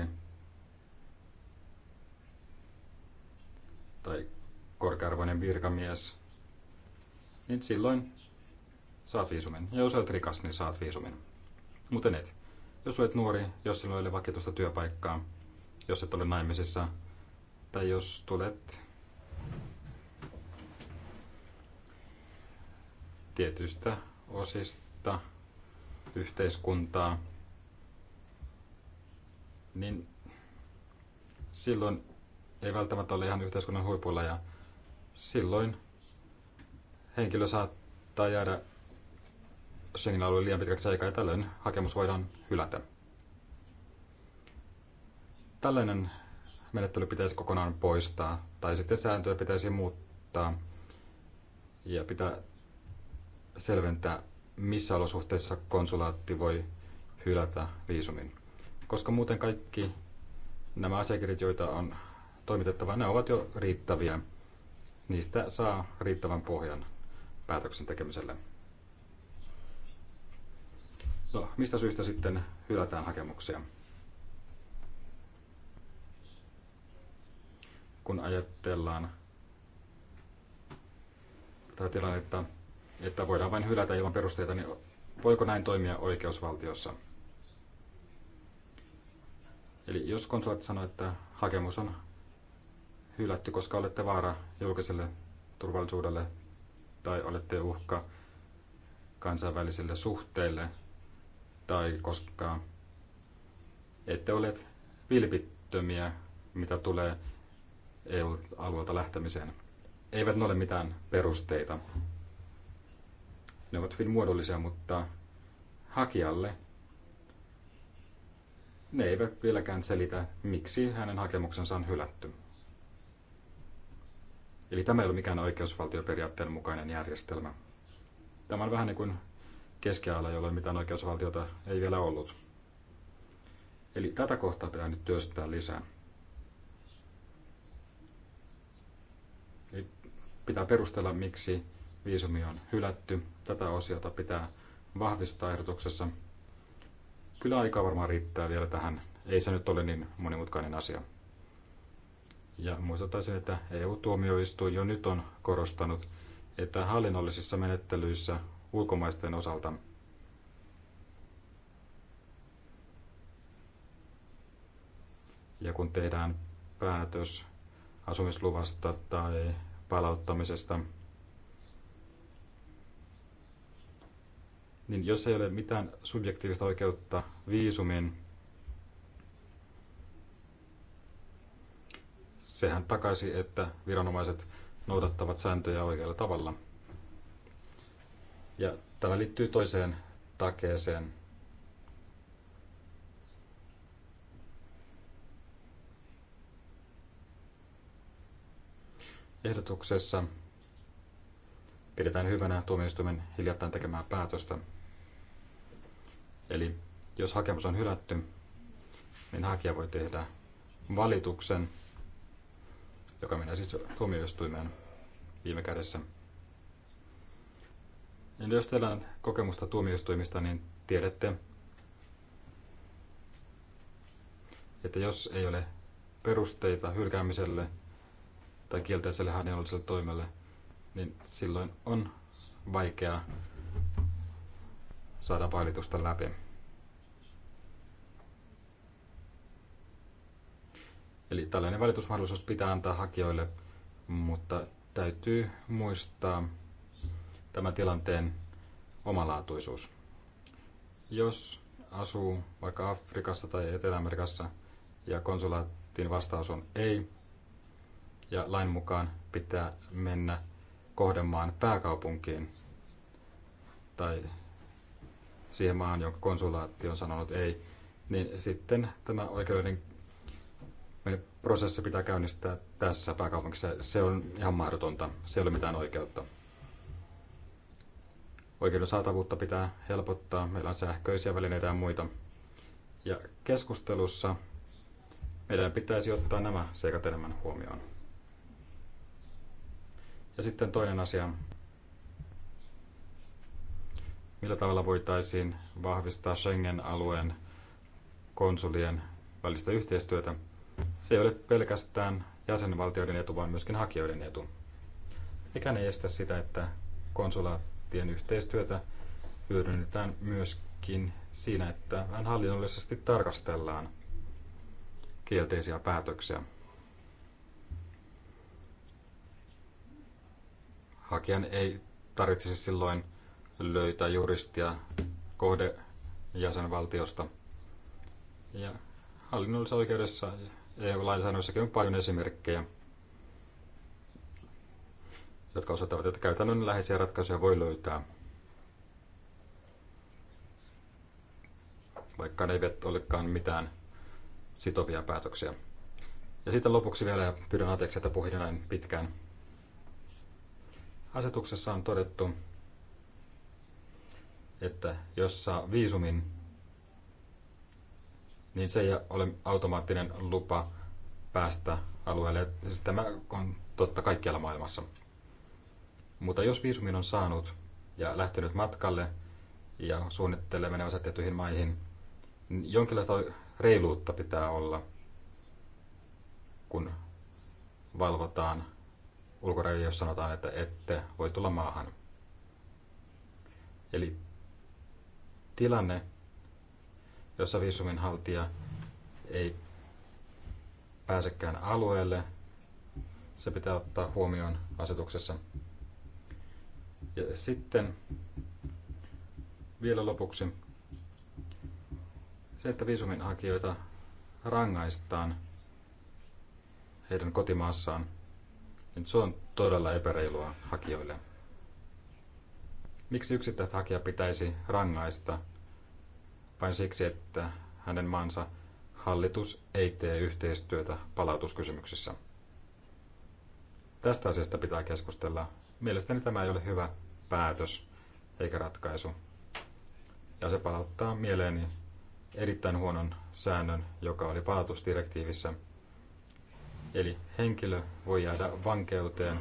tai korkearvoinen virkamies, niin silloin saat viisumin. Ja jos olet rikas, niin saat viisumin. Muuten et. Jos olet nuori, jos sinulla ei ole vakituista työpaikkaa, jos et ole naimisissa, tai jos tulet tietystä osista yhteiskuntaa, niin silloin ei välttämättä ole ihan yhteiskunnan huipulla ja silloin henkilö saattaa jäädä Schengen-alueen liian pitkäksi aikaa ja tällöin hakemus voidaan hylätä. Tällainen menettely pitäisi kokonaan poistaa, tai sitten sääntöjä pitäisi muuttaa ja pitää selventää, missä olosuhteissa konsulaatti voi hylätä viisumin. Koska muuten kaikki nämä asiakirjat, joita on toimitettava, ne ovat jo riittäviä. Niistä saa riittävän pohjan päätöksen tekemiselle. No, mistä syystä sitten hylätään hakemuksia? kun ajatellaan tätä tilannetta, että voidaan vain hylätä ilman perusteita, niin voiko näin toimia oikeusvaltiossa? Eli jos konsulat sanoo, että hakemus on hylätty, koska olette vaara julkiselle turvallisuudelle tai olette uhka kansainvälisille suhteille tai koska ette ole vilpittömiä, mitä tulee EU-alueelta lähtemiseen. Eivät ne ole mitään perusteita. Ne ovat hyvin muodollisia, mutta hakijalle ne eivät vieläkään selitä, miksi hänen hakemuksensa on hylätty. Eli tämä ei ole mikään oikeusvaltioperiaatteen mukainen järjestelmä. Tämä on vähän niin kuin keskiajalla, jolloin mitään oikeusvaltiota ei vielä ollut. Eli tätä kohtaa pitää nyt työstää lisää. pitää perustella, miksi viisumi on hylätty. Tätä osiota pitää vahvistaa ehdotuksessa. Kyllä aikaa varmaan riittää vielä tähän. Ei se nyt ole niin monimutkainen asia. Ja muistuttaisin, että EU-tuomioistuin jo nyt on korostanut, että hallinnollisissa menettelyissä ulkomaisten osalta ja kun tehdään päätös asumisluvasta tai palauttamisesta. Niin jos ei ole mitään subjektiivista oikeutta viisumiin, sehän takaisi, että viranomaiset noudattavat sääntöjä oikealla tavalla. Ja tämä liittyy toiseen takeeseen, ehdotuksessa pidetään hyvänä tuomioistuimen hiljattain tekemää päätöstä. Eli jos hakemus on hylätty, niin hakija voi tehdä valituksen, joka menee siis tuomioistuimeen viime kädessä. Ja jos teillä on kokemusta tuomioistuimista, niin tiedätte, että jos ei ole perusteita hylkäämiselle, tai kielteiselle hallinnolliselle toimelle, niin silloin on vaikeaa saada valitusta läpi. Eli tällainen valitusmahdollisuus pitää antaa hakijoille, mutta täytyy muistaa tämä tilanteen omalaatuisuus. Jos asuu vaikka Afrikassa tai Etelä-Amerikassa ja konsulaattiin vastaus on ei, ja lain mukaan pitää mennä kohdemaan pääkaupunkiin tai siihen maahan, jonka konsulaatti on sanonut ei, niin sitten tämä oikeuden prosessi pitää käynnistää tässä pääkaupunkissa. Se on ihan mahdotonta. Se ei ole mitään oikeutta. Oikeuden saatavuutta pitää helpottaa. Meillä on sähköisiä välineitä ja muita. Ja keskustelussa meidän pitäisi ottaa nämä seikat enemmän huomioon. Ja sitten toinen asia. Millä tavalla voitaisiin vahvistaa Schengen-alueen konsulien välistä yhteistyötä? Se ei ole pelkästään jäsenvaltioiden etu, vaan myöskin hakijoiden etu. Eikä ei estä sitä, että konsulaattien yhteistyötä hyödynnetään myöskin siinä, että vähän hallinnollisesti tarkastellaan kielteisiä päätöksiä. hakijan ei tarvitsisi silloin löytää juristia kohde jäsenvaltiosta. Ja hallinnollisessa oikeudessa EU-lainsäädännössäkin on paljon esimerkkejä, jotka osoittavat, että käytännön läheisiä ratkaisuja voi löytää. vaikka ne eivät olekaan mitään sitovia päätöksiä. Ja sitten lopuksi vielä, ja pyydän anteeksi, että puhuin näin pitkään, Asetuksessa on todettu, että jos saa viisumin, niin se ei ole automaattinen lupa päästä alueelle. Siis tämä on totta kaikkialla maailmassa. Mutta jos viisumin on saanut ja lähtenyt matkalle ja suunnittelee menevänsä tiettyihin maihin, niin jonkinlaista reiluutta pitää olla, kun valvotaan ulkorajoja, jos sanotaan, että ette voi tulla maahan. Eli tilanne, jossa viisumin haltija ei pääsekään alueelle, se pitää ottaa huomioon asetuksessa. Ja sitten vielä lopuksi se, että viisumin hakijoita rangaistaan heidän kotimaassaan nyt niin se on todella epäreilua hakijoille. Miksi yksittäistä hakijaa pitäisi rangaista vain siksi, että hänen maansa hallitus ei tee yhteistyötä palautuskysymyksissä? Tästä asiasta pitää keskustella. Mielestäni tämä ei ole hyvä päätös eikä ratkaisu. Ja se palauttaa mieleeni erittäin huonon säännön, joka oli palautusdirektiivissä – Eli henkilö voi jäädä vankeuteen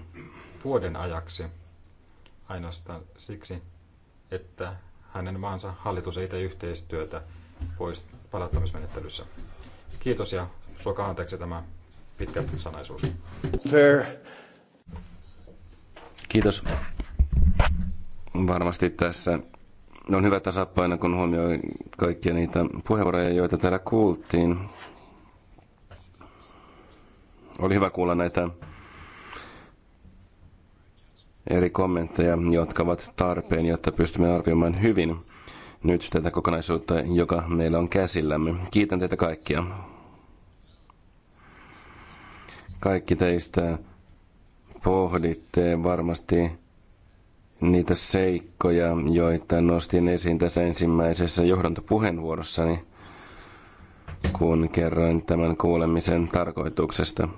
vuoden ajaksi ainoastaan siksi, että hänen maansa hallitus ei tee yhteistyötä pois palauttamismenettelyssä. Kiitos ja suokaa anteeksi tämä pitkä sanaisuus. Fair. Kiitos. Varmasti tässä on hyvä tasapaino, kun huomioi kaikkia niitä puheenvuoroja, joita täällä kuultiin. Oli hyvä kuulla näitä eri kommentteja, jotka ovat tarpeen, jotta pystymme arvioimaan hyvin nyt tätä kokonaisuutta, joka meillä on käsillämme. Kiitän teitä kaikkia. Kaikki teistä pohditte varmasti niitä seikkoja, joita nostin esiin tässä ensimmäisessä johdantopuheenvuorossani, kun kerroin tämän kuulemisen tarkoituksesta.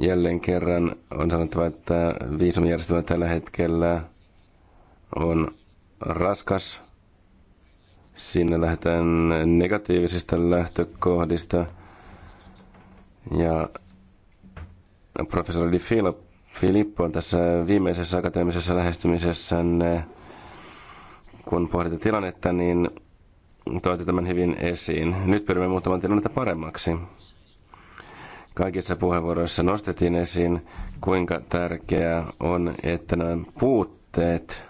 Jälleen kerran on sanottava, että viisumijärjestelmä tällä hetkellä on raskas. Sinne lähdetään negatiivisista lähtökohdista. Ja professori Filippo on tässä viimeisessä akateemisessa lähestymisessä, kun pohditte tilannetta, niin toitte tämän hyvin esiin. Nyt pyrimme muuttamaan tilannetta paremmaksi. Kaikissa puheenvuoroissa nostettiin esiin, kuinka tärkeää on, että nämä puutteet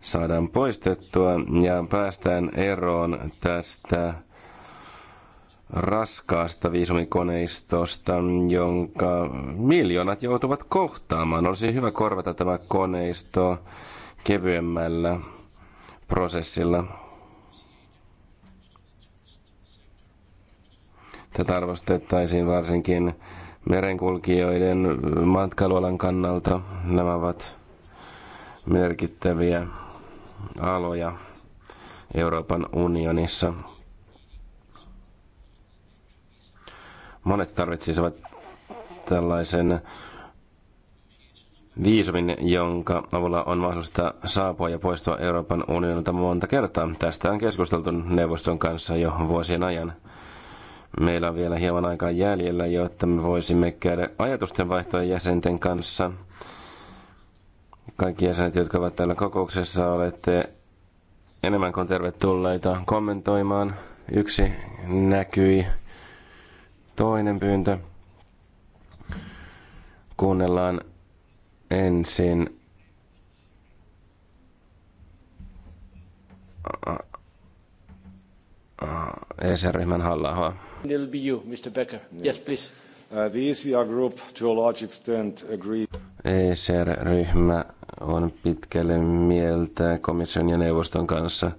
saadaan poistettua ja päästään eroon tästä raskaasta viisumikoneistosta, jonka miljoonat joutuvat kohtaamaan. Olisi hyvä korvata tämä koneisto kevyemmällä prosessilla. Tätä arvostettaisiin varsinkin merenkulkijoiden matkailualan kannalta. Nämä ovat merkittäviä aloja Euroopan unionissa. Monet tarvitsisivat tällaisen viisumin, jonka avulla on mahdollista saapua ja poistua Euroopan unionilta monta kertaa. Tästä on keskusteltu neuvoston kanssa jo vuosien ajan. Meillä on vielä hieman aikaa jäljellä, jotta me voisimme käydä ajatusten vaihtoa jäsenten kanssa. Kaikki jäsenet, jotka ovat täällä kokouksessa, olette enemmän kuin tervetulleita kommentoimaan. Yksi näkyi, toinen pyyntö. Kuunnellaan ensin ESR-ryhmän halla It'll be you, Mr. Becker. Yes, yes please. Uh, the ECR group to a large extent agreed. ECR-ryhmä on pitkälle mieltä komission ja neuvoston kanssa.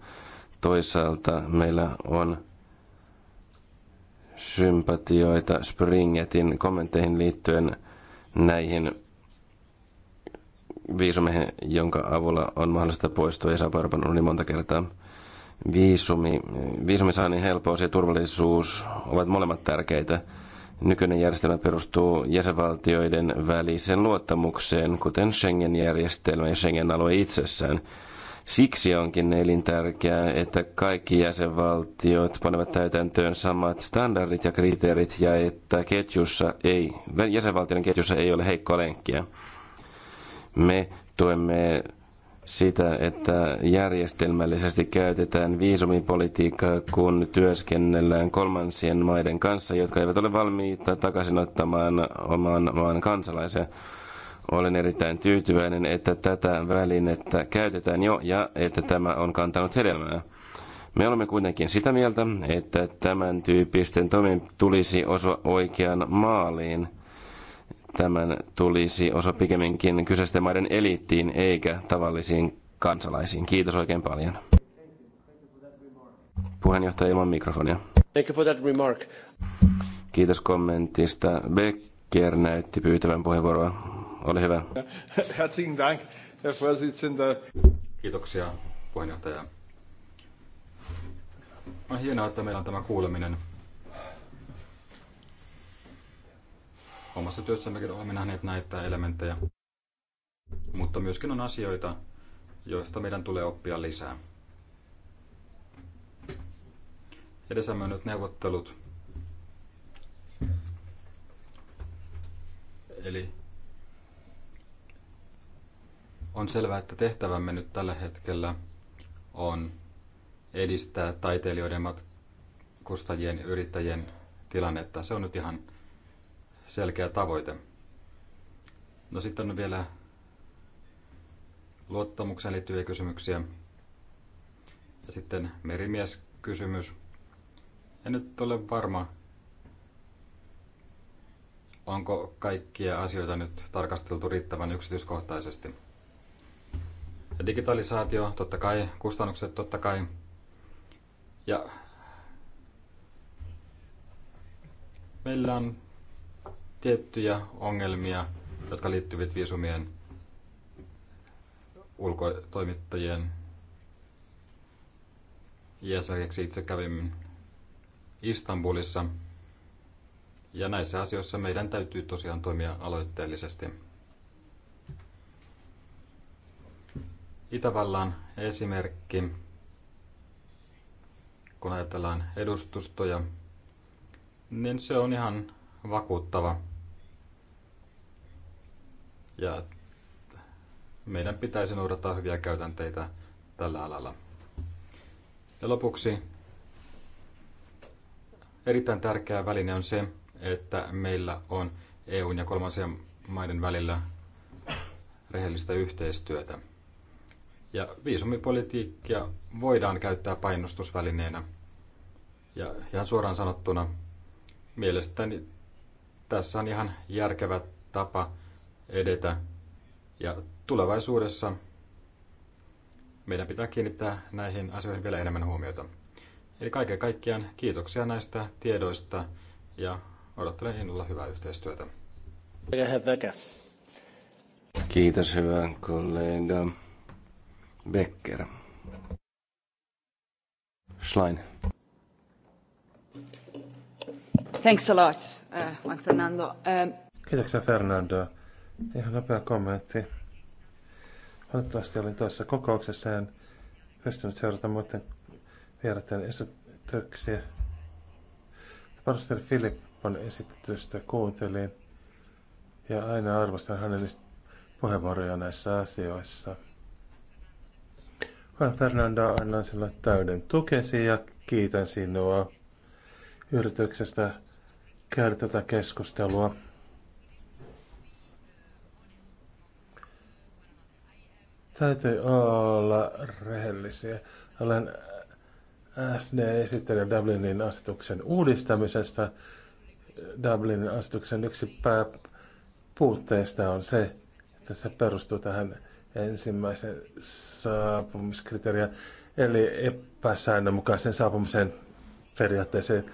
Toisaalta meillä on sympatioita Springetin kommentteihin liittyen näihin viisumeihin, jonka avulla on mahdollista poistua ja saapua niin monta kertaa viisumi, viisumisaannin helpous ja turvallisuus ovat molemmat tärkeitä. Nykyinen järjestelmä perustuu jäsenvaltioiden väliseen luottamukseen, kuten Schengen-järjestelmä ja Schengen-alue itsessään. Siksi onkin elintärkeää, että kaikki jäsenvaltiot panevat täytäntöön samat standardit ja kriteerit ja että ketjussa ei, jäsenvaltioiden ketjussa ei ole heikkoa lenkkiä. Me tuemme sitä, että järjestelmällisesti käytetään viisumipolitiikkaa, kun työskennellään kolmansien maiden kanssa, jotka eivät ole valmiita takaisinottamaan oman maan kansalaisia. Olen erittäin tyytyväinen, että tätä välinettä käytetään jo ja että tämä on kantanut hedelmää. Me olemme kuitenkin sitä mieltä, että tämän tyyppisten toimien tulisi osua oikeaan maaliin – tämän tulisi osa pikemminkin kyseisten maiden eliittiin eikä tavallisiin kansalaisiin. Kiitos oikein paljon. Puheenjohtaja ilman mikrofonia. Thank you for that remark. Kiitos kommentista. Becker näytti pyytävän puheenvuoroa. Ole hyvä. Herzlichen Dank, Herr Vorsitzender. Kiitoksia, puheenjohtaja. On hienoa, että meillä on tämä kuuleminen omassa työssämmekin olemme nähneet näitä elementtejä, mutta myöskin on asioita, joista meidän tulee oppia lisää. Edessämme on nyt neuvottelut. Eli on selvää, että tehtävämme nyt tällä hetkellä on edistää taiteilijoiden, matkustajien, yrittäjien tilannetta. Se on nyt ihan selkeä tavoite. No sitten on vielä luottamukseen liittyviä kysymyksiä. Ja sitten merimieskysymys. En nyt ole varma, onko kaikkia asioita nyt tarkasteltu riittävän yksityiskohtaisesti. Ja digitalisaatio, totta kai, kustannukset, totta kai. Ja meillä on tiettyjä ongelmia, jotka liittyvät viisumien ulkotoimittajien. Ja esimerkiksi itse kävin Istanbulissa. Ja näissä asioissa meidän täytyy tosiaan toimia aloitteellisesti. Itävallan esimerkki, kun ajatellaan edustustoja, niin se on ihan vakuuttava. Ja meidän pitäisi noudattaa hyviä käytänteitä tällä alalla. Ja lopuksi erittäin tärkeä väline on se, että meillä on EUn ja kolmansien maiden välillä rehellistä yhteistyötä. Ja viisumipolitiikkia voidaan käyttää painostusvälineenä. Ja ihan suoraan sanottuna, mielestäni tässä on ihan järkevä tapa edetä. Ja tulevaisuudessa meidän pitää kiinnittää näihin asioihin vielä enemmän huomiota. Eli kaiken kaikkiaan kiitoksia näistä tiedoista ja odottelen innolla hyvää yhteistyötä. Kiitos hyvä kollega Becker. Schlein. Thanks a lot, uh, Juan Fernando. Um... Kiitoksia Fernando. Ihan nopea kommentti. Valitettavasti olin toisessa kokouksessa ja en pystynyt seurata muiden vieraiden esityksiä. Varusteli Filippon esitystä kuuntelin ja aina arvostan hänen puheenvuoroja näissä asioissa. Juan Fernando, annan sinulle täyden tukesi ja kiitän sinua yrityksestä käydä tätä keskustelua. Täytyy olla rehellisiä. Olen äh, SD esitteli Dublinin asetuksen uudistamisesta. Dublinin asetuksen yksi pääpuutteista on se, että se perustuu tähän ensimmäisen saapumiskriteeriin, eli epäsäännönmukaisen saapumisen periaatteeseen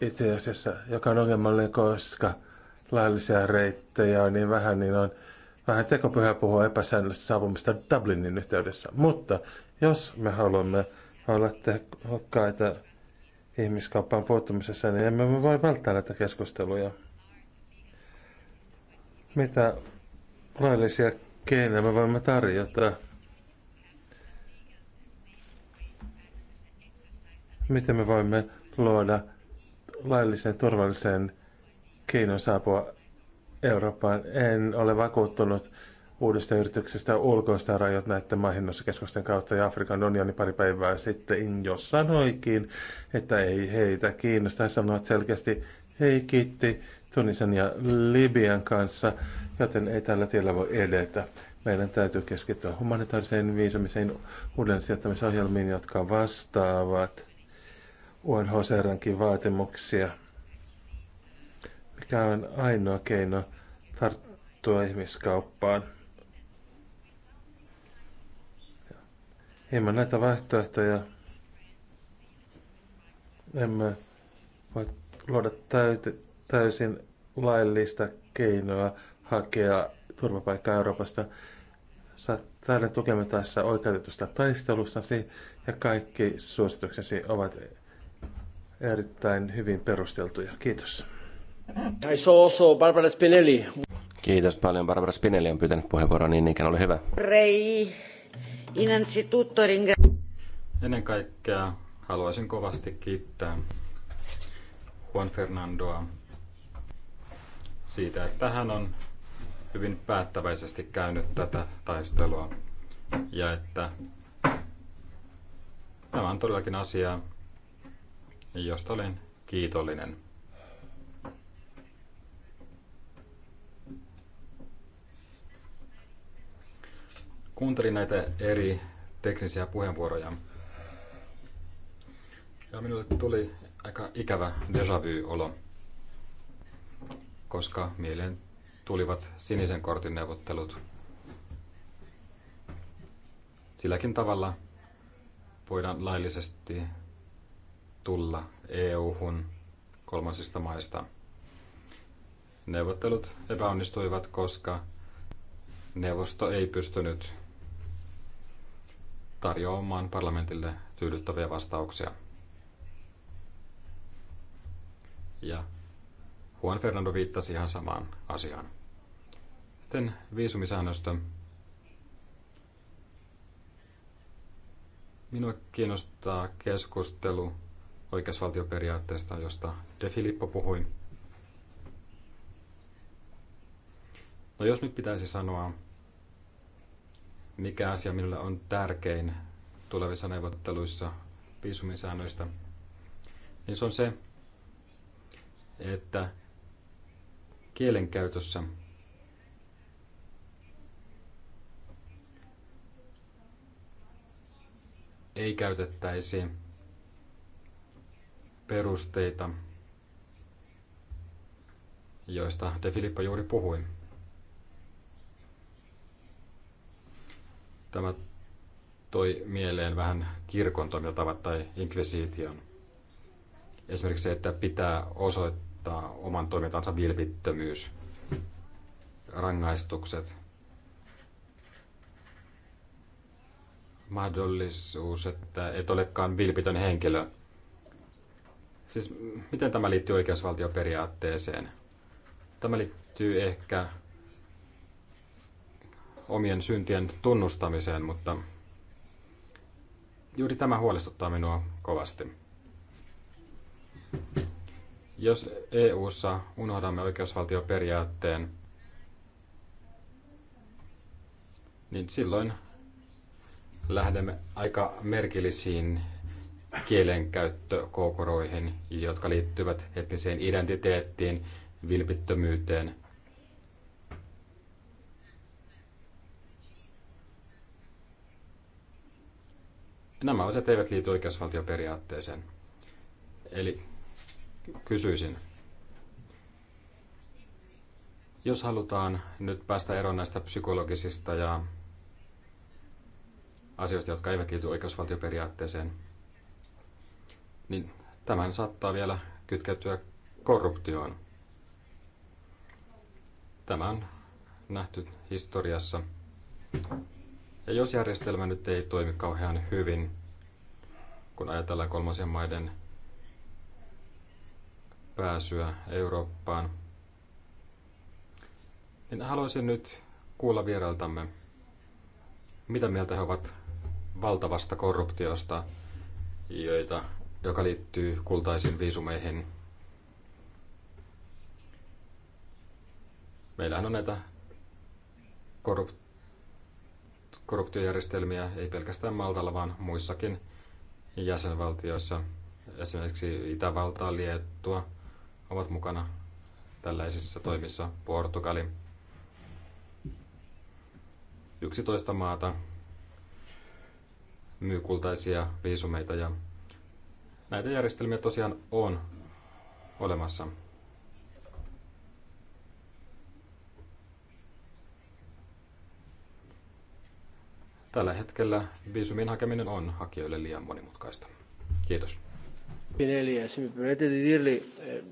itse asiassa, joka on ongelmallinen, koska laillisia reittejä on niin vähän, niin on vähän tekopyhä puhua epäsäännöllisestä saapumista Dublinin yhteydessä. Mutta jos me haluamme olla tehokkaita ihmiskauppaan puuttumisessa, niin emme me voi välttää näitä keskusteluja. Mitä laillisia keinoja me voimme tarjota? Miten me voimme luoda laillisen turvallisen keinon saapua Eurooppaan. En ole vakuuttunut uudesta yrityksestä ulkoista rajoit näiden maihin keskusten kautta ja Afrikan unioni pari päivää sitten Injo sanoikin, että ei heitä kiinnosta. He sanoivat selkeästi, hei kiitti Tunisen ja Libian kanssa, joten ei tällä tiellä voi edetä. Meidän täytyy keskittyä humanitaariseen viisumiseen uuden sijoittamisohjelmiin, jotka vastaavat UNHCRankin vaatimuksia, mikä on ainoa keino – tarttua ihmiskauppaan. Emme näitä vaihtoehtoja emme voi luoda täysin laillista keinoa hakea turvapaikkaa Euroopasta. Täällä tukemme tässä oikeutetusta taistelussasi ja kaikki suosituksesi ovat erittäin hyvin perusteltuja. Kiitos. I saw also Barbara Spinelli. Kiitos paljon. Barbara Spinelli on pyytänyt puheenvuoroa, niin ikään ole hyvä. Rei, innanzitutto Ennen kaikkea haluaisin kovasti kiittää Juan Fernandoa siitä, että hän on hyvin päättäväisesti käynyt tätä taistelua ja että tämä on todellakin asia, josta olen kiitollinen. kuuntelin näitä eri teknisiä puheenvuoroja. Ja minulle tuli aika ikävä déjà vu-olo, koska mieleen tulivat sinisen kortin neuvottelut. Silläkin tavalla voidaan laillisesti tulla EU-hun kolmansista maista. Neuvottelut epäonnistuivat, koska neuvosto ei pystynyt tarjoamaan parlamentille tyydyttäviä vastauksia. Ja Juan Fernando viittasi ihan samaan asiaan. Sitten viisumisäännöstö. Minua kiinnostaa keskustelu oikeusvaltioperiaatteesta, josta De Filippo puhui. No jos nyt pitäisi sanoa mikä asia minulle on tärkein tulevissa neuvotteluissa viisumisäännöistä, niin se on se, että kielenkäytössä ei käytettäisi perusteita, joista De Filippo juuri puhui. Tämä toi mieleen vähän kirkon toimintatavat tai inkvisiition. Esimerkiksi se, että pitää osoittaa oman toimintansa vilpittömyys, rangaistukset, mahdollisuus, että et olekaan vilpitön henkilö. Siis miten tämä liittyy oikeusvaltioperiaatteeseen? Tämä liittyy ehkä omien syntien tunnustamiseen, mutta juuri tämä huolestuttaa minua kovasti. Jos EU:ssa unohdamme oikeusvaltioperiaatteen, niin silloin lähdemme aika merkillisiin kielenkäyttökoukoroihin, jotka liittyvät etniseen identiteettiin, vilpittömyyteen nämä asiat eivät liity oikeusvaltioperiaatteeseen. Eli kysyisin, jos halutaan nyt päästä eroon näistä psykologisista ja asioista, jotka eivät liity oikeusvaltioperiaatteeseen, niin tämän saattaa vielä kytkeytyä korruptioon. Tämä on nähty historiassa. Ja jos järjestelmä nyt ei toimi kauhean hyvin, kun ajatellaan kolmansien maiden pääsyä Eurooppaan, niin haluaisin nyt kuulla vierailtamme, mitä mieltä he ovat valtavasta korruptiosta, joita, joka liittyy kultaisiin viisumeihin. Meillähän on näitä korruptioita korruptiojärjestelmiä, ei pelkästään Maltalla, vaan muissakin jäsenvaltioissa. Esimerkiksi Itävaltaa, Liettua ovat mukana tällaisissa toimissa, Portugali. 11 maata myy kultaisia viisumeita ja näitä järjestelmiä tosiaan on olemassa. Tällä hetkellä viisumin hakeminen on hakijoille liian monimutkaista. Kiitos. Pinelli, se mi permette di dirle, eh,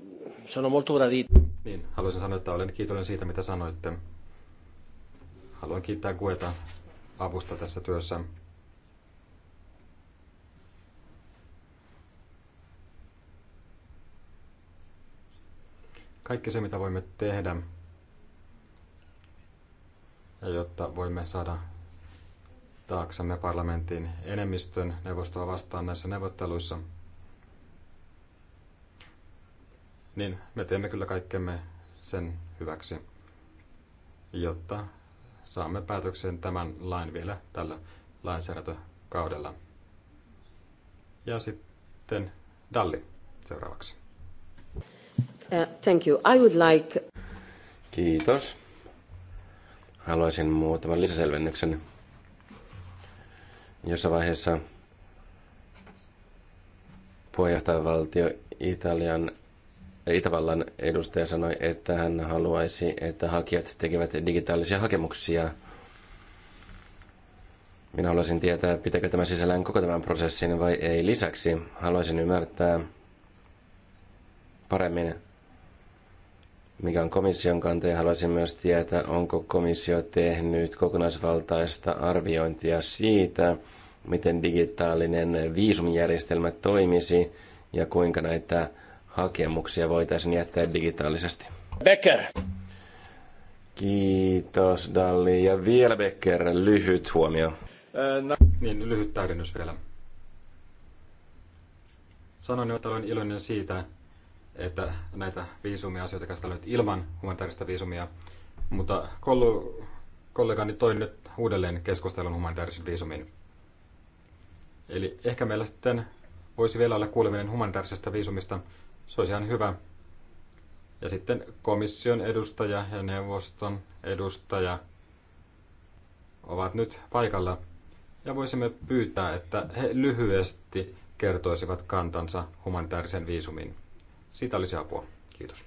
sono molto tuota gradito. Niin, haluaisin sanoa, että olen kiitollinen siitä, mitä sanoitte. Haluan kiittää Gueta avusta tässä työssä. Kaikki se, mitä voimme tehdä, ja jotta voimme saada taaksemme parlamentin enemmistön neuvostoa vastaan näissä neuvotteluissa, niin me teemme kyllä kaikkemme sen hyväksi, jotta saamme päätöksen tämän lain vielä tällä lainsäädäntökaudella. Ja sitten Dalli seuraavaksi. Uh, thank you. I would like... Kiitos. Haluaisin muutaman lisäselvennyksen jossa vaiheessa puheenjohtajavaltio Italian, Itävallan edustaja sanoi, että hän haluaisi, että hakijat tekevät digitaalisia hakemuksia. Minä haluaisin tietää, pitääkö tämä sisällään koko tämän prosessin vai ei. Lisäksi haluaisin ymmärtää paremmin mikä on komission kanta ja haluaisin myös tietää, onko komissio tehnyt kokonaisvaltaista arviointia siitä, miten digitaalinen viisumijärjestelmä toimisi ja kuinka näitä hakemuksia voitaisiin jättää digitaalisesti. Becker. Kiitos Dalli. Ja vielä Becker, lyhyt huomio. Ää, äh, no. Niin, lyhyt täydennys vielä. Sanoin, että olen iloinen siitä, että näitä viisumia-asioita käsitellään ilman humanitaarista viisumia, mutta kollegani toi nyt uudelleen keskustelun humanitaarisen viisumin. Eli ehkä meillä sitten voisi vielä olla kuuleminen humanitaarisesta viisumista. Se olisi ihan hyvä. Ja sitten komission edustaja ja neuvoston edustaja ovat nyt paikalla. Ja voisimme pyytää, että he lyhyesti kertoisivat kantansa humanitaarisen viisumin. Siitä olisi apua. Kiitos.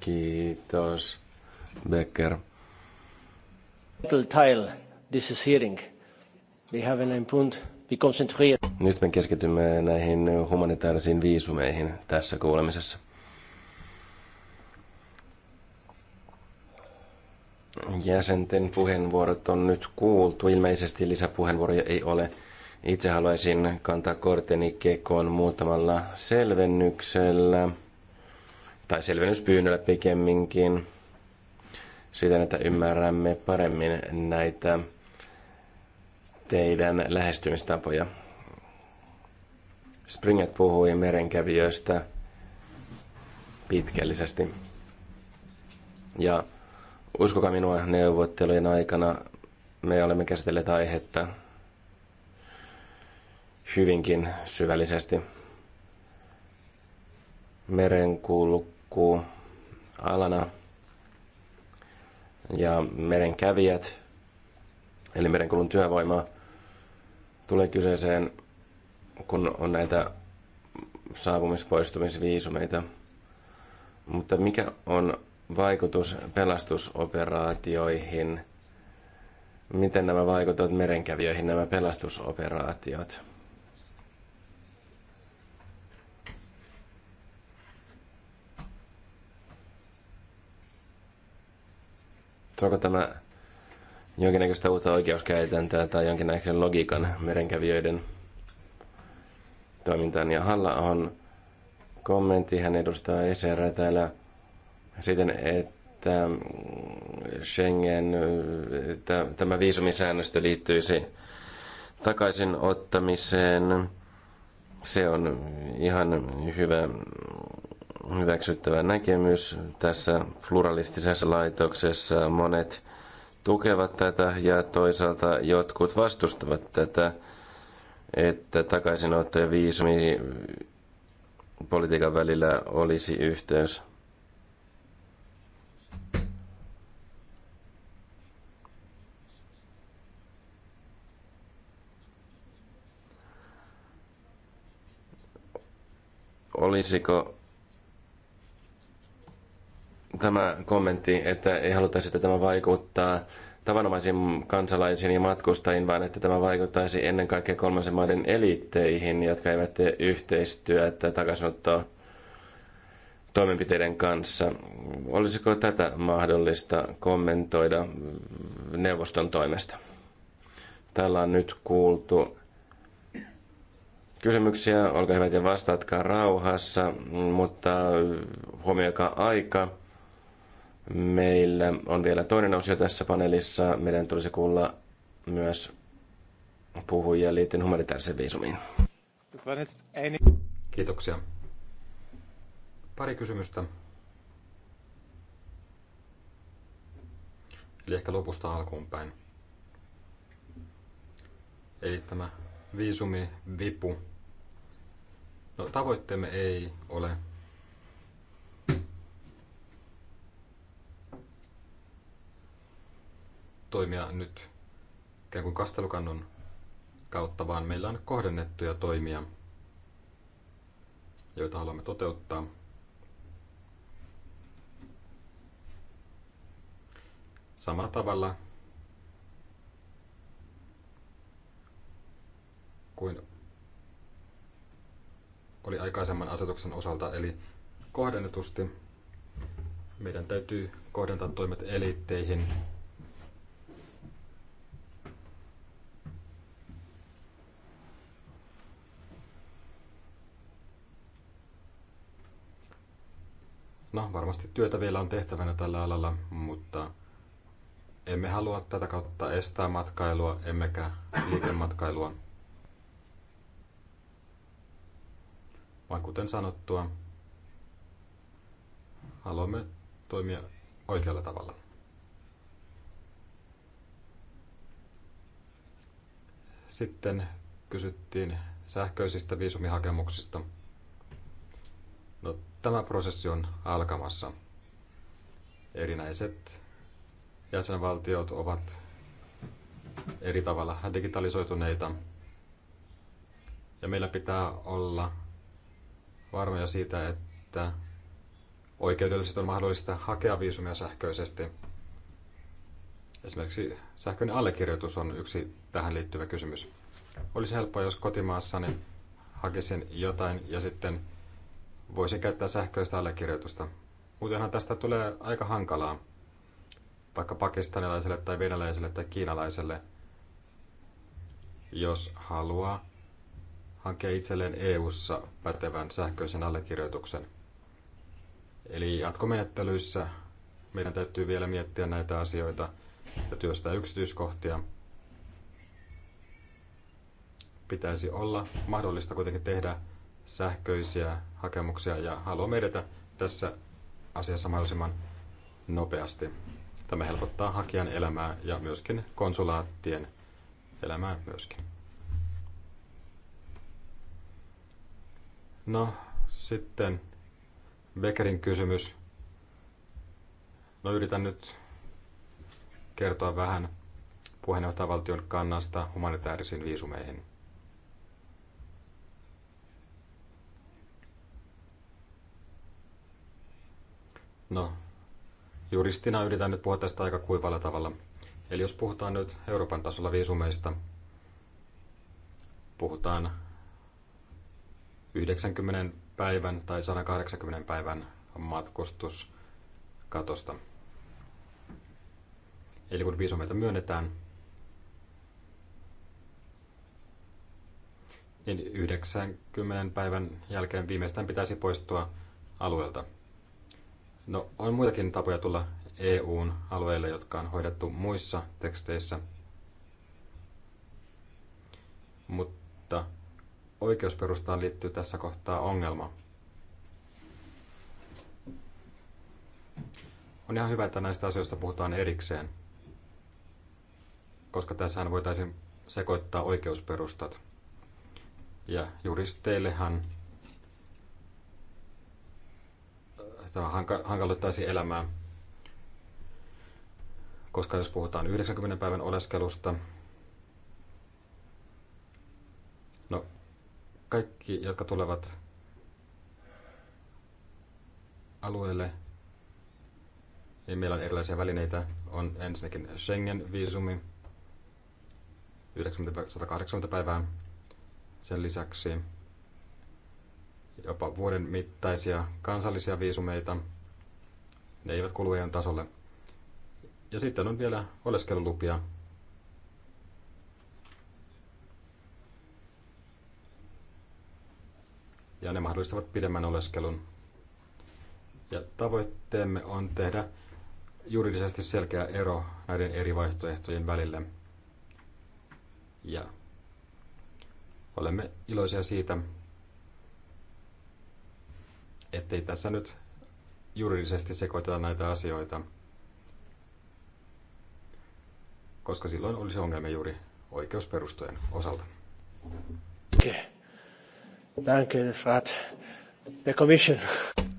Kiitos, Becker. Tile, this is hearing. We have an concentrate. nyt me keskitymme näihin humanitaarisiin viisumeihin tässä kuulemisessa. Jäsenten puheenvuorot on nyt kuultu. Ilmeisesti lisäpuheenvuoroja ei ole. Itse haluaisin kantaa korteni kekoon muutamalla selvennyksellä, tai selvennyspyynnöllä pikemminkin, siten että ymmärrämme paremmin näitä teidän lähestymistapoja. Springet puhui merenkävijöistä pitkällisesti. Ja uskokaa minua, neuvottelujen aikana me olemme käsitelleet aihetta hyvinkin syvällisesti. Merenkulku alana ja merenkävijät, eli merenkulun työvoima, tulee kyseeseen, kun on näitä saapumispoistumisviisumeita. Mutta mikä on vaikutus pelastusoperaatioihin? Miten nämä vaikuttavat merenkävijöihin, nämä pelastusoperaatiot? Tuoko tämä jonkinnäköistä uutta oikeuskäytäntöä tai jonkinnäköisen logiikan merenkävijöiden toimintaan. Ja Halla on kommentti, hän edustaa ECR täällä siten, että mm, Schengen, että tämä viisumisäännöstö liittyisi takaisin ottamiseen. Se on ihan hyvä hyväksyttävä näkemys tässä pluralistisessa laitoksessa. Monet tukevat tätä ja toisaalta jotkut vastustavat tätä, että takaisinotto ja viisumi politiikan välillä olisi yhteys. Olisiko tämä kommentti, että ei haluta että tämä vaikuttaa tavanomaisiin kansalaisiin ja matkustajiin, vaan että tämä vaikuttaisi ennen kaikkea kolmansien maiden eliitteihin, jotka eivät tee yhteistyötä takaisinottoa toimenpiteiden kanssa. Olisiko tätä mahdollista kommentoida neuvoston toimesta? Täällä on nyt kuultu kysymyksiä. Olkaa hyvät ja vastatkaa rauhassa, mutta huomioikaa aika. Meillä on vielä toinen osio tässä paneelissa. Meidän tulisi kuulla myös puhujia liittyen humanitaariseen viisumiin. Kiitoksia. Pari kysymystä. Eli ehkä lopusta alkuun päin. Eli tämä viisumi, vipu. No, tavoitteemme ei ole toimia nyt ikään kuin kastelukannon kautta, vaan meillä on kohdennettuja toimia, joita haluamme toteuttaa. Samalla tavalla kuin oli aikaisemman asetuksen osalta, eli kohdennetusti meidän täytyy kohdentaa toimet eliitteihin, No, varmasti työtä vielä on tehtävänä tällä alalla, mutta emme halua tätä kautta estää matkailua, emmekä liikematkailua. Vaan kuten sanottua, haluamme toimia oikealla tavalla. Sitten kysyttiin sähköisistä viisumihakemuksista – tämä prosessi on alkamassa. Erinäiset jäsenvaltiot ovat eri tavalla digitalisoituneita. Ja meillä pitää olla varmoja siitä, että oikeudellisesti on mahdollista hakea viisumia sähköisesti. Esimerkiksi sähköinen allekirjoitus on yksi tähän liittyvä kysymys. Olisi helppoa, jos kotimaassani hakisin jotain ja sitten voisi käyttää sähköistä allekirjoitusta. Muutenhan tästä tulee aika hankalaa, vaikka pakistanilaiselle tai venäläiselle tai kiinalaiselle, jos haluaa hankkia itselleen EU-ssa pätevän sähköisen allekirjoituksen. Eli jatkomenettelyissä meidän täytyy vielä miettiä näitä asioita ja työstää yksityiskohtia. Pitäisi olla mahdollista kuitenkin tehdä sähköisiä hakemuksia ja haluamme edetä tässä asiassa mahdollisimman nopeasti. Tämä helpottaa hakijan elämää ja myöskin konsulaattien elämää myöskin. No, sitten Beckerin kysymys. No yritän nyt kertoa vähän puheenjohtajavaltion kannasta humanitaarisiin viisumeihin. No, juristina yritän nyt puhua tästä aika kuivalla tavalla. Eli jos puhutaan nyt Euroopan tasolla viisumeista, puhutaan 90 päivän tai 180 päivän matkustuskatosta. Eli kun viisumeita myönnetään, niin 90 päivän jälkeen viimeistään pitäisi poistua alueelta – No, on muitakin tapoja tulla EUn alueelle, jotka on hoidettu muissa teksteissä. Mutta oikeusperustaan liittyy tässä kohtaa ongelma. On ihan hyvä, että näistä asioista puhutaan erikseen, koska tässähän voitaisiin sekoittaa oikeusperustat. Ja juristeillehan tämä hankaloittaisi elämää. Koska jos puhutaan 90 päivän oleskelusta, no kaikki, jotka tulevat alueelle, niin meillä on erilaisia välineitä. On ensinnäkin Schengen-viisumi, 180 päivää. Sen lisäksi jopa vuoden mittaisia kansallisia viisumeita. Ne eivät kuulu EUn tasolle. Ja sitten on vielä oleskelulupia. Ja ne mahdollistavat pidemmän oleskelun. Ja tavoitteemme on tehdä juridisesti selkeä ero näiden eri vaihtoehtojen välillä. Ja olemme iloisia siitä, ettei tässä nyt juridisesti sekoiteta näitä asioita, koska silloin olisi ongelmia juuri oikeusperustojen osalta.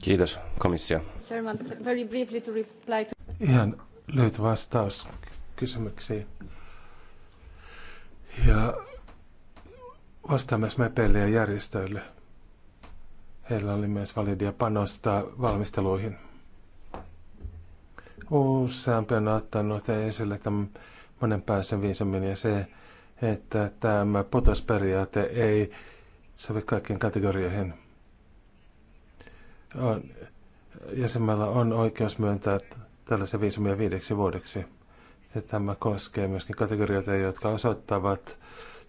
Kiitos, komissio. Chairman, very briefly to reply to... Ihan lyhyt vastaus kysymyksiin. Ja vastaan myös mepeille ja järjestöille. Heillä oli myös validia panosta valmisteluihin. Useampi on ottanut esille tämän monen päässä viisemmin ja se, että tämä putosperiaate ei sovi kaikkiin kategorioihin. On, jäsenmällä on oikeus myöntää tällaisia viisumia viideksi vuodeksi. Ja tämä koskee myöskin kategorioita, jotka osoittavat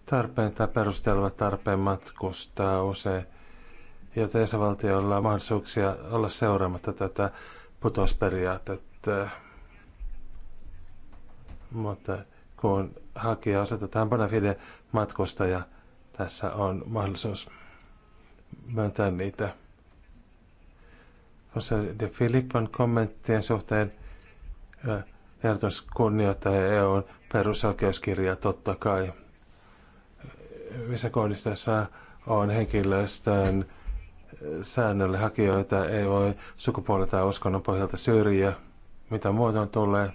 tarpeen tai perustelevat tarpeen matkustaa usein jotta jäsenvaltioilla on mahdollisuuksia olla seuraamatta tätä putosperiaatetta. Mutta kun hakija asetetaan bona fide matkustaja, tässä on mahdollisuus myöntää niitä. Jose de Filippon kommenttien suhteen ehdotus kunnioittaa EUn perusoikeuskirjaa totta kai. Missä kohdistassa on henkilöstön säännölle hakijoita ei voi sukupuolen tai uskonnon pohjalta syrjiä. Mitä muotoon tulee,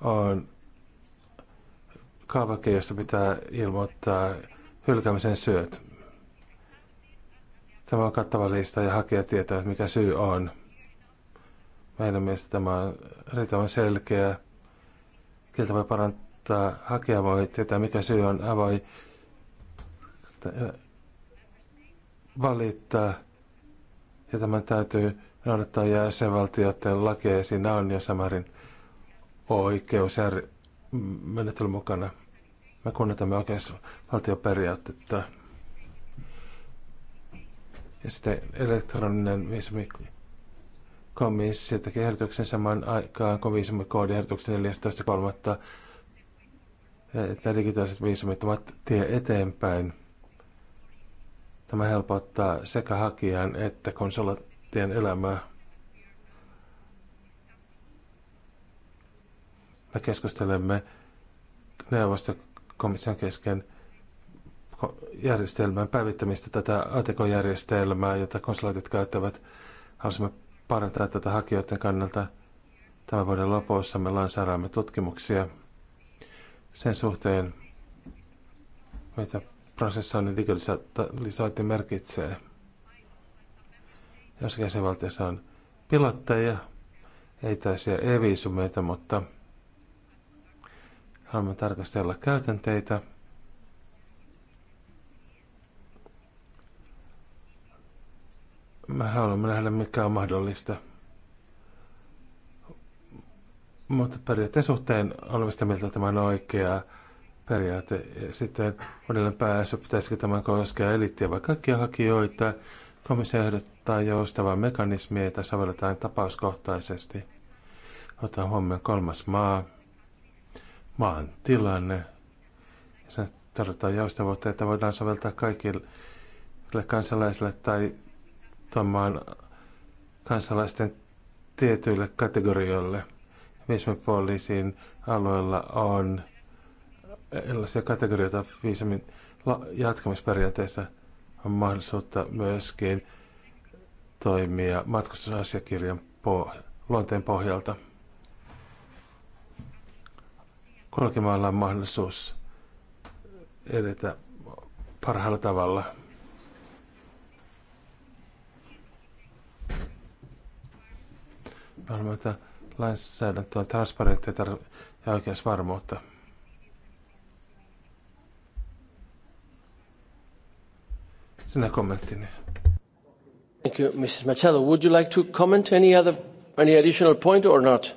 on kaavake, jossa pitää ilmoittaa hylkäämisen syöt. Tämä on kattava lista ja hakija tietää, mikä syy on. Meidän mielestä tämä on riittävän selkeä. Kiltä voi parantaa, hakija voi tietää, mikä syy on, hän voi valittaa. Ja tämän täytyy noudattaa jäsenvaltioiden lakeja. Siinä on ja Samarin oikeus menetelmä mukana. Me kunnetamme oikeusvaltioperiaatetta. Ja sitten elektroninen viisumi komissio teki ehdotuksen samaan aikaan kuin ehdotuksen 14.3. Että digitaaliset viisumit ovat tie eteenpäin. Tämä helpottaa sekä hakijan että konsulattien elämää. Me keskustelemme neuvostokomission kesken järjestelmän päivittämistä tätä ATK-järjestelmää, jota konsulaatit käyttävät. Haluaisimme parantaa tätä hakijoiden kannalta. Tämän vuoden lopussa me lanseeraamme tutkimuksia sen suhteen, mitä prosessoinnin digitalisointi merkitsee. Jos jäsenvaltiossa on pilotteja, ei täysiä e-viisumeita, mutta haluamme tarkastella käytänteitä. Me haluamme nähdä, mikä on mahdollista. Mutta periaatteen suhteen olemme sitä mieltä, että tämä on oikeaa periaate. Ja sitten uudelleen päässä pitäisikö tämän koskea elittiä vai kaikkia hakijoita. Komissio ehdottaa joustavaa mekanismia, jota sovelletaan tapauskohtaisesti. Otetaan huomioon kolmas maa, maan tilanne. Ja sen tarvitaan joustavuutta, että voidaan soveltaa kaikille kansalaisille tai tuomaan kansalaisten tietyille kategorioille. Viismepoliisin alueella on erilaisia kategorioita viisemmin jatkamisperiaatteessa on mahdollisuutta myöskin toimia matkustusasiakirjan poh- luonteen pohjalta. Kulkemaalla on mahdollisuus edetä parhaalla tavalla. Varmaan, että lainsäädäntö on transparenttia ja oikeusvarmuutta. Sinä kommenttini. Thank you, Mrs. Machado. Would you like to comment any other, any additional point or not?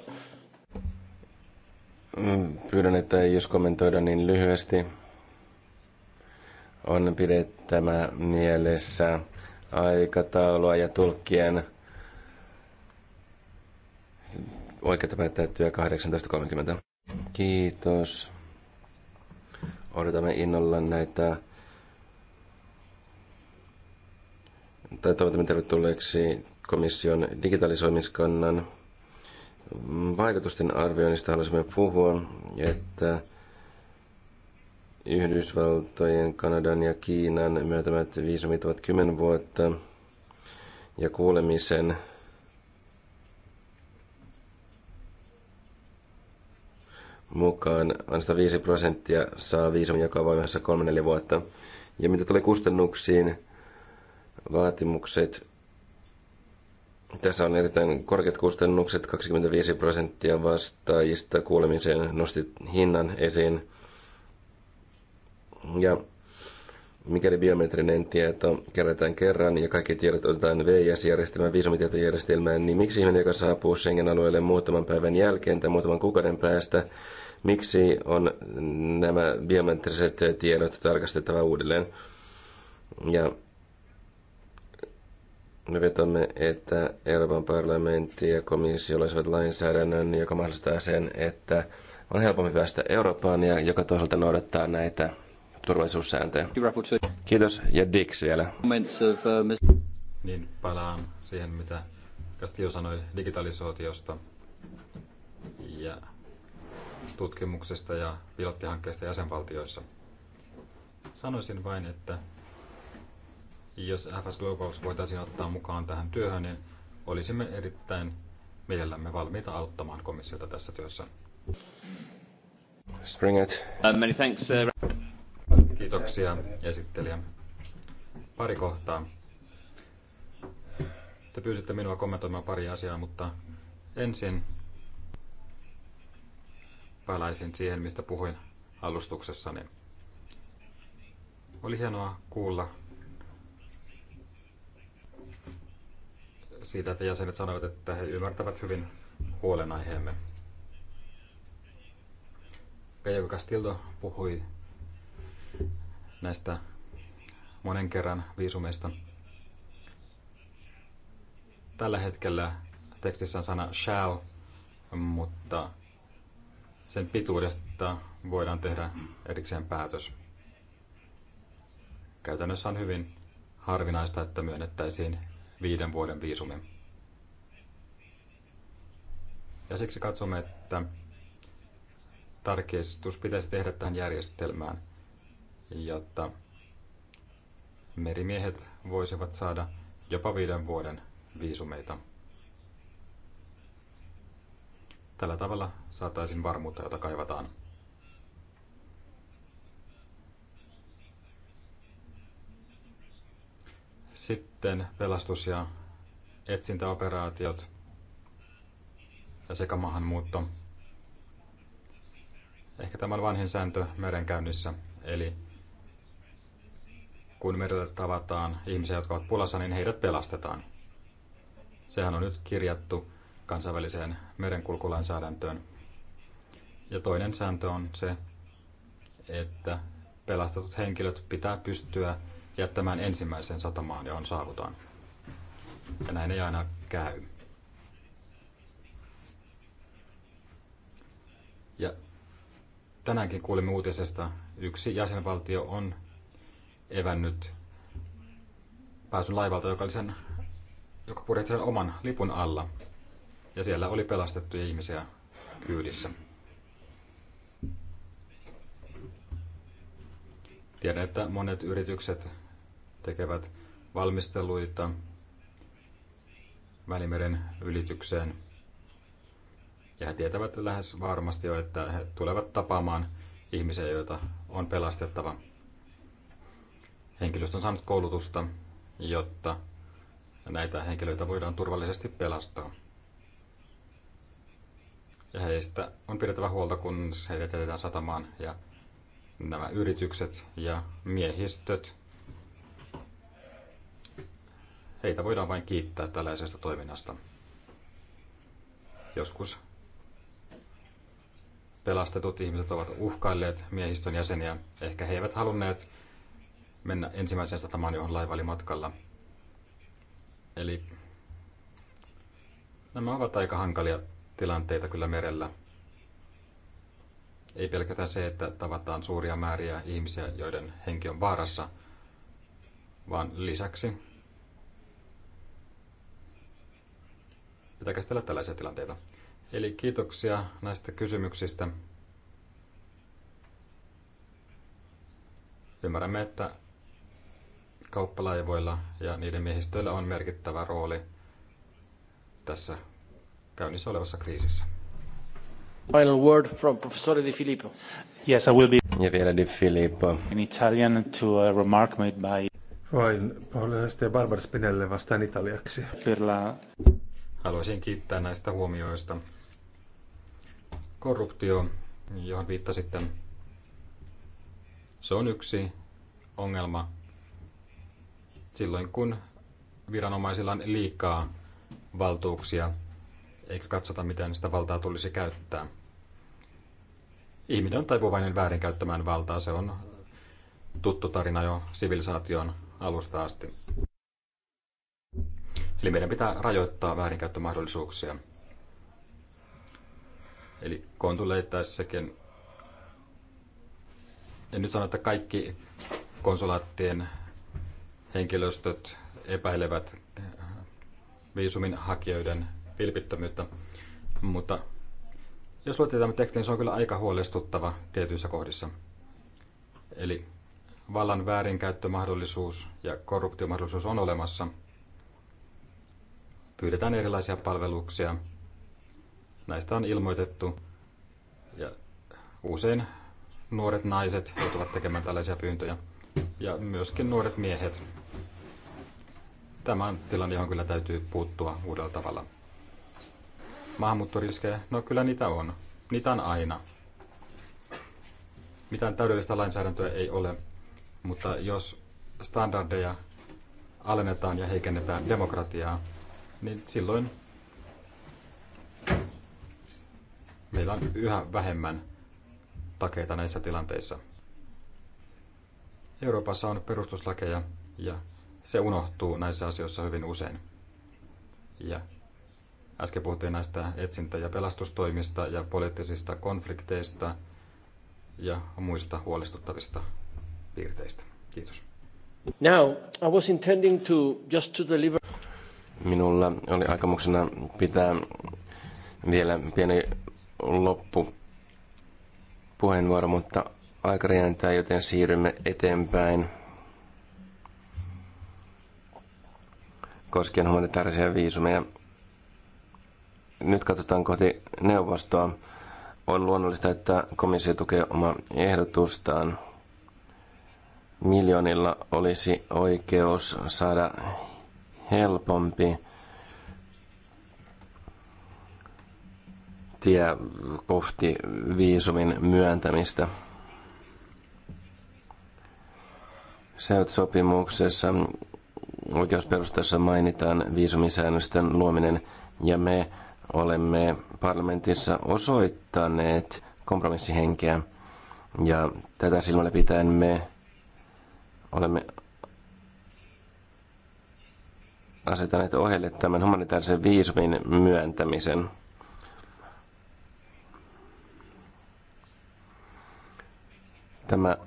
Mm, pyydän, että jos kommentoida niin lyhyesti, on pidettävä mielessä aikataulua ja tulkkien oikeata päättäytyä 18.30. Kiitos. Odotamme innolla näitä tai toivotamme tervetulleeksi komission digitalisoimiskannan vaikutusten arvioinnista haluaisimme puhua, että Yhdysvaltojen, Kanadan ja Kiinan myötämät viisumit ovat 10 vuotta ja kuulemisen mukaan ainoastaan 5 prosenttia saa viisumia joka on 3-4 vuotta. Ja mitä tulee kustannuksiin, vaatimukset. Tässä on erittäin korkeat kustannukset, 25 prosenttia vastaajista kuulemiseen nosti hinnan esiin. Ja mikäli biometrinen tieto kerätään kerran ja kaikki tiedot otetaan VIS-järjestelmään, viisumitietojärjestelmään, niin miksi ihminen, joka saapuu Schengen-alueelle muutaman päivän jälkeen tai muutaman kuukauden päästä, miksi on nämä biometriset tiedot tarkastettava uudelleen? Ja me vetämme että Euroopan parlamentti ja komissio olisivat lainsäädännön, joka mahdollistaa sen, että on helpompi päästä Eurooppaan ja joka toisaalta noudattaa näitä turvallisuussääntöjä. Kiitos ja Dick siellä. Uh, niin, palaan siihen, mitä Castillo sanoi digitalisaatiosta ja tutkimuksesta ja pilottihankkeista jäsenvaltioissa. Sanoisin vain, että jos FS Global voitaisiin ottaa mukaan tähän työhön, niin olisimme erittäin mielellämme valmiita auttamaan komissiota tässä työssä. Springet. Uh, many thanks, uh, Kiitoksia esittelijä. Pari kohtaa. Te pyysitte minua kommentoimaan pari asiaa, mutta ensin palaisin siihen, mistä puhuin alustuksessani. Oli hienoa kuulla siitä, että jäsenet sanoivat, että he ymmärtävät hyvin huolenaiheemme. Kajako Castildo puhui näistä monen kerran viisumeista. Tällä hetkellä tekstissä on sana shall, mutta sen pituudesta voidaan tehdä erikseen päätös. Käytännössä on hyvin harvinaista, että myönnettäisiin viiden vuoden viisumin. Ja siksi katsomme, että tarkistus pitäisi tehdä tähän järjestelmään, jotta merimiehet voisivat saada jopa viiden vuoden viisumeita. Tällä tavalla saataisiin varmuutta, jota kaivataan. Sitten pelastus- ja etsintäoperaatiot ja sekamaahanmuutto. Ehkä tämä on vanhin sääntö merenkäynnissä, eli kun merellä tavataan ihmisiä, jotka ovat pulassa, niin heidät pelastetaan. Sehän on nyt kirjattu kansainväliseen merenkulkulainsäädäntöön. Ja toinen sääntö on se, että pelastetut henkilöt pitää pystyä jättämään ensimmäiseen satamaan, johon saavutaan. Ja näin ei aina käy. Ja tänäänkin kuulimme uutisesta, yksi jäsenvaltio on evännyt pääsyn laivalta, joka, oli sen, joka purjehti sen oman lipun alla. Ja siellä oli pelastettuja ihmisiä kyydissä. Tiedän, että monet yritykset tekevät valmisteluita Välimeren ylitykseen. Ja he tietävät lähes varmasti jo, että he tulevat tapaamaan ihmisiä, joita on pelastettava. Henkilöstö on saanut koulutusta, jotta näitä henkilöitä voidaan turvallisesti pelastaa. Ja heistä on pidettävä huolta, kun heidät jätetään satamaan. Ja nämä yritykset ja miehistöt Heitä voidaan vain kiittää tällaisesta toiminnasta. Joskus pelastetut ihmiset ovat uhkailleet miehistön jäseniä. Ehkä he eivät halunneet mennä ensimmäiseen satamaan, johon laiva oli matkalla. Eli nämä ovat aika hankalia tilanteita kyllä merellä. Ei pelkästään se, että tavataan suuria määriä ihmisiä, joiden henki on vaarassa, vaan lisäksi pitää käsitellä tällaisia tilanteita. Eli kiitoksia näistä kysymyksistä. Ymmärrämme, että kauppalaivoilla ja niiden miehistöillä on merkittävä rooli tässä käynnissä olevassa kriisissä. Final word from Professore Di Filippo. Yes, I will be. Ja vielä Di Filippo. In Italian to a remark made by... Voin puolesta Barbara Spinelle vastaan italiaksi. Per la Haluaisin kiittää näistä huomioista. Korruptio, johon viittasitte, se on yksi ongelma silloin, kun viranomaisilla on liikaa valtuuksia, eikä katsota, miten sitä valtaa tulisi käyttää. Ihminen on taipuvainen väärinkäyttämään valtaa, se on tuttu tarina jo sivilisaation alusta asti. Eli meidän pitää rajoittaa väärinkäyttömahdollisuuksia. Eli konsuleittaissakin, en nyt sano, että kaikki konsulaattien henkilöstöt epäilevät viisumin hakijoiden vilpittömyyttä, mutta jos luette tämän tekstin, se on kyllä aika huolestuttava tietyissä kohdissa. Eli vallan väärinkäyttömahdollisuus ja korruptiomahdollisuus on olemassa – pyydetään erilaisia palveluksia. Näistä on ilmoitettu ja usein nuoret naiset joutuvat tekemään tällaisia pyyntöjä ja myöskin nuoret miehet. Tämä on tilanne, johon kyllä täytyy puuttua uudella tavalla. Maahanmuuttoriskejä, no kyllä niitä on. Niitä on aina. Mitään täydellistä lainsäädäntöä ei ole, mutta jos standardeja alennetaan ja heikennetään demokratiaa, niin silloin meillä on yhä vähemmän takeita näissä tilanteissa. Euroopassa on perustuslakeja ja se unohtuu näissä asioissa hyvin usein. Ja äsken puhuttiin näistä etsintä- ja pelastustoimista ja poliittisista konflikteista ja muista huolestuttavista piirteistä. Kiitos. Now, I was intending to just to deliver... Minulla oli aikomuksena pitää vielä pieni loppu puheenvuoro, mutta aika rientää, joten siirrymme eteenpäin. Koskien humanitaarisia viisumeja. Nyt katsotaan kohti neuvostoa. On luonnollista, että komissio tukee omaa ehdotustaan. Miljoonilla olisi oikeus saada helpompi tie kohti viisumin myöntämistä. SEUT-sopimuksessa oikeusperustassa mainitaan viisumisäännösten luominen ja me olemme parlamentissa osoittaneet kompromissihenkeä ja tätä silmällä pitäen me olemme asetaneet ohjeille tämän humanitaarisen viisumin myöntämisen. Tämä,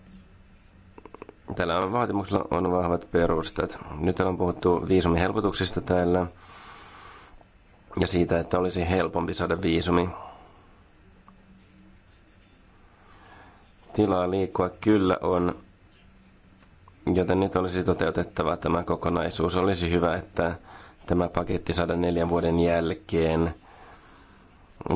tällä vaatimuksella on vahvat perustat. Nyt on puhuttu viisumihelpotuksista täällä ja siitä, että olisi helpompi saada viisumi. Tilaa liikkua kyllä on, Joten nyt olisi toteutettava tämä kokonaisuus. Olisi hyvä, että tämä paketti saadaan neljän vuoden jälkeen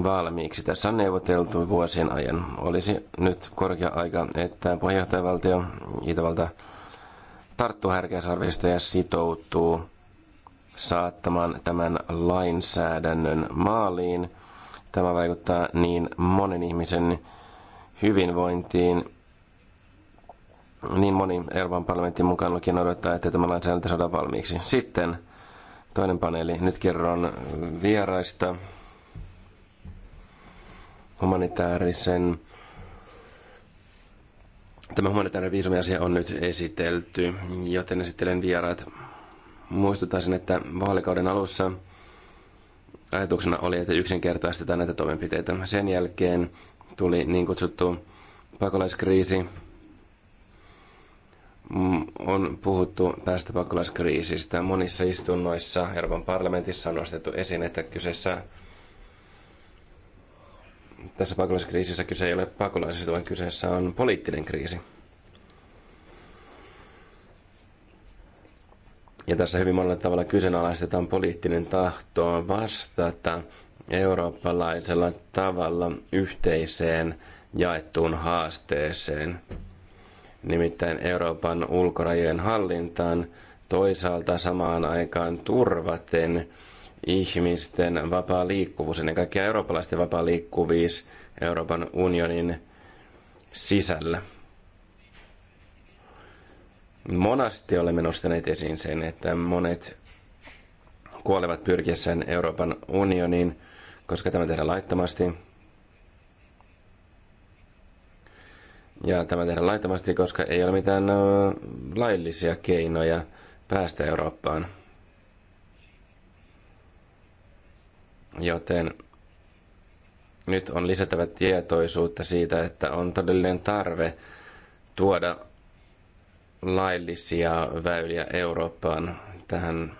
valmiiksi. Tässä on neuvoteltu vuosien ajan. Olisi nyt korkea aika, että puheenjohtajavaltio Itävalta tarttuu härkäsarvista ja sitoutuu saattamaan tämän lainsäädännön maaliin. Tämä vaikuttaa niin monen ihmisen hyvinvointiin niin moni Euroopan parlamentin mukaan lukien odottaa, että tämä lainsäädäntö saadaan valmiiksi. Sitten toinen paneeli. Nyt kerron vieraista humanitaarisen Tämä humanitaarinen viisumiasia on nyt esitelty, joten esittelen vieraat. Muistutaisin, että vaalikauden alussa ajatuksena oli, että yksinkertaistetaan näitä toimenpiteitä. Sen jälkeen tuli niin kutsuttu pakolaiskriisi, Mm, on puhuttu tästä pakolaiskriisistä. Monissa istunnoissa Euroopan parlamentissa on nostettu esiin, että kyseessä tässä pakolaiskriisissä kyse ei ole pakolaisista, vaan kyseessä on poliittinen kriisi. Ja tässä hyvin monella tavalla kyseenalaistetaan poliittinen tahto vastata eurooppalaisella tavalla yhteiseen jaettuun haasteeseen – nimittäin Euroopan ulkorajojen hallintaan, toisaalta samaan aikaan turvaten ihmisten vapaa liikkuvuus, ennen kaikkea eurooppalaisten vapaa liikkuvuus Euroopan unionin sisällä. Monasti olemme nostaneet esiin sen, että monet kuolevat pyrkiessään Euroopan unioniin, koska tämä tehdään laittomasti. ja tämä tehdään laittomasti, koska ei ole mitään laillisia keinoja päästä Eurooppaan. Joten nyt on lisättävä tietoisuutta siitä, että on todellinen tarve tuoda laillisia väyliä Eurooppaan tähän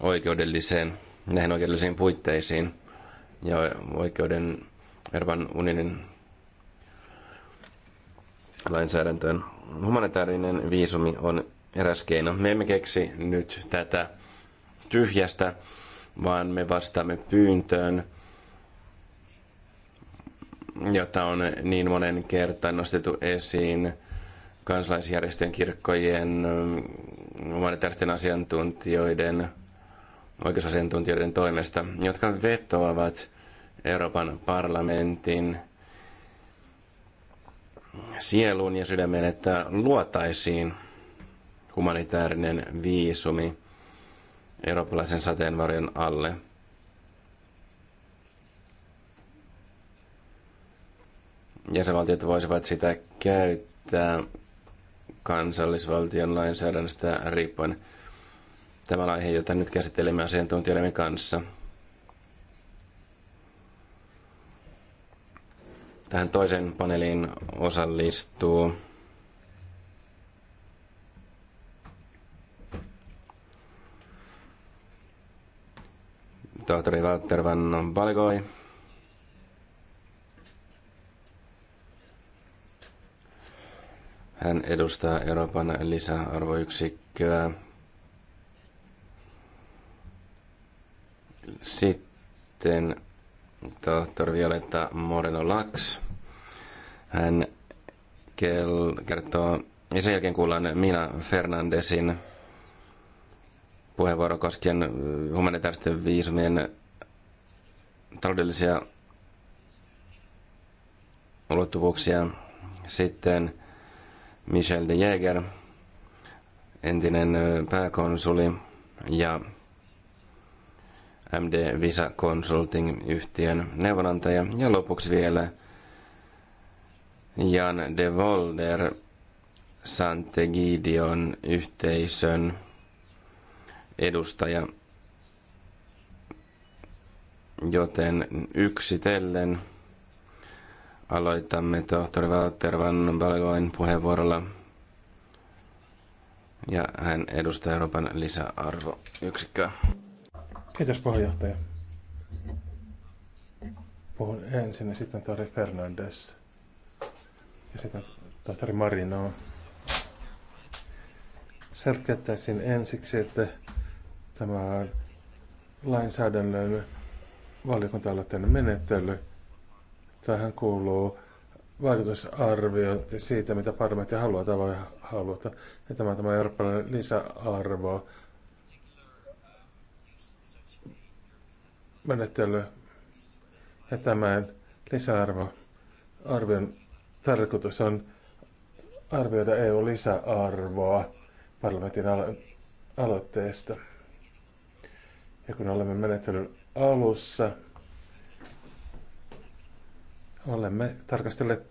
oikeudelliseen, näihin oikeudellisiin puitteisiin ja oikeuden Euroopan unionin lainsäädäntöön. Humanitaarinen viisumi on eräs keino. Me emme keksi nyt tätä tyhjästä, vaan me vastaamme pyyntöön, jota on niin monen kertaan nostettu esiin kansalaisjärjestöjen, kirkkojen, humanitaaristen asiantuntijoiden, oikeusasiantuntijoiden toimesta, jotka vetoavat Euroopan parlamentin – sieluun ja sydämeen, että luotaisiin humanitaarinen viisumi eurooppalaisen sateenvarjon alle. Jäsenvaltiot voisivat sitä käyttää kansallisvaltion lainsäädännöstä riippuen. Tämä aihe, jota nyt käsittelemme asiantuntijoidemme kanssa – Tähän toiseen paneeliin osallistuu tohtori Walter Van Balgoi. Hän edustaa Euroopan lisäarvoyksikköä. Sitten tohtor Violetta Moreno Lax. Hän kertoo, ja sen jälkeen kuullaan Mina Fernandesin puheenvuoro koskien humanitaaristen viisumien taloudellisia ulottuvuuksia. Sitten Michel de Jäger, entinen pääkonsuli ja MD Visa Consulting-yhtiön neuvonantaja. Ja lopuksi vielä Jan de Volder Santegidion yhteisön edustaja. Joten yksitellen aloitamme tohtori Walter Van Balgoin puheenvuorolla. Ja hän edustaa Euroopan lisäarvoyksikköä. Kiitos puheenjohtaja. Puhun ensin ja sitten Tori Fernandes ja sitten tohtori Marino. Selkeyttäisin ensiksi, että tämä lainsäädännön valiokunta-aloitteinen menettely. Tähän kuuluu vaikutusarvio siitä, mitä parlamentti haluaa tai voi haluta. Ja tämä on tämä eurooppalainen lisäarvo menettely ja tämän lisäarvo tarkoitus on arvioida EU-lisäarvoa parlamentin alo- aloitteesta. Ja kun olemme menettelyn alussa, olemme tarkastelleet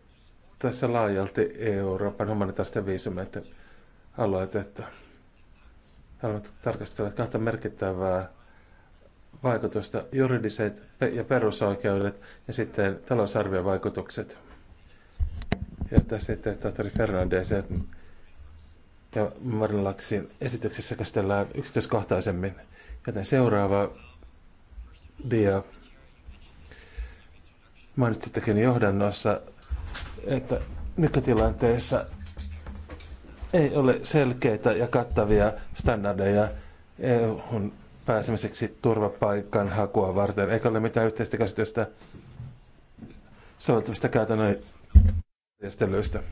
tässä laajalti Euroopan humanitaaristen viisumeiden aloitetta. Haluamme tarkastella kahta merkittävää vaikutusta, juridiset ja perusoikeudet ja sitten talousarvion vaikutukset. Ja sitten tohtori Fernandes ja Marin esityksessä käsitellään yksityiskohtaisemmin. Joten seuraava dia. Mainitsittekin johdannossa, että nykytilanteessa ei ole selkeitä ja kattavia standardeja EUn pääsemiseksi turvapaikan hakua varten. Eikä ole mitään yhteistä käsitystä soveltavista käytännön järjestelyistä.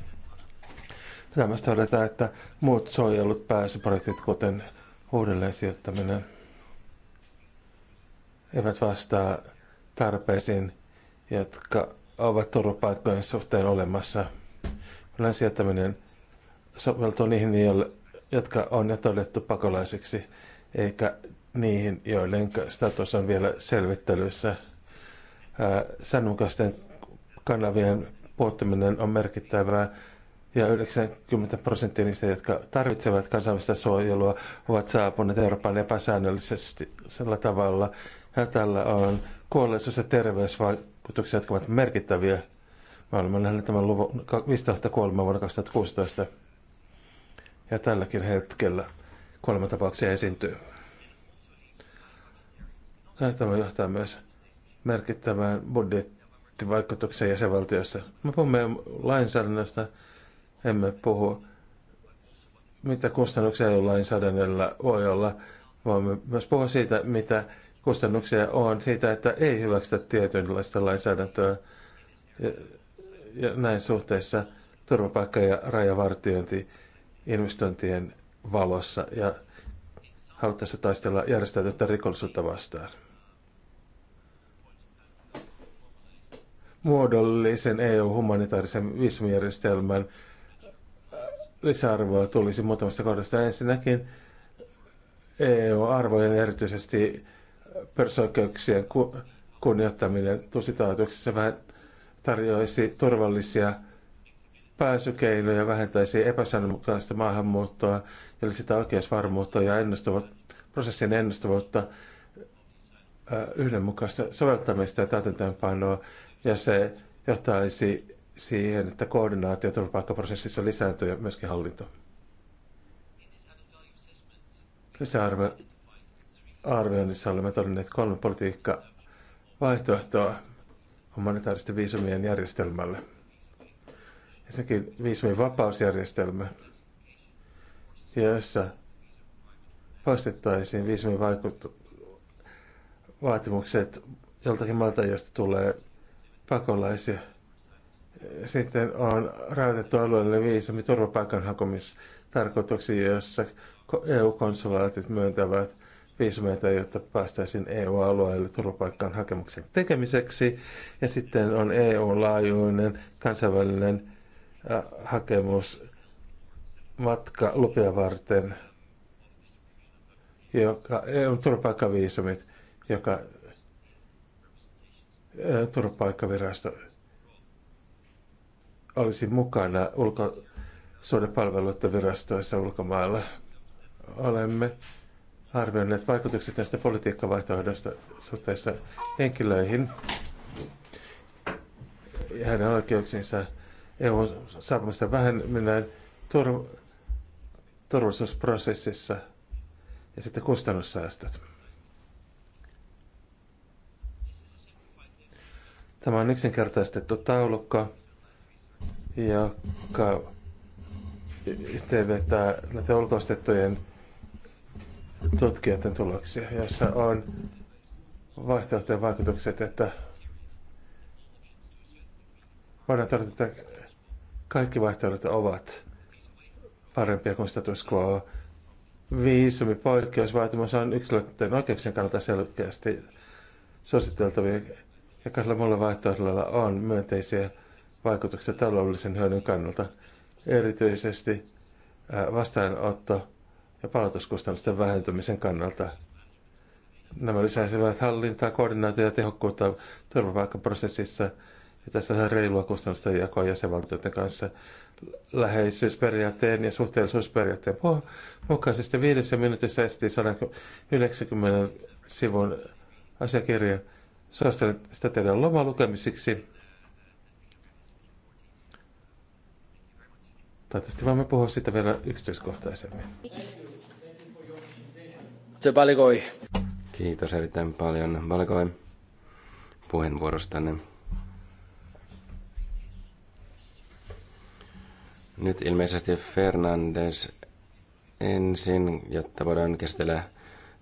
Pitää myös todeta, että muut suojellut pääsyprojektit, kuten uudelleen sijoittaminen, eivät vastaa tarpeisiin, jotka ovat turvapaikkojen suhteen olemassa. Uudelleen sijoittaminen soveltuu niihin, jotka on jo todettu pakolaisiksi, eikä niihin, joiden status on vielä selvittelyssä. Säännönmukaisten kanavien puuttuminen on merkittävää ja 90 prosenttia niistä, jotka tarvitsevat kansainvälistä suojelua, ovat saapuneet Euroopan epäsäännöllisesti sillä tavalla. Ja tällä on kuolleisuus- ja terveysvaikutuksia, jotka ovat merkittäviä. Mä olemme nähneet tämän luvun 5003 vuonna 2016. Ja tälläkin hetkellä kolme tapauksia esiintyy tämä johtaa myös merkittävään budjettivaikutukseen jäsenvaltiossa. Me puhumme lainsäädännöstä, emme puhu, mitä kustannuksia EU-lainsäädännöllä voi olla. Voimme myös puhua siitä, mitä kustannuksia on siitä, että ei hyväksytä tietynlaista lainsäädäntöä ja, ja näin suhteessa turvapaikka- ja rajavartiointi investointien valossa ja haluttaessa taistella järjestäytynyttä rikollisuutta vastaan. muodollisen EU-humanitaarisen viisumijärjestelmän lisäarvoa tulisi muutamasta kohdasta. Ensinnäkin EU-arvojen erityisesti perusoikeuksien kunnioittaminen tusitaatuksi. Se vähän tarjoaisi turvallisia pääsykeinoja, vähentäisi epäsäännönmukaista maahanmuuttoa ja sitä oikeusvarmuutta ja ennustavat, prosessin ennustavuutta, yhdenmukaista soveltamista ja täytäntöönpanoa ja se johtaisi siihen, että koordinaatio turvapaikkaprosessissa lisääntyy ja myöskin hallinto. Lisäarvo arvioinnissa olemme todenneet kolme politiikkaa vaihtoehtoa humanitaaristen viisumien järjestelmälle. Ensinnäkin viisumin vapausjärjestelmä, jossa poistettaisiin viisumin vaatimukset joltakin maalta, josta tulee pakolaisia. Sitten on rajoitettu alueelle viisumi tarkoituksiin, jossa EU-konsulaatit myöntävät viisumeita, jotta päästäisiin EU-alueelle turvapaikan hakemuksen tekemiseksi. Ja sitten on EU-laajuinen kansainvälinen hakemus matka lupia varten, joka eu turvapaikkaviisumit, joka turvapaikkavirasto olisi mukana ulkosuhdepalveluiden virastoissa ulkomailla. Olemme arvioineet vaikutukset tästä politiikkavaihtoehdosta suhteessa henkilöihin ja hänen oikeuksiinsa EUn saapumista vähemmän turvallisuusprosessissa ja sitten kustannussäästöt. Tämä on yksinkertaistettu taulukko, joka yhteenvetää näitä ulkoistettujen tutkijoiden tuloksia, jossa on vaihtoehtojen vaikutukset, että voidaan todeta, että kaikki vaihtoehdot ovat parempia kuin status quo. Viisumi poikkeusvaatimus on yksilöiden oikeuksien kannalta selkeästi suositeltavia Jokaisella muulla vaihtoehdolla on myönteisiä vaikutuksia taloudellisen hyödyn kannalta, erityisesti vastaanotto- ja palautuskustannusten vähentymisen kannalta. Nämä lisäisivät hallintaa, koordinaatiota ja tehokkuutta turvapaikkaprosessissa ja tässä on reilua kustannusten jakoa jäsenvaltioiden kanssa läheisyysperiaatteen ja suhteellisuusperiaatteen mukaisesti viidessä minuutissa esitti 190 sivun asiakirja, Suosittelen sitä teidän lomaa lukemisiksi. Toivottavasti voimme puhua siitä vielä yksityiskohtaisemmin. Se palikoi. Kiitos erittäin paljon, Valkoi, puheenvuorostanne. Nyt ilmeisesti Fernandes ensin, jotta voidaan käsitellä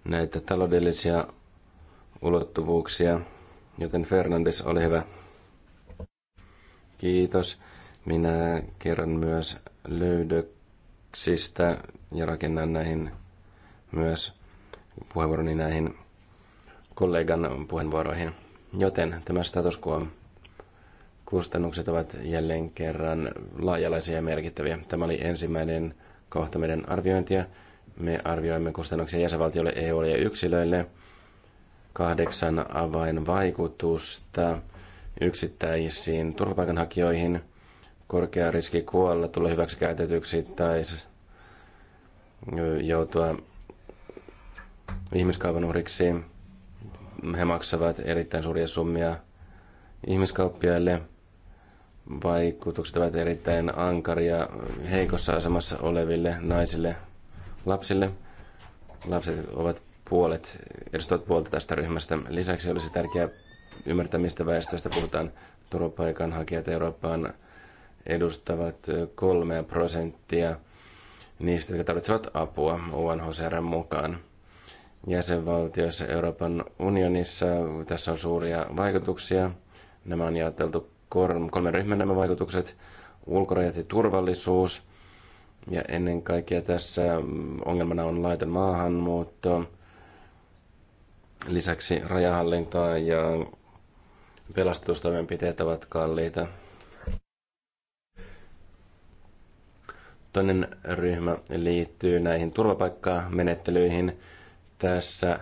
näitä taloudellisia ulottuvuuksia joten Fernandes, ole hyvä. Kiitos. Minä kerron myös löydöksistä ja rakennan näihin myös puheenvuoroni näihin kollegan puheenvuoroihin. Joten tämä status quo kustannukset ovat jälleen kerran laajalaisia ja merkittäviä. Tämä oli ensimmäinen kohta meidän arviointia. Me arvioimme kustannuksia jäsenvaltiolle EUlle ja yksilöille – kahdeksan avainvaikutusta yksittäisiin turvapaikanhakijoihin, korkea riski kuolla, tulla hyväksikäytetyksi tai joutua ihmiskaupan uhriksi. He maksavat erittäin suuria summia ihmiskauppiaille. Vaikutukset ovat erittäin ankaria heikossa asemassa oleville naisille, lapsille. Lapset ovat puolet, edustavat puolta tästä ryhmästä. Lisäksi olisi tärkeää ymmärtää, mistä väestöstä puhutaan. Turvapaikanhakijat Eurooppaan edustavat kolmea prosenttia niistä, jotka tarvitsevat apua UNHCRn mukaan. Jäsenvaltioissa Euroopan unionissa tässä on suuria vaikutuksia. Nämä on jaoteltu kolmen ryhmän nämä vaikutukset. Ulkorajat ja turvallisuus – ja ennen kaikkea tässä ongelmana on laiton maahanmuutto, Lisäksi rajahallintoa ja pelastustoimenpiteet ovat kalliita. Toinen ryhmä liittyy näihin turvapaikkamenettelyihin. Tässä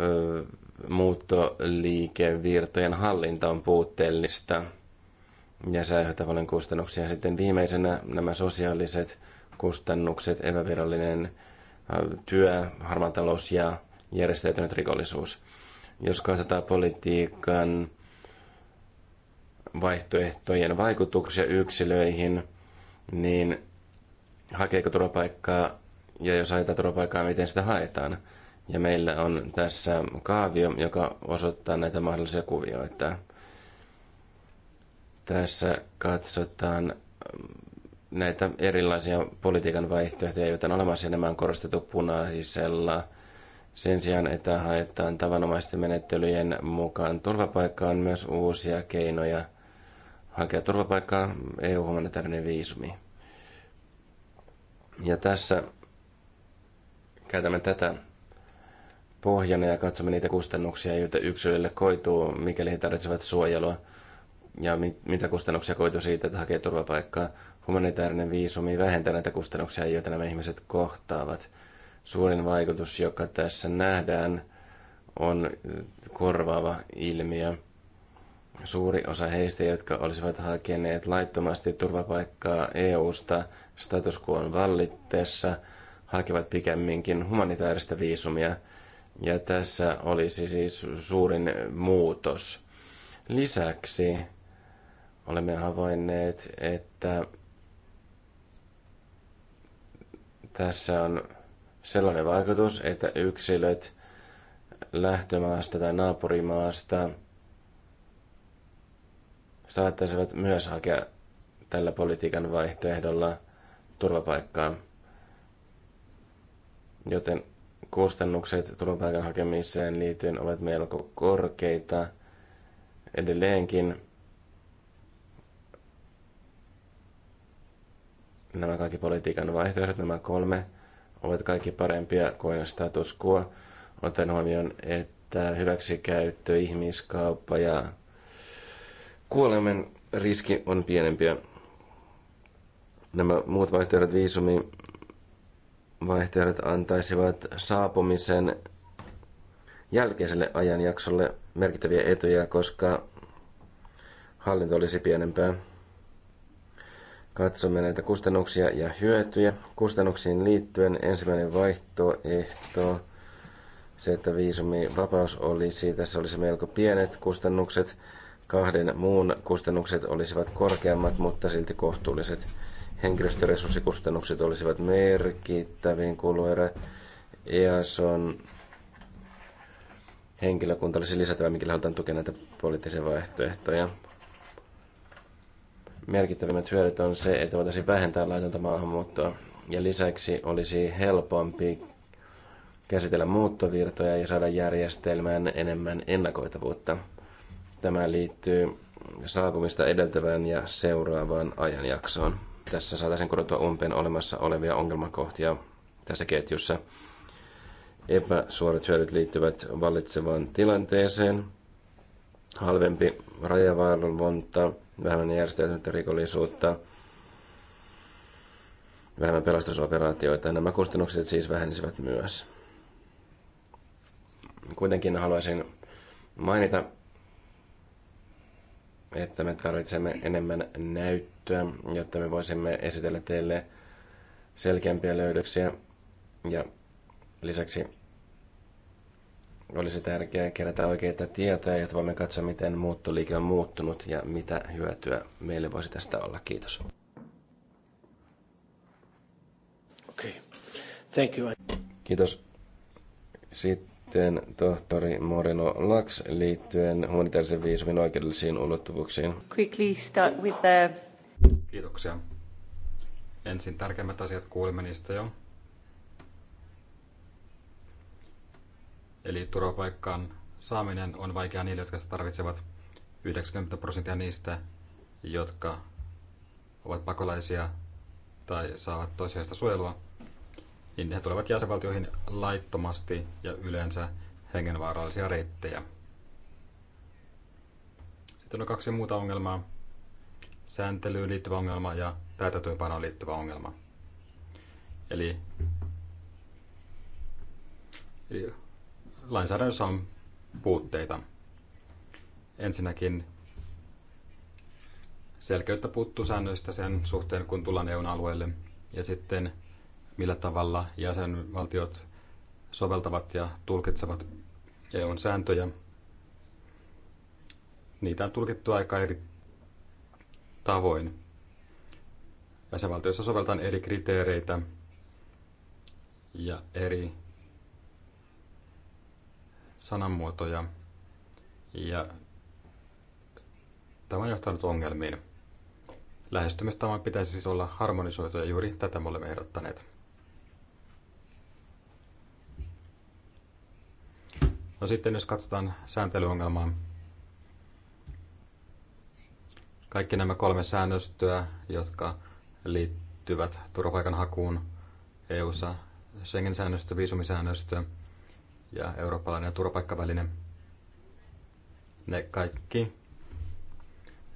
ö, muuttoliikevirtojen hallinta on puutteellista ja säilyttää paljon kustannuksia. Sitten viimeisenä nämä sosiaaliset kustannukset, epävirallinen työ, harmaatalous ja järjestäytynyt rikollisuus. Jos katsotaan politiikan vaihtoehtojen vaikutuksia yksilöihin, niin hakeeko turvapaikkaa ja jos haetaan turvapaikkaa, miten sitä haetaan. Ja meillä on tässä kaavio, joka osoittaa näitä mahdollisia kuvioita. Tässä katsotaan näitä erilaisia politiikan vaihtoehtoja, joita on olemassa enemmän korostettu punaisella – sen sijaan, että haetaan tavanomaisten menettelyjen mukaan turvapaikkaan myös uusia keinoja hakea turvapaikkaa EU-humanitaarinen viisumi. Ja tässä käytämme tätä pohjana ja katsomme niitä kustannuksia, joita yksilölle koituu, mikäli he tarvitsevat suojelua, ja mit, mitä kustannuksia koituu siitä, että hakee turvapaikkaa. Humanitaarinen viisumi vähentää näitä kustannuksia, joita nämä ihmiset kohtaavat. Suurin vaikutus, joka tässä nähdään, on äh, korvaava ilmiö. Suuri osa heistä, jotka olisivat hakeneet laittomasti turvapaikkaa EU-sta status quoon vallitteessa, hakevat pikemminkin humanitaarista viisumia. Ja tässä olisi siis suurin muutos. Lisäksi olemme havainneet, että tässä on sellainen vaikutus, että yksilöt lähtömaasta tai naapurimaasta saattaisivat myös hakea tällä politiikan vaihtoehdolla turvapaikkaa. Joten kustannukset turvapaikan hakemiseen liittyen ovat melko korkeita. Edelleenkin nämä kaikki politiikan vaihtoehdot, nämä kolme, ovat kaikki parempia kuin status quo, ottaen huomioon, että hyväksikäyttö, ihmiskauppa ja kuolemen riski on pienempiä. Nämä muut vaihtoehdot, viisumi, vaihtoehdot antaisivat saapumisen jälkeiselle ajanjaksolle merkittäviä etuja, koska hallinto olisi pienempää. Katsomme näitä kustannuksia ja hyötyjä. Kustannuksiin liittyen ensimmäinen vaihtoehto, se että viisumivapaus olisi, tässä olisi melko pienet kustannukset. Kahden muun kustannukset olisivat korkeammat, mutta silti kohtuulliset. Henkilöstöresurssikustannukset olisivat merkittävin kuluerä. EASON henkilökunta olisi lisätävä, mikä halutaan tukea näitä poliittisia vaihtoehtoja merkittävimmät hyödyt on se, että voitaisiin vähentää laitonta maahanmuuttoa. Ja lisäksi olisi helpompi käsitellä muuttovirtoja ja saada järjestelmään enemmän ennakoitavuutta. Tämä liittyy saapumista edeltävään ja seuraavaan ajanjaksoon. Tässä saataisiin kurottua umpeen olemassa olevia ongelmakohtia tässä ketjussa. Epäsuorat hyödyt liittyvät vallitsevaan tilanteeseen, halvempi rajavalvonta, vähemmän järjestäytynyttä rikollisuutta, vähemmän pelastusoperaatioita. Nämä kustannukset siis vähenisivät myös. Kuitenkin haluaisin mainita, että me tarvitsemme enemmän näyttöä, jotta me voisimme esitellä teille selkeämpiä löydöksiä. Ja lisäksi olisi tärkeää kerätä oikeita tietoja, jotta voimme katsoa, miten muuttoliike on muuttunut ja mitä hyötyä meille voisi tästä olla. Kiitos. Okay. Thank you. Kiitos. Sitten tohtori Moreno Lax liittyen humanitaarisen viisumin oikeudellisiin ulottuvuuksiin. Quickly start with the... Kiitoksia. Ensin tärkeimmät asiat kuulimme niistä jo. Eli turvapaikan saaminen on vaikeaa niille, jotka sitä tarvitsevat. 90 prosenttia niistä, jotka ovat pakolaisia tai saavat toisesta suojelua, niin he tulevat jäsenvaltioihin laittomasti ja yleensä hengenvaarallisia reittejä. Sitten on kaksi muuta ongelmaa. Sääntelyyn liittyvä ongelma ja täytäntöönpanoon liittyvä ongelma. Eli, eli lainsäädännössä on puutteita. Ensinnäkin selkeyttä puuttuu säännöistä sen suhteen, kun tullaan EUn alueelle, ja sitten millä tavalla jäsenvaltiot soveltavat ja tulkitsevat EUn sääntöjä. Niitä on tulkittu aika eri tavoin. Jäsenvaltioissa soveltaan eri kriteereitä ja eri sanamuotoja ja tämä on johtanut ongelmiin. Lähestymistavan pitäisi siis olla harmonisoitu ja juuri tätä me olemme ehdottaneet. No sitten jos katsotaan sääntelyongelmaa, kaikki nämä kolme säännöstöä, jotka liittyvät turvapaikanhakuun EU-ssa, Schengen-säännöstö, viisumisäännöstö, ja eurooppalainen turvapaikkaväline. Ne kaikki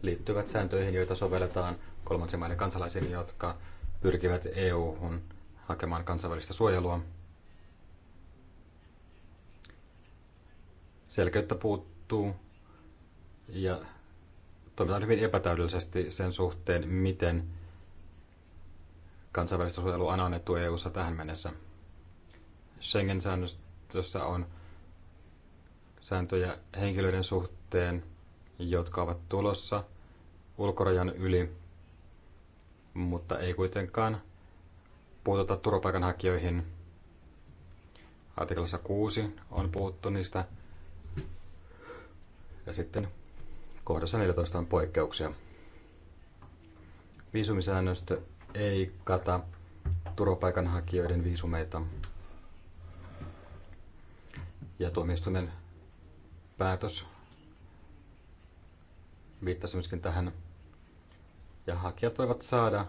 liittyvät sääntöihin, joita sovelletaan kolmansien maiden kansalaisiin, jotka pyrkivät EU-hun hakemaan kansainvälistä suojelua. Selkeyttä puuttuu ja toimitaan hyvin epätäydellisesti sen suhteen, miten kansainvälistä suojelua on annettu EU-ssa tähän mennessä. Schengen-säännöstä jossa on sääntöjä henkilöiden suhteen, jotka ovat tulossa ulkorajan yli, mutta ei kuitenkaan puututa turvapaikanhakijoihin. Artiklassa 6 on puhuttu niistä. Ja sitten kohdassa 14 on poikkeuksia. Viisumisäännöstö ei kata turvapaikanhakijoiden viisumeita ja tuomioistuimen päätös viittasi myöskin tähän. Ja hakijat voivat saada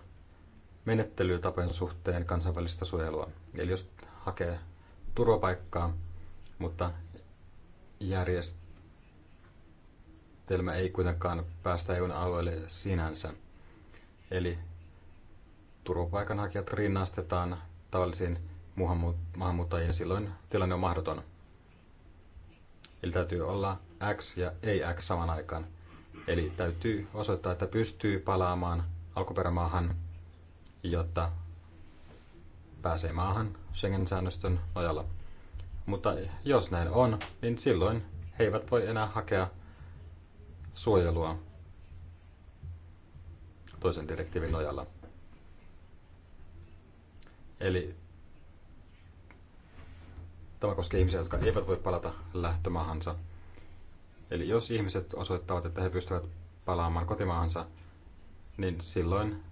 menettelytapojen suhteen kansainvälistä suojelua. Eli jos hakee turvapaikkaa, mutta järjestelmä ei kuitenkaan päästä EUn alueelle sinänsä. Eli turvapaikanhakijat rinnastetaan tavallisiin maahanmuuttajiin, silloin tilanne on mahdoton. Eli täytyy olla X ja ei X saman aikaan. Eli täytyy osoittaa, että pystyy palaamaan alkuperämaahan, jotta pääsee maahan Schengen-säännöstön nojalla. Mutta jos näin on, niin silloin he eivät voi enää hakea suojelua toisen direktiivin nojalla. Eli tämä koskee ihmisiä, jotka eivät voi palata lähtömaahansa. Eli jos ihmiset osoittavat, että he pystyvät palaamaan kotimaahansa, niin silloin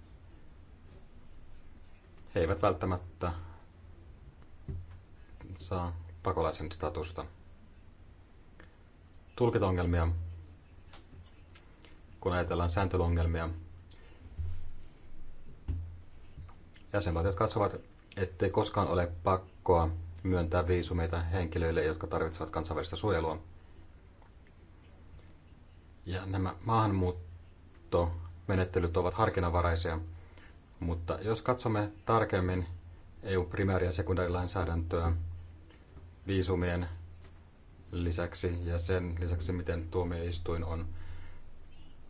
he eivät välttämättä saa pakolaisen statusta. Tulkitongelmia, kun ajatellaan sääntelyongelmia, jäsenvaltiot katsovat, ettei koskaan ole pakkoa myöntää viisumeita henkilöille, jotka tarvitsevat kansainvälistä suojelua. Ja nämä maahanmuuttomenettelyt ovat harkinnanvaraisia, mutta jos katsomme tarkemmin EU-primääri- ja sekundaarilainsäädäntöä viisumien lisäksi ja sen lisäksi, miten tuomioistuin on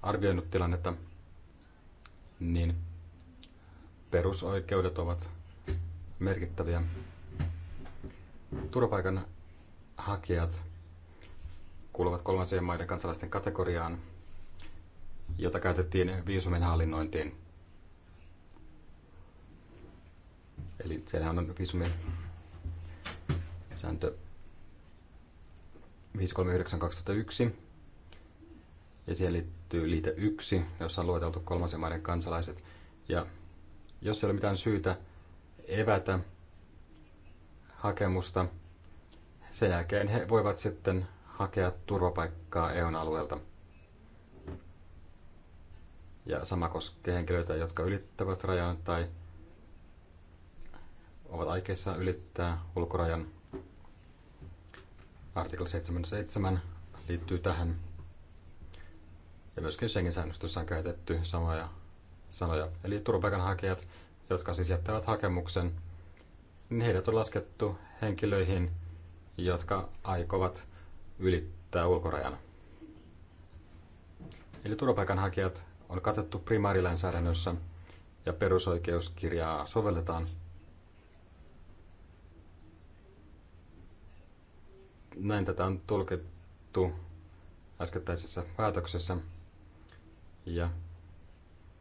arvioinut tilannetta, niin perusoikeudet ovat merkittäviä. Turvapaikan hakijat kuuluvat kolmansien maiden kansalaisten kategoriaan, jota käytettiin viisumin hallinnointiin. Eli siellä on viisumin sääntö 539-2001. Ja siihen liittyy liite 1, jossa on lueteltu kolmansien maiden kansalaiset. Ja jos ei ole mitään syytä evätä hakemusta. Sen jälkeen he voivat sitten hakea turvapaikkaa EUn alueelta. Ja sama koskee henkilöitä, jotka ylittävät rajan tai ovat aikeissa ylittää ulkorajan. Artikla 77 liittyy tähän. Ja myöskin Schengen säännöstössä on käytetty samoja sanoja. Eli turvapaikanhakijat, jotka siis jättävät hakemuksen niin heidät on laskettu henkilöihin, jotka aikovat ylittää ulkorajan. Eli turvapaikanhakijat on katettu primaarilainsäädännössä ja perusoikeuskirjaa sovelletaan. Näin tätä on tulkittu äskettäisessä päätöksessä. Ja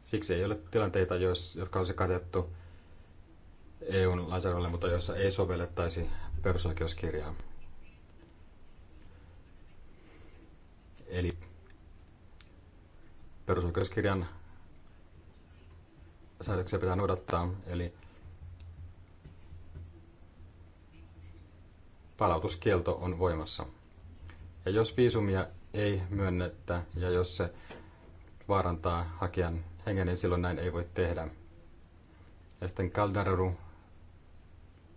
siksi ei ole tilanteita, jos, jotka olisi katettu eu lainsäädännölle, mutta jossa ei sovellettaisi perusoikeuskirjaa. Eli perusoikeuskirjan säädöksiä pitää noudattaa, eli palautuskielto on voimassa. Ja jos viisumia ei myönnetä ja jos se vaarantaa hakijan hengen, niin silloin näin ei voi tehdä. Ja sitten Caldararu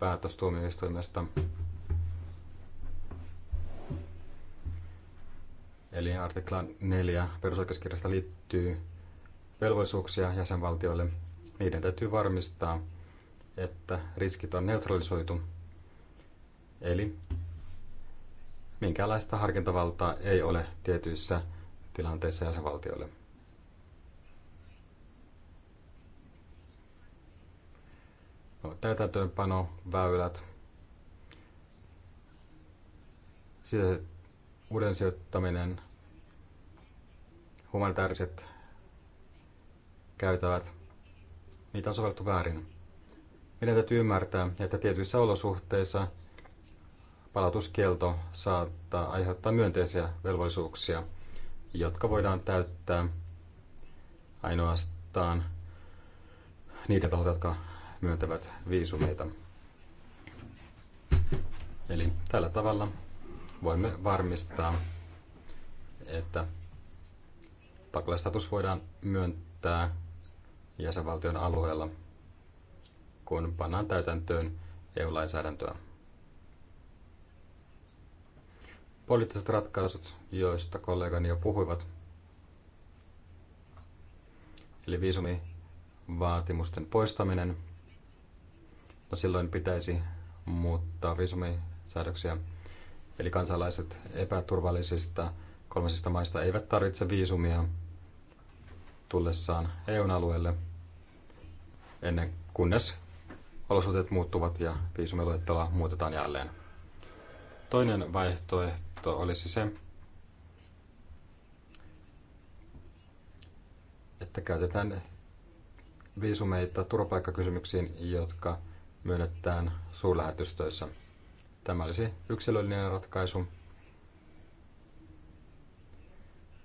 päätös tuomioistuimesta. Eli artikla 4 perusoikeuskirjasta liittyy velvollisuuksia jäsenvaltioille. Niiden täytyy varmistaa, että riskit on neutralisoitu. Eli minkäänlaista harkintavaltaa ei ole tietyissä tilanteissa jäsenvaltioille. No, täytäntöönpano, väylät, sisäiset uuden sijoittaminen, humanitaariset käytävät, niitä on sovellettu väärin. Meidän täytyy ymmärtää, että tietyissä olosuhteissa palautuskielto saattaa aiheuttaa myönteisiä velvollisuuksia, jotka voidaan täyttää ainoastaan niiden tahot, jotka myöntävät viisumeita. Eli tällä tavalla voimme varmistaa, että pakolaistatus voidaan myöntää jäsenvaltion alueella, kun pannaan täytäntöön EU-lainsäädäntöä. Poliittiset ratkaisut, joista kollegani jo puhuivat, eli viisumivaatimusten poistaminen no silloin pitäisi muuttaa viisumisäädöksiä. Eli kansalaiset epäturvallisista kolmansista maista eivät tarvitse viisumia tullessaan EUn alueelle ennen kunnes olosuhteet muuttuvat ja viisumiluetteloa muutetaan jälleen. Toinen vaihtoehto olisi se, että käytetään viisumeita turvapaikkakysymyksiin, jotka myönnetään suurlähetystöissä. Tämä olisi yksilöllinen ratkaisu.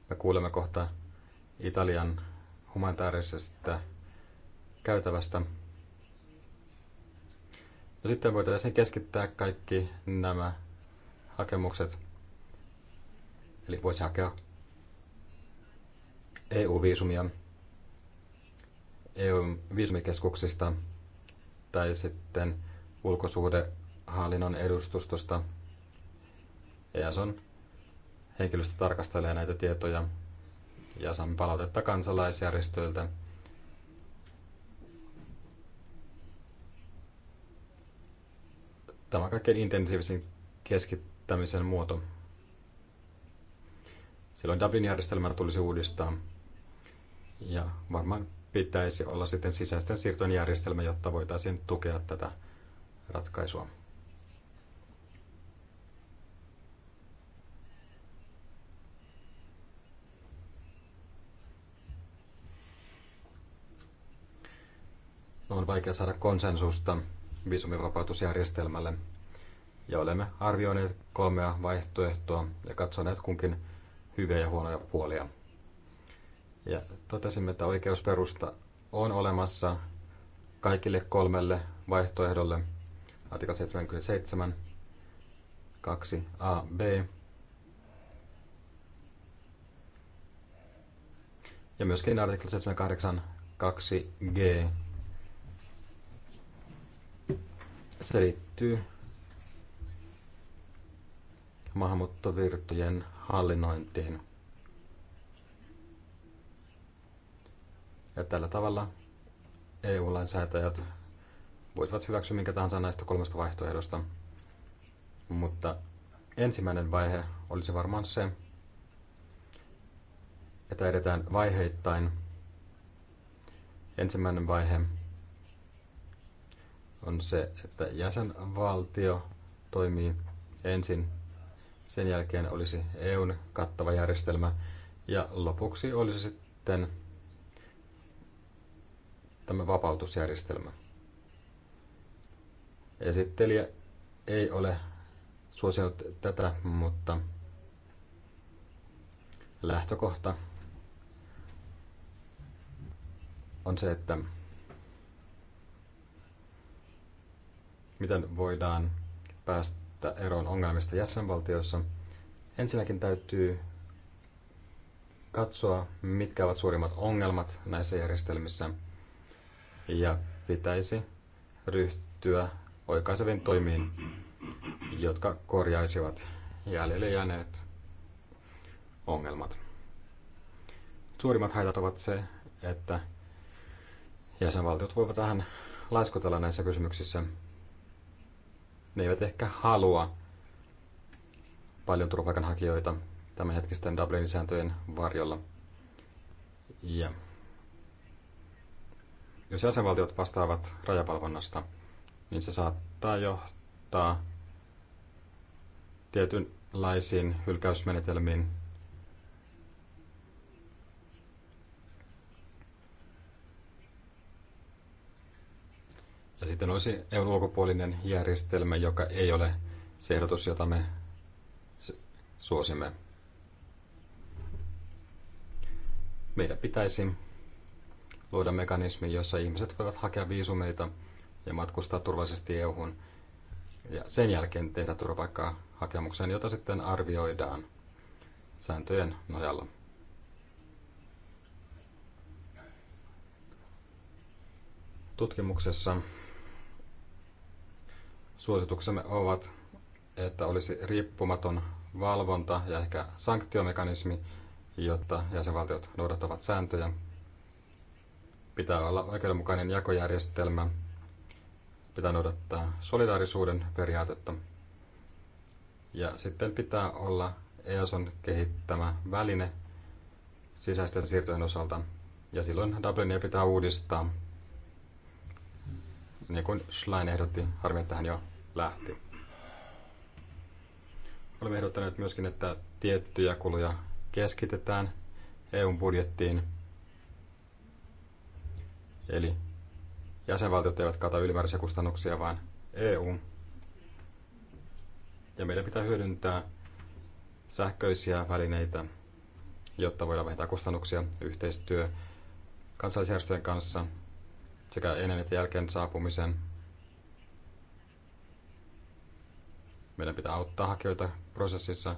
Me kuulemme kohta Italian humanitaarisesta käytävästä. No sitten voitaisiin keskittää kaikki nämä hakemukset. Eli voisi hakea EU-viisumia EU-viisumikeskuksista tai sitten ulkosuhdehallinnon edustustosta. EASON henkilöstö tarkastelee näitä tietoja ja saamme palautetta kansalaisjärjestöiltä. Tämä on kaikkein intensiivisin keskittämisen muoto. Silloin Dublin-järjestelmää tulisi uudistaa ja varmaan pitäisi olla sitten sisäisten siirtojen järjestelmä, jotta voitaisiin tukea tätä ratkaisua. on vaikea saada konsensusta viisumivapautusjärjestelmälle, ja olemme arvioineet kolmea vaihtoehtoa ja katsoneet kunkin hyviä ja huonoja puolia. Ja totesimme, että oikeusperusta on olemassa kaikille kolmelle vaihtoehdolle. Artikla 77, 2 a b. Ja myöskin artikla 78, 2 g. Se liittyy maahanmuuttovirtojen hallinnointiin. Ja tällä tavalla EU-lainsäätäjät voisivat hyväksyä minkä tahansa näistä kolmesta vaihtoehdosta. Mutta ensimmäinen vaihe olisi varmaan se, että edetään vaiheittain. Ensimmäinen vaihe on se, että jäsenvaltio toimii ensin. Sen jälkeen olisi EUn kattava järjestelmä ja lopuksi olisi sitten tämä vapautusjärjestelmä. Esittelijä ei ole suosinut tätä, mutta lähtökohta on se, että miten voidaan päästä eroon ongelmista jäsenvaltioissa. Ensinnäkin täytyy katsoa, mitkä ovat suurimmat ongelmat näissä järjestelmissä – ja pitäisi ryhtyä oikaiseviin toimiin, jotka korjaisivat jäljelle jääneet ongelmat. Suurimmat haitat ovat se, että jäsenvaltiot voivat vähän laiskotella näissä kysymyksissä. Ne eivät ehkä halua paljon turvapaikanhakijoita tämänhetkisten Dublinin sääntöjen varjolla. Ja jos jäsenvaltiot vastaavat rajavalvonnasta, niin se saattaa johtaa tietynlaisiin hylkäysmenetelmiin. Ja sitten olisi EUn ulkopuolinen järjestelmä, joka ei ole se ehdotus, jota me suosimme. Meidän pitäisi luoda mekanismi, jossa ihmiset voivat hakea viisumeita ja matkustaa turvallisesti EU:hun ja sen jälkeen tehdä turvapaikkaa hakemuksen, jota sitten arvioidaan sääntöjen nojalla. Tutkimuksessa suosituksemme ovat, että olisi riippumaton valvonta ja ehkä sanktiomekanismi, jotta jäsenvaltiot noudattavat sääntöjä Pitää olla oikeudenmukainen jakojärjestelmä, pitää noudattaa solidaarisuuden periaatetta. Ja sitten pitää olla EASON kehittämä väline sisäisten siirtojen osalta. Ja silloin Dublinia pitää uudistaa. Niin kuin Schlein ehdotti, harmi, että hän jo lähti. Olemme ehdottaneet myöskin, että tiettyjä kuluja keskitetään EUn budjettiin – Eli jäsenvaltiot eivät kata ylimääräisiä kustannuksia, vaan EU. Ja meidän pitää hyödyntää sähköisiä välineitä, jotta voidaan vähentää kustannuksia, yhteistyö kansallisjärjestöjen kanssa sekä ennen että jälkeen saapumisen. Meidän pitää auttaa hakijoita prosessissa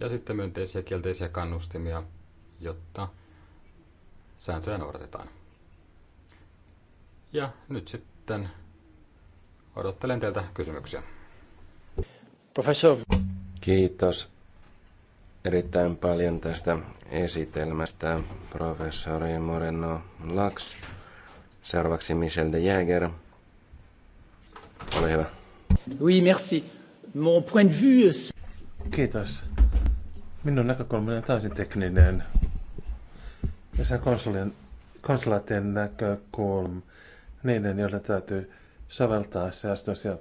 ja sitten myönteisiä kielteisiä kannustimia, jotta sääntöjä noudatetaan. Ja nyt sitten odottelen teiltä kysymyksiä. Professor. Kiitos erittäin paljon tästä esitelmästä, professori Moreno Lax. Seuraavaksi Michel de Jäger. Ole hyvä. Oui, merci. Mon point de vue... Is... Kiitos. Minun näkökulmani on täysin tekninen. Ja se konsulaattien näkökulma niiden, niin, joille täytyy soveltaa ja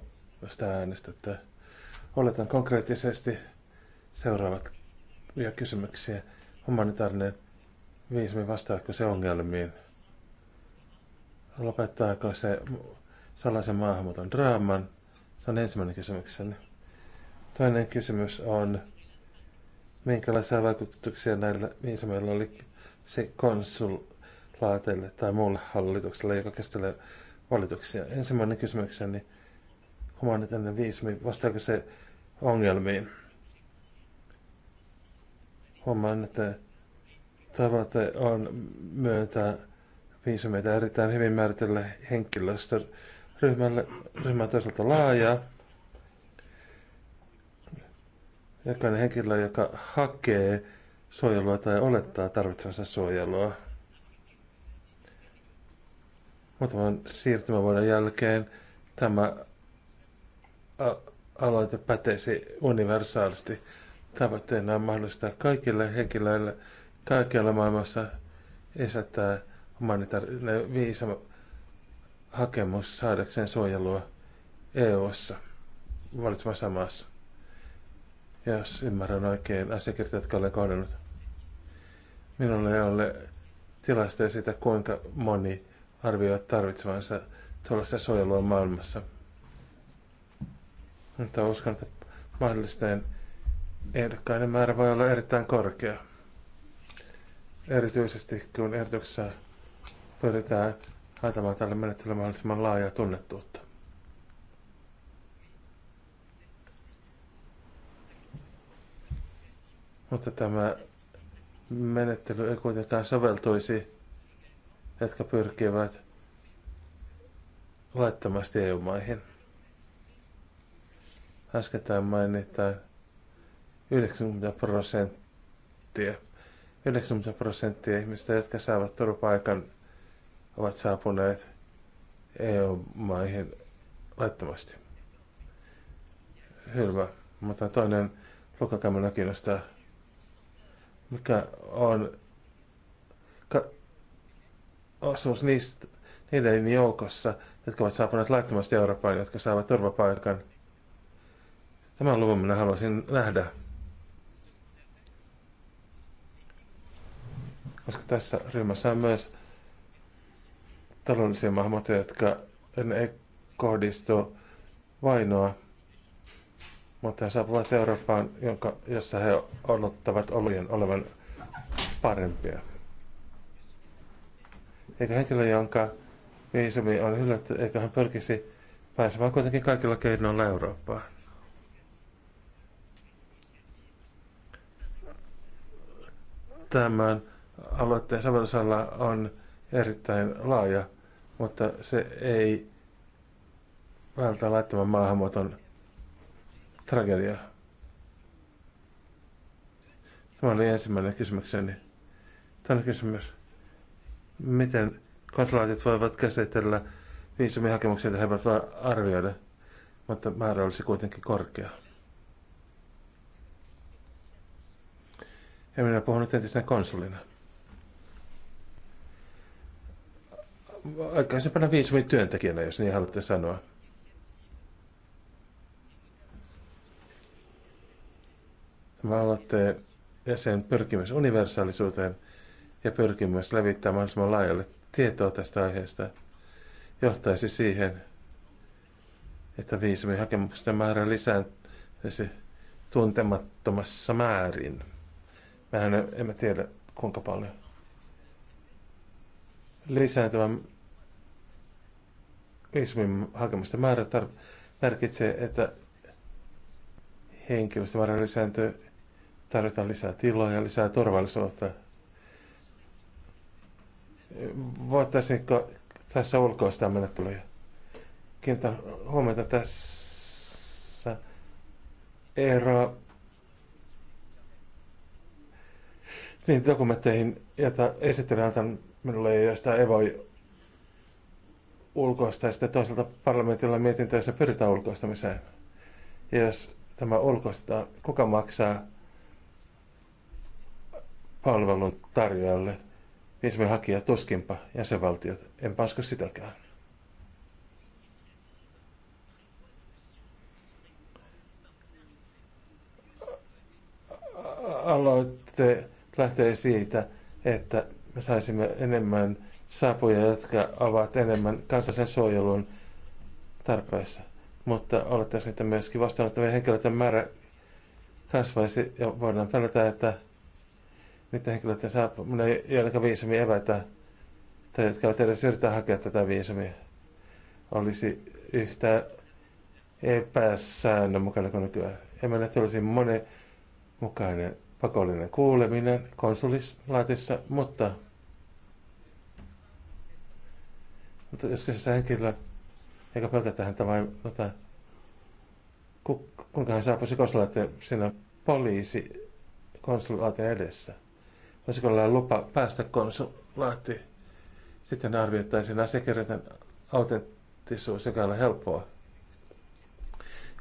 sitä äänestettä. Oletan konkreettisesti seuraavat ja kysymyksiä. Humanitaarinen viisumi vastaako se ongelmiin? Lopettaako se salaisen maahanmuuton draaman? Se on ensimmäinen kysymykseni. Toinen kysymys on, minkälaisia vaikutuksia näillä viisumeilla oli se konsul, laateille tai muulle hallitukselle, joka käsittelee valituksia. Ensimmäinen kysymykseni, humanitaarinen viisumi, vastaako se ongelmiin? Huomaan, että tavoite on myöntää viisumeita erittäin hyvin määritellä henkilöstöryhmälle. Ryhmä on toisaalta laaja. Jokainen henkilö, joka hakee suojelua tai olettaa tarvitsevansa suojelua, muutaman siirtymävuoden jälkeen tämä aloite pätesi universaalisti. Tavoitteena on mahdollistaa kaikille henkilöille kaikkialla maailmassa isättää humanitaarinen viisama hakemus saadakseen suojelua EU-ssa valitsemassa maassa. Jos ymmärrän oikein asiakirjat, jotka olen kohdannut. Minulla ei ole tilastoja siitä, kuinka moni arvioivat tarvitsevansa tuollaista suojelua maailmassa. Mutta uskon, että mahdollisten ehdokkaiden määrä voi olla erittäin korkea. Erityisesti kun ehdotuksessa pyritään haetamaan tälle menettelylle mahdollisimman laajaa tunnettuutta. Mutta tämä menettely ei kuitenkaan soveltuisi jotka pyrkivät laittomasti EU-maihin. Äskettäin mainitaan 90 prosenttia. 90 prosenttia ihmistä, jotka saavat turvapaikan, ovat saapuneet EU-maihin laittomasti. Hyvä. Mutta toinen lukakamera kiinnostaa. Mikä on ka- osuus niistä, niiden joukossa, jotka ovat saapuneet laittomasti Eurooppaan, jotka saavat turvapaikan. Tämän luvun minä haluaisin nähdä. Koska tässä ryhmässä on myös taloudellisia maahanmuuttajia, jotka ei e- kohdistu vainoa, mutta he saapuvat Eurooppaan, jonka, jossa he odottavat olujen olevan parempia. Eikä henkilö, jonka viisumi on hylätty, eikä hän pyrkisi pääsemään kuitenkin kaikilla keinoilla Eurooppaan? Tämän aloitteen sovellusalla on erittäin laaja, mutta se ei vältä laittoman maahanmuuton tragediaa. Tämä oli ensimmäinen kysymykseni. Tämä kysymys miten konsulaatit voivat käsitellä viisumihakemuksia, että he voivat vain arvioida, mutta määrä olisi kuitenkin korkea. Ja minä puhun nyt entisenä konsulina. Aikaisempana viisumityöntekijänä, jos niin haluatte sanoa. Tämä aloitteen jäsen pyrkimys universaalisuuteen – ja pyrkimys levittää mahdollisimman laajalle tietoa tästä aiheesta johtaisi siihen, että hakemusten määrä lisääntyisi tuntemattomassa määrin. Mehän emme tiedä kuinka paljon. Lisääntyvän viisumin hakemusten määrä tar- merkitsee, että henkilöstömäärä lisääntyy, tarvitaan lisää tiloja, lisää turvallisuutta – voitaisiinko tässä mennä menettelyjä? Kiinnitän huomiota tässä eroa niin dokumentteihin, joita esittelen tämän minulle ja joista ei voi ulkoistaa. Sitten toisaalta parlamentilla mietintö, jossa pyritään ulkoistamiseen. Ja jos tämä ulkoistetaan, kuka maksaa palvelun tarjoajalle? Viisumin hakija tuskinpa jäsenvaltiot, en usko sitäkään. Aloitte lähtee siitä, että me saisimme enemmän saapuja, jotka ovat enemmän kansallisen suojelun tarpeessa. Mutta olettaisiin, että myöskin vastaanottavien henkilöiden määrä kasvaisi ja voidaan pelätä, että niiden henkilöiden saapuminen, joiden viisumia eväitä, tai jotka ovat edes yrittää hakea tätä viisumia, olisi yhtä mukana kuin nykyään. meillä tulisi monen mukainen pakollinen kuuleminen konsulislaatissa, mutta, mutta jos kyseessä henkilö, eikä pelkästään häntä vain, mutta kuinka hän saapuisi konsulaatteen siinä poliisi konsulaatin edessä. Voisiko olla lupa päästä konsulaattiin? Sitten arvioittaisiin asiakirjoiden autenttisuus, joka on helppoa,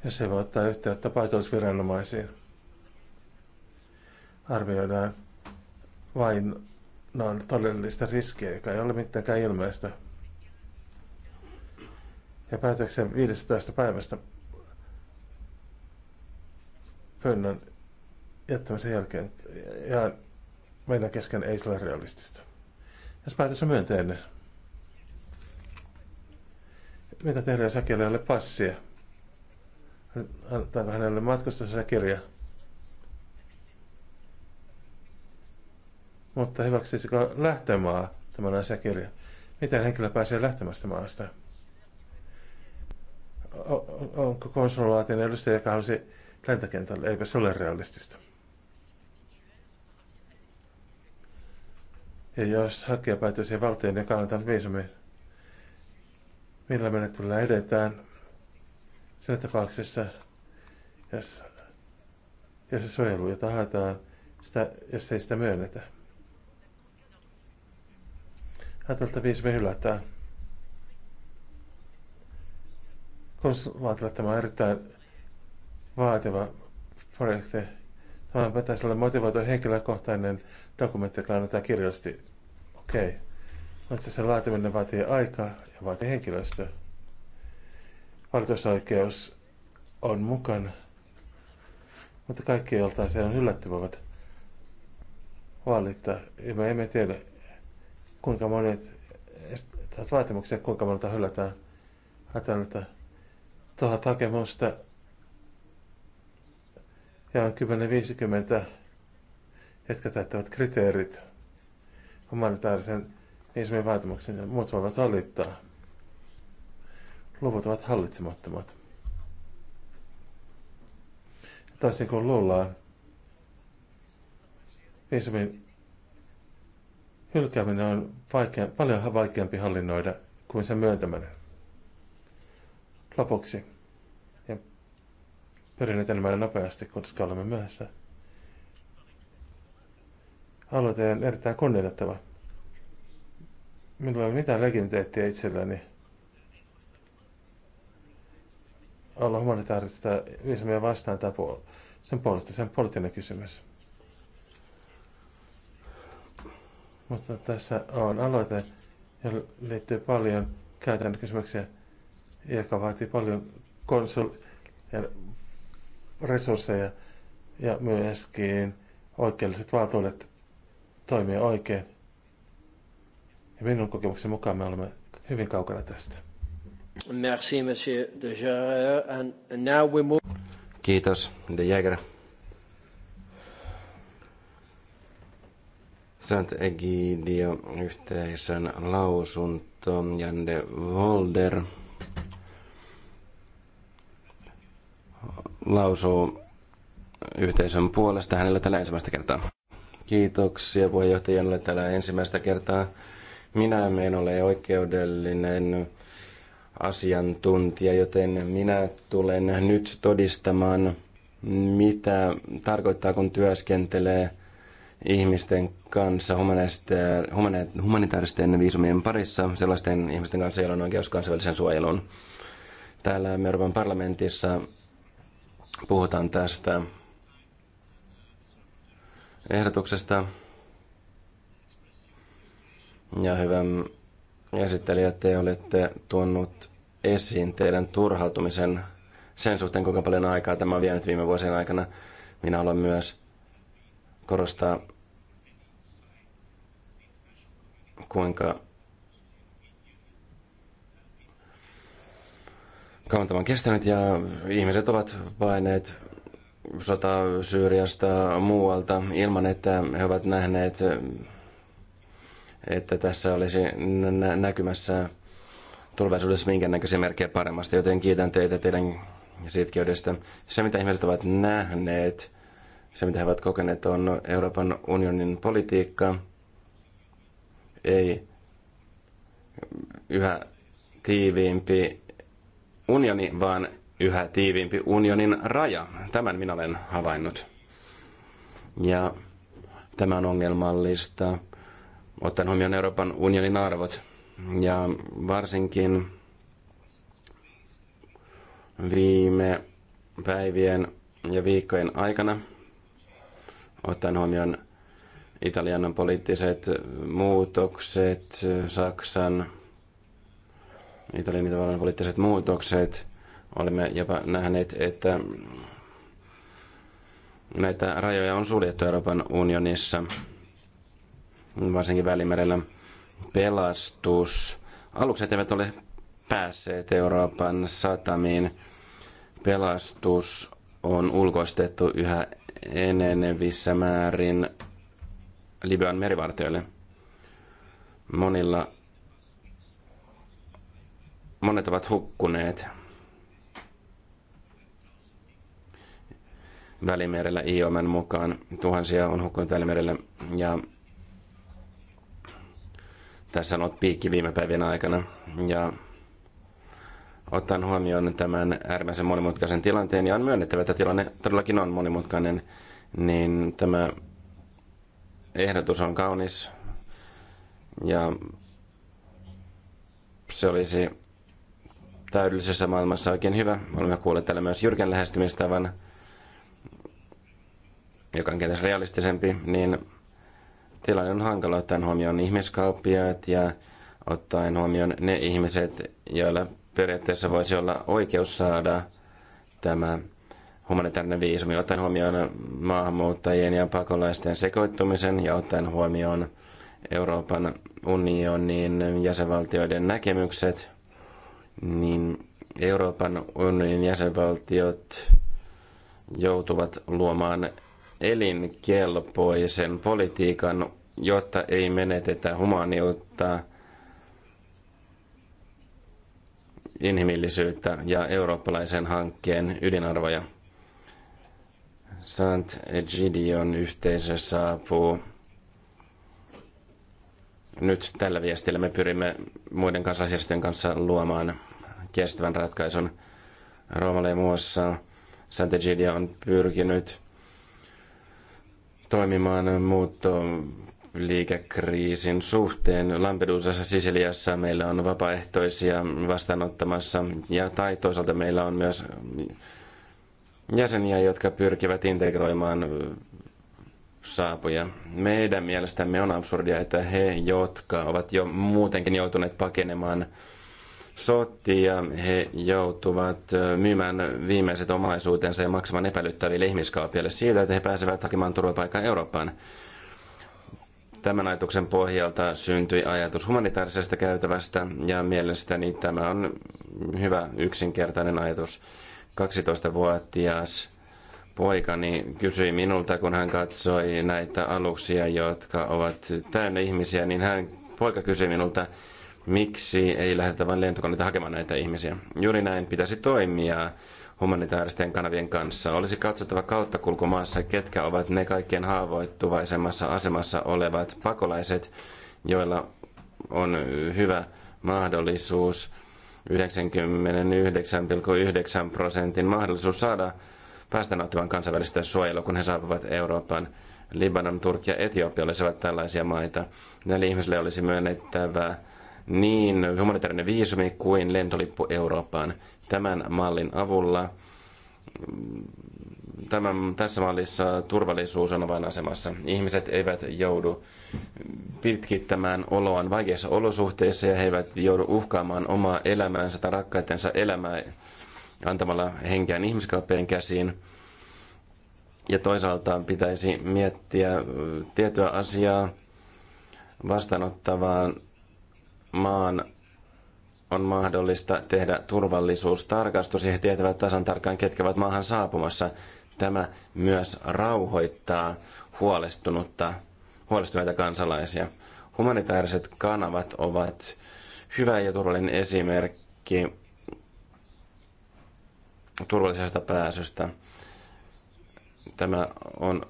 jos se voi ottaa yhteyttä paikallisviranomaisiin. Arvioidaan vain noin todellista riskiä, joka ei ole mitenkään ilmeistä. Ja päätöksen 15 päivästä pönnön jättämisen jälkeen ja meidän kesken ei ole realistista. Jos päätös on myönteinen, mitä tehdään, säkelijälle passia? Annetaanko hänelle matkustusäkirja? Mutta hyväksyisikö lähtömaa tämän asiakirja? Miten henkilö pääsee lähtemästä maasta? onko konsulaatin edustaja, joka halusi lentokentälle? Eipä se ole realistista. Ja jos hakija päätyy siihen valtioon, joka niin annetaan viisumi, millä menettelyllä edetään siinä tapauksessa, jos, jos se suojelu, jota haetaan, sitä, jos ei sitä myönnetä. Haitalta viisumi hylätään. Konsulaatilla tämä on erittäin vaativa projekti. Tämä pitäisi olla motivoitu henkilökohtainen dokumentteja annetaan kirjallisesti. Okei. Okay. Mutta sen laatiminen vaatii aikaa ja vaatii henkilöstöä. Valitusoikeus on mukana. Mutta kaikki, joilta se on yllätty, voivat valittaa. Ja me emme tiedä, kuinka monet esittävät vaatimuksia, kuinka monta hylätään. Ajatellaan, että tuohon hakemusta ja on 10-50 jotka täyttävät kriteerit humanitaarisen ismin vaatimuksen ja muut voivat valittaa. Luvut ovat hallitsemattomat. Toisin kuin luullaan, ismin hylkääminen on vaikea, paljon vaikeampi hallinnoida kuin sen myöntäminen. Lopuksi, ja pyrin etenemään nopeasti, koska olemme myöhässä. Aloite on erittäin kunnioitettava. Minulla ei ole mitään legitimiteettiä itselläni olla humanitaarista viisumia vastaan tai sen puolesta. sen on poliittinen kysymys. Mutta tässä on aloite, johon liittyy paljon käytännön kysymyksiä, joka vaatii paljon konsul- ja resursseja ja myöskin oikeelliset valtuudet toimii oikein. Ja minun kokemuksen mukaan me olemme hyvin kaukana tästä. Merci, monsieur de Jager. And now we move... Kiitos, de Jager. Sant Egidio yhteisön lausunto, Jande Volder lausuu yhteisön puolesta hänellä tällä ensimmäistä kertaa. Kiitoksia puheenjohtajalle täällä ensimmäistä kertaa. Minä en ole oikeudellinen asiantuntija, joten minä tulen nyt todistamaan, mitä tarkoittaa, kun työskentelee ihmisten kanssa humanitaaristen viisumien parissa, sellaisten ihmisten kanssa, joilla on oikeus kansainvälisen suojelun. Täällä Euroopan parlamentissa puhutaan tästä ehdotuksesta. Ja hyvä esittelijä, te olette tuonut esiin teidän turhautumisen sen suhteen, kuinka paljon aikaa tämä on vienyt viime vuosien aikana. Minä haluan myös korostaa, kuinka kauan tämä on kestänyt ja ihmiset ovat paineet sota Syyriasta muualta ilman, että he ovat nähneet, että tässä olisi näkymässä tulevaisuudessa minkäännäköisiä merkkejä paremmasta, joten kiitän teitä teidän sitkeydestä. Se, mitä ihmiset ovat nähneet, se, mitä he ovat kokeneet, on Euroopan unionin politiikka. Ei yhä tiiviimpi unioni, vaan yhä tiiviimpi unionin raja. Tämän minä olen havainnut. Ja tämä on ongelmallista, ottaen huomioon Euroopan unionin arvot. Ja varsinkin viime päivien ja viikkojen aikana, ottaen huomioon Italian poliittiset muutokset, Saksan, Italian poliittiset muutokset, Olemme jopa nähneet, että näitä rajoja on suljettu Euroopan unionissa, varsinkin Välimerellä. Pelastus. Alukset eivät ole päässeet Euroopan satamiin. Pelastus on ulkoistettu yhä enenevissä määrin Libyan merivartijoille. Monilla, monet ovat hukkuneet Välimerellä IOMen mukaan. Tuhansia on hukkunut Välimerellä ja tässä on ollut piikki viime päivien aikana. Ja ottaen huomioon tämän äärimmäisen monimutkaisen tilanteen, ja on myönnettävä, että tilanne todellakin on monimutkainen, niin tämä ehdotus on kaunis ja se olisi täydellisessä maailmassa oikein hyvä. Olemme kuulleet täällä myös Jyrkän lähestymistavan joka on kenties realistisempi, niin tilanne on hankala ottaen huomioon ihmiskauppiaat ja ottaen huomioon ne ihmiset, joilla periaatteessa voisi olla oikeus saada tämä humanitaarinen viisumi, ottaen huomioon maahanmuuttajien ja pakolaisten sekoittumisen ja ottaen huomioon Euroopan unionin jäsenvaltioiden näkemykset, niin Euroopan unionin jäsenvaltiot joutuvat luomaan elinkelpoisen politiikan, jotta ei menetetä humaniutta, inhimillisyyttä ja eurooppalaisen hankkeen ydinarvoja. Sant Egidion yhteisö saapuu. Nyt tällä viestillä me pyrimme muiden kansalaisjärjestöjen kanssa luomaan kestävän ratkaisun. Roomalle muassa Sant Egidio on pyrkinyt toimimaan muutto liikekriisin suhteen. Lampedusassa Sisiliassa meillä on vapaaehtoisia vastaanottamassa ja tai toisaalta meillä on myös jäseniä, jotka pyrkivät integroimaan saapuja. Meidän mielestämme on absurdia, että he, jotka ovat jo muutenkin joutuneet pakenemaan sotia. He joutuvat myymään viimeiset omaisuutensa ja maksamaan epäilyttäville ihmiskaupialle siitä, että he pääsevät hakemaan turvapaikkaa Eurooppaan. Tämän ajatuksen pohjalta syntyi ajatus humanitaarisesta käytävästä ja mielestäni tämä on hyvä yksinkertainen ajatus. 12-vuotias poikani kysyi minulta, kun hän katsoi näitä aluksia, jotka ovat täynnä ihmisiä, niin hän, poika kysyi minulta, Miksi ei lähdetä vain lentokoneita hakemaan näitä ihmisiä? Juuri näin pitäisi toimia humanitaaristen kanavien kanssa. Olisi katsottava kulkumaassa, ketkä ovat ne kaikkien haavoittuvaisemmassa asemassa olevat pakolaiset, joilla on hyvä mahdollisuus 99,9 prosentin mahdollisuus saada päästä nauttimaan kansainvälistä suojelua, kun he saapuvat Euroopan. Libanon, Turkki ja Etiopia olisivat tällaisia maita. Näille ihmisille olisi myönnettävää niin humanitaarinen viisumi kuin lentolippu Eurooppaan. Tämän mallin avulla mm, tämän, tässä mallissa turvallisuus on avainasemassa. Ihmiset eivät joudu pitkittämään oloaan vaikeissa olosuhteissa ja he eivät joudu uhkaamaan omaa elämäänsä tai rakkaitensa elämää antamalla henkeään ihmiskauppien käsiin. Ja toisaalta pitäisi miettiä tietyä asiaa vastaanottavaan maan on mahdollista tehdä turvallisuustarkastus ja he tietävät tasan tarkkaan, ketkä ovat maahan saapumassa. Tämä myös rauhoittaa huolestunutta, huolestuneita kansalaisia. Humanitaariset kanavat ovat hyvä ja turvallinen esimerkki turvallisesta pääsystä. Tämä on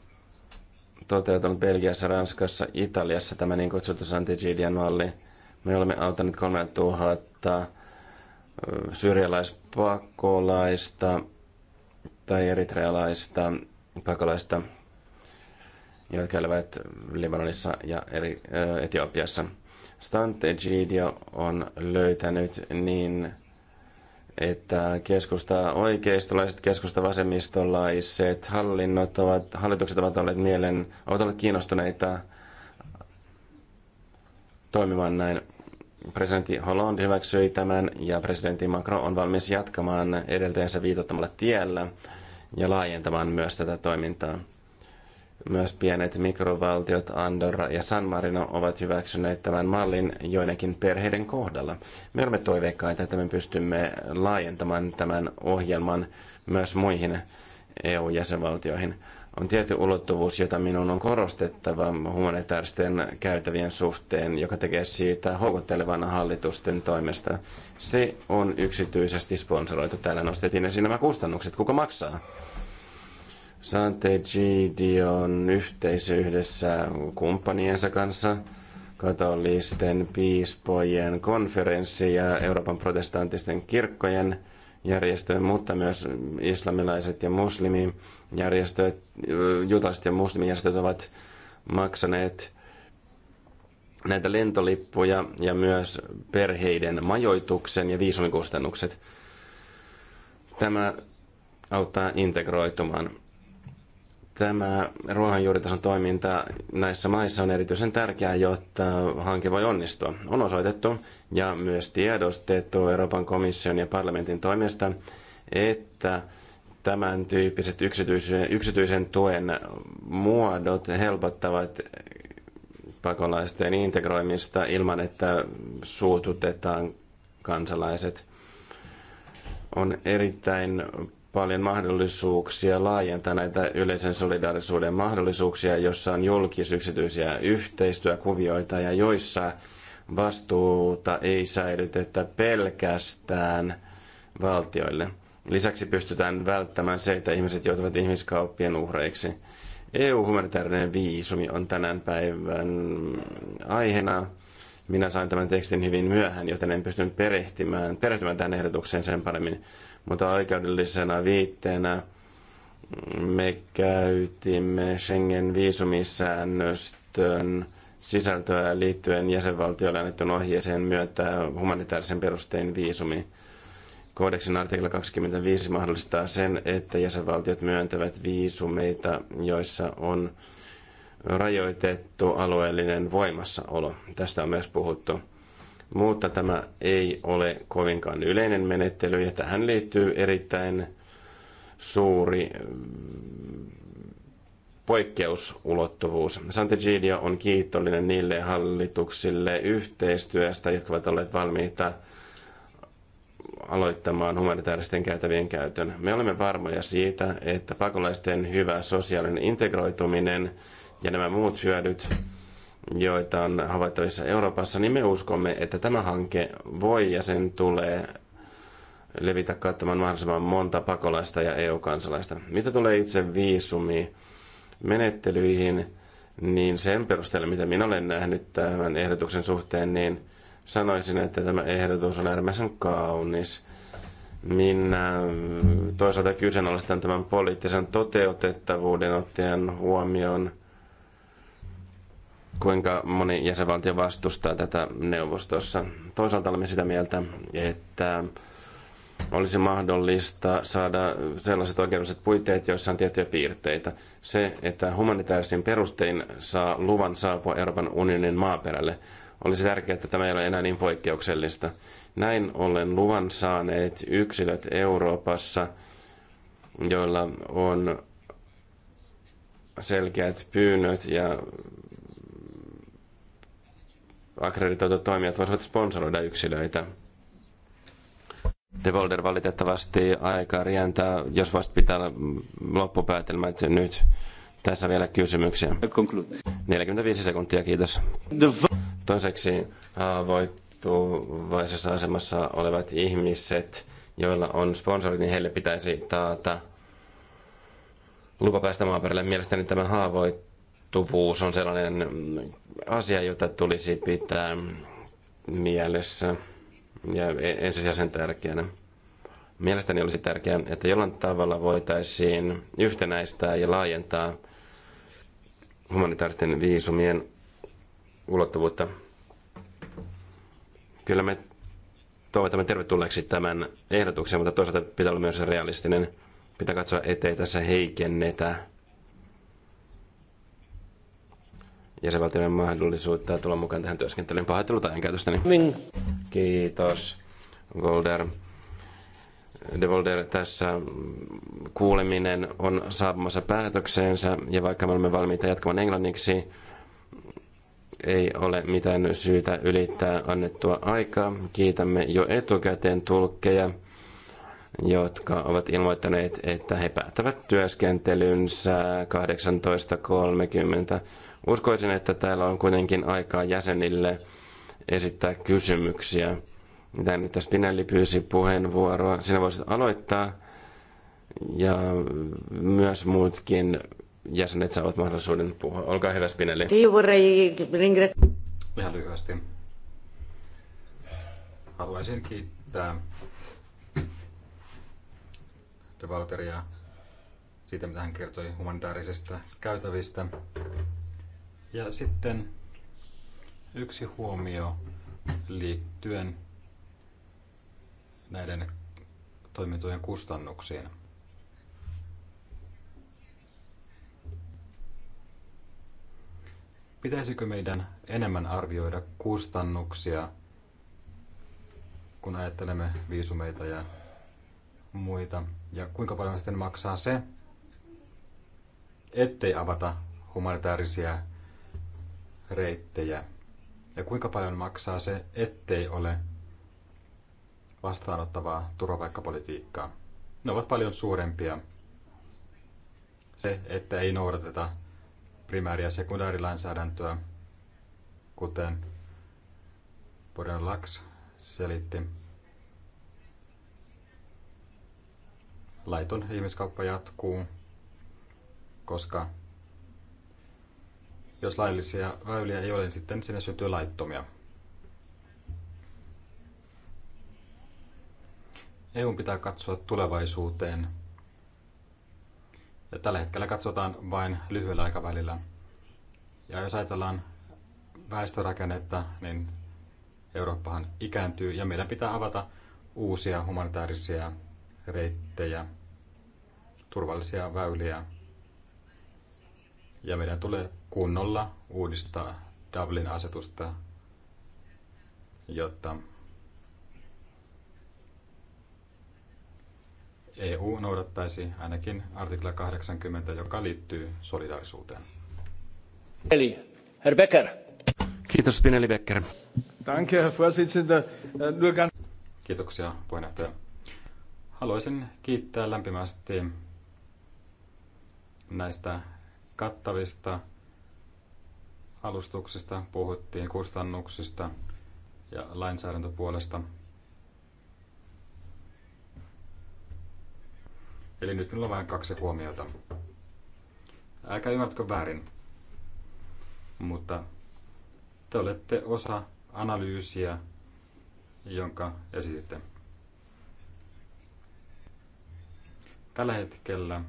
toteutunut Belgiassa, Ranskassa, Italiassa tämä niin kutsuttu Santigidian malli – me olemme auttaneet 3000 syyrialaispakolaista tai eritrealaista pakolaista, jotka elävät Libanonissa ja eri, ä, Etiopiassa. Stant Egidio on löytänyt niin, että keskusta oikeistolaiset, keskusta vasemmistolaiset, hallinnot ovat, hallitukset ovat olleet mielen, ovat olleet kiinnostuneita toimimaan näin presidentti Hollande hyväksyi tämän ja presidentti Macron on valmis jatkamaan edeltäjänsä viitottamalla tiellä ja laajentamaan myös tätä toimintaa. Myös pienet mikrovaltiot Andorra ja San Marino ovat hyväksyneet tämän mallin joidenkin perheiden kohdalla. Me olemme toiveikkaita, että me pystymme laajentamaan tämän ohjelman myös muihin EU-jäsenvaltioihin on tietty ulottuvuus, jota minun on korostettava humanitaaristen käytävien suhteen, joka tekee siitä houkuttelevan hallitusten toimesta. Se on yksityisesti sponsoroitu. Täällä nostettiin esiin nämä kustannukset. Kuka maksaa? Sante Gideon yhteisö yhdessä kumppaniensa kanssa, katolisten piispojen konferenssi ja Euroopan protestantisten kirkkojen – järjestö, mutta myös islamilaiset ja muslimijärjestöt, jutalaiset ja muslimijärjestöt ovat maksaneet näitä lentolippuja ja myös perheiden majoituksen ja viisumikustannukset. Tämä auttaa integroitumaan. Tämä ruohonjuuritason toiminta näissä maissa on erityisen tärkeää, jotta hanke voi onnistua. On osoitettu ja myös tiedostettu Euroopan komission ja parlamentin toimesta, että tämän tyyppiset yksityisen, yksityisen tuen muodot helpottavat pakolaisten integroimista ilman, että suututetaan kansalaiset. On erittäin paljon mahdollisuuksia laajentaa näitä yleisen solidaarisuuden mahdollisuuksia, jossa on julkis-yksityisiä yhteistyökuvioita ja joissa vastuuta ei säilytetä pelkästään valtioille. Lisäksi pystytään välttämään se, että ihmiset joutuvat ihmiskauppien uhreiksi. EU-humanitaarinen viisumi on tänään päivän aiheena. Minä sain tämän tekstin hyvin myöhään, joten en pystynyt perehtymään, perehtymään tähän ehdotukseen sen paremmin. Mutta oikeudellisena viitteenä me käytimme Schengen-viisumisäännöstön sisältöä liittyen jäsenvaltioille annettuun ohjeeseen myöntää humanitaarisen perustein viisumi. Koodeksin artikla 25 mahdollistaa sen, että jäsenvaltiot myöntävät viisumeita, joissa on rajoitettu alueellinen voimassaolo. Tästä on myös puhuttu mutta tämä ei ole kovinkaan yleinen menettely ja tähän liittyy erittäin suuri mm, poikkeusulottuvuus. Sant'Egidio on kiitollinen niille hallituksille yhteistyöstä, jotka ovat olleet valmiita aloittamaan humanitaaristen käytävien käytön. Me olemme varmoja siitä, että pakolaisten hyvä sosiaalinen integroituminen ja nämä muut hyödyt joita on havaittavissa Euroopassa, niin me uskomme, että tämä hanke voi ja sen tulee levitä kattamaan mahdollisimman monta pakolaista ja EU-kansalaista. Mitä tulee itse viisumiin, menettelyihin, niin sen perusteella, mitä minä olen nähnyt tämän ehdotuksen suhteen, niin sanoisin, että tämä ehdotus on äärimmäisen kaunis. Minä toisaalta kyseenalaistan tämän poliittisen toteutettavuuden ottajan huomioon – kuinka moni jäsenvaltio vastustaa tätä neuvostossa. Toisaalta olemme sitä mieltä, että olisi mahdollista saada sellaiset oikeudelliset puitteet, joissa on tiettyjä piirteitä. Se, että humanitaarisin perustein saa luvan saapua Euroopan unionin maaperälle, olisi tärkeää, että tämä ei ole enää niin poikkeuksellista. Näin ollen luvan saaneet yksilöt Euroopassa, joilla on selkeät pyynnöt ja akkreditoitu toimijat voisivat sponsoroida yksilöitä. Devolder valitettavasti aika rientää, jos vasta pitää että nyt. Tässä vielä kysymyksiä. 45 sekuntia, kiitos. Toiseksi haavoittuvaisessa asemassa olevat ihmiset, joilla on sponsorit, niin heille pitäisi taata lupa päästä maaperälle. Mielestäni tämä haavoittuu ulottuvuus on sellainen asia, jota tulisi pitää mielessä ja e- ensisijaisen tärkeänä. Mielestäni olisi tärkeää, että jollain tavalla voitaisiin yhtenäistää ja laajentaa humanitaaristen viisumien ulottuvuutta. Kyllä me toivotamme tervetulleeksi tämän ehdotuksen, mutta toisaalta pitää olla myös realistinen. Pitää katsoa, ettei tässä heikennetä jäsenvaltioiden mahdollisuutta tulla mukaan tähän työskentelyyn. Pahoittelut ajan käytöstäni. Niin- Min. Kiitos, Volder. De Volder, tässä kuuleminen on saapumassa päätökseensä, ja vaikka me olemme valmiita jatkamaan englanniksi, ei ole mitään syytä ylittää annettua aikaa. Kiitämme jo etukäteen tulkkeja, jotka ovat ilmoittaneet, että he päättävät työskentelynsä 18.30 Uskoisin, että täällä on kuitenkin aikaa jäsenille esittää kysymyksiä. Mitä nyt tässä Spinelli pyysi puheenvuoroa? Sinä voisit aloittaa ja myös muutkin jäsenet saavat mahdollisuuden puhua. Olkaa hyvä Spinelli. Ihan lyhyesti. Haluaisin kiittää De Valteria siitä, mitä hän kertoi humanitaarisista käytävistä ja sitten yksi huomio liittyen näiden toimintojen kustannuksiin. Pitäisikö meidän enemmän arvioida kustannuksia, kun ajattelemme viisumeita ja muita? Ja kuinka paljon sitten maksaa se, ettei avata humanitaarisia reittejä ja kuinka paljon maksaa se, ettei ole vastaanottavaa turvapaikkapolitiikkaa. Ne ovat paljon suurempia. Se, että ei noudateta primääri- ja sekundaarilainsäädäntöä, kuten Boden Laks selitti. Laiton ihmiskauppa jatkuu, koska jos laillisia väyliä ei ole, niin sitten sinne syntyy laittomia. EU pitää katsoa tulevaisuuteen. Ja tällä hetkellä katsotaan vain lyhyellä aikavälillä. Ja jos ajatellaan väestörakennetta, niin Eurooppahan ikääntyy ja meidän pitää avata uusia humanitaarisia reittejä, turvallisia väyliä. Ja meidän tulee kunnolla uudistaa Dublin-asetusta, jotta EU noudattaisi ainakin artikla 80, joka liittyy solidaarisuuteen. Eli, Herr Becker. Kiitos, Spinelli Becker. Danke, Herr Vorsitzender. Äh, nur Kiitoksia, puheenjohtaja. Haluaisin kiittää lämpimästi näistä kattavista alustuksesta, puhuttiin kustannuksista ja lainsäädäntöpuolesta. Eli nyt minulla on vain kaksi huomiota. Älkää ymmärtäkö väärin, mutta te olette osa analyysiä, jonka esititte. Tällä hetkellä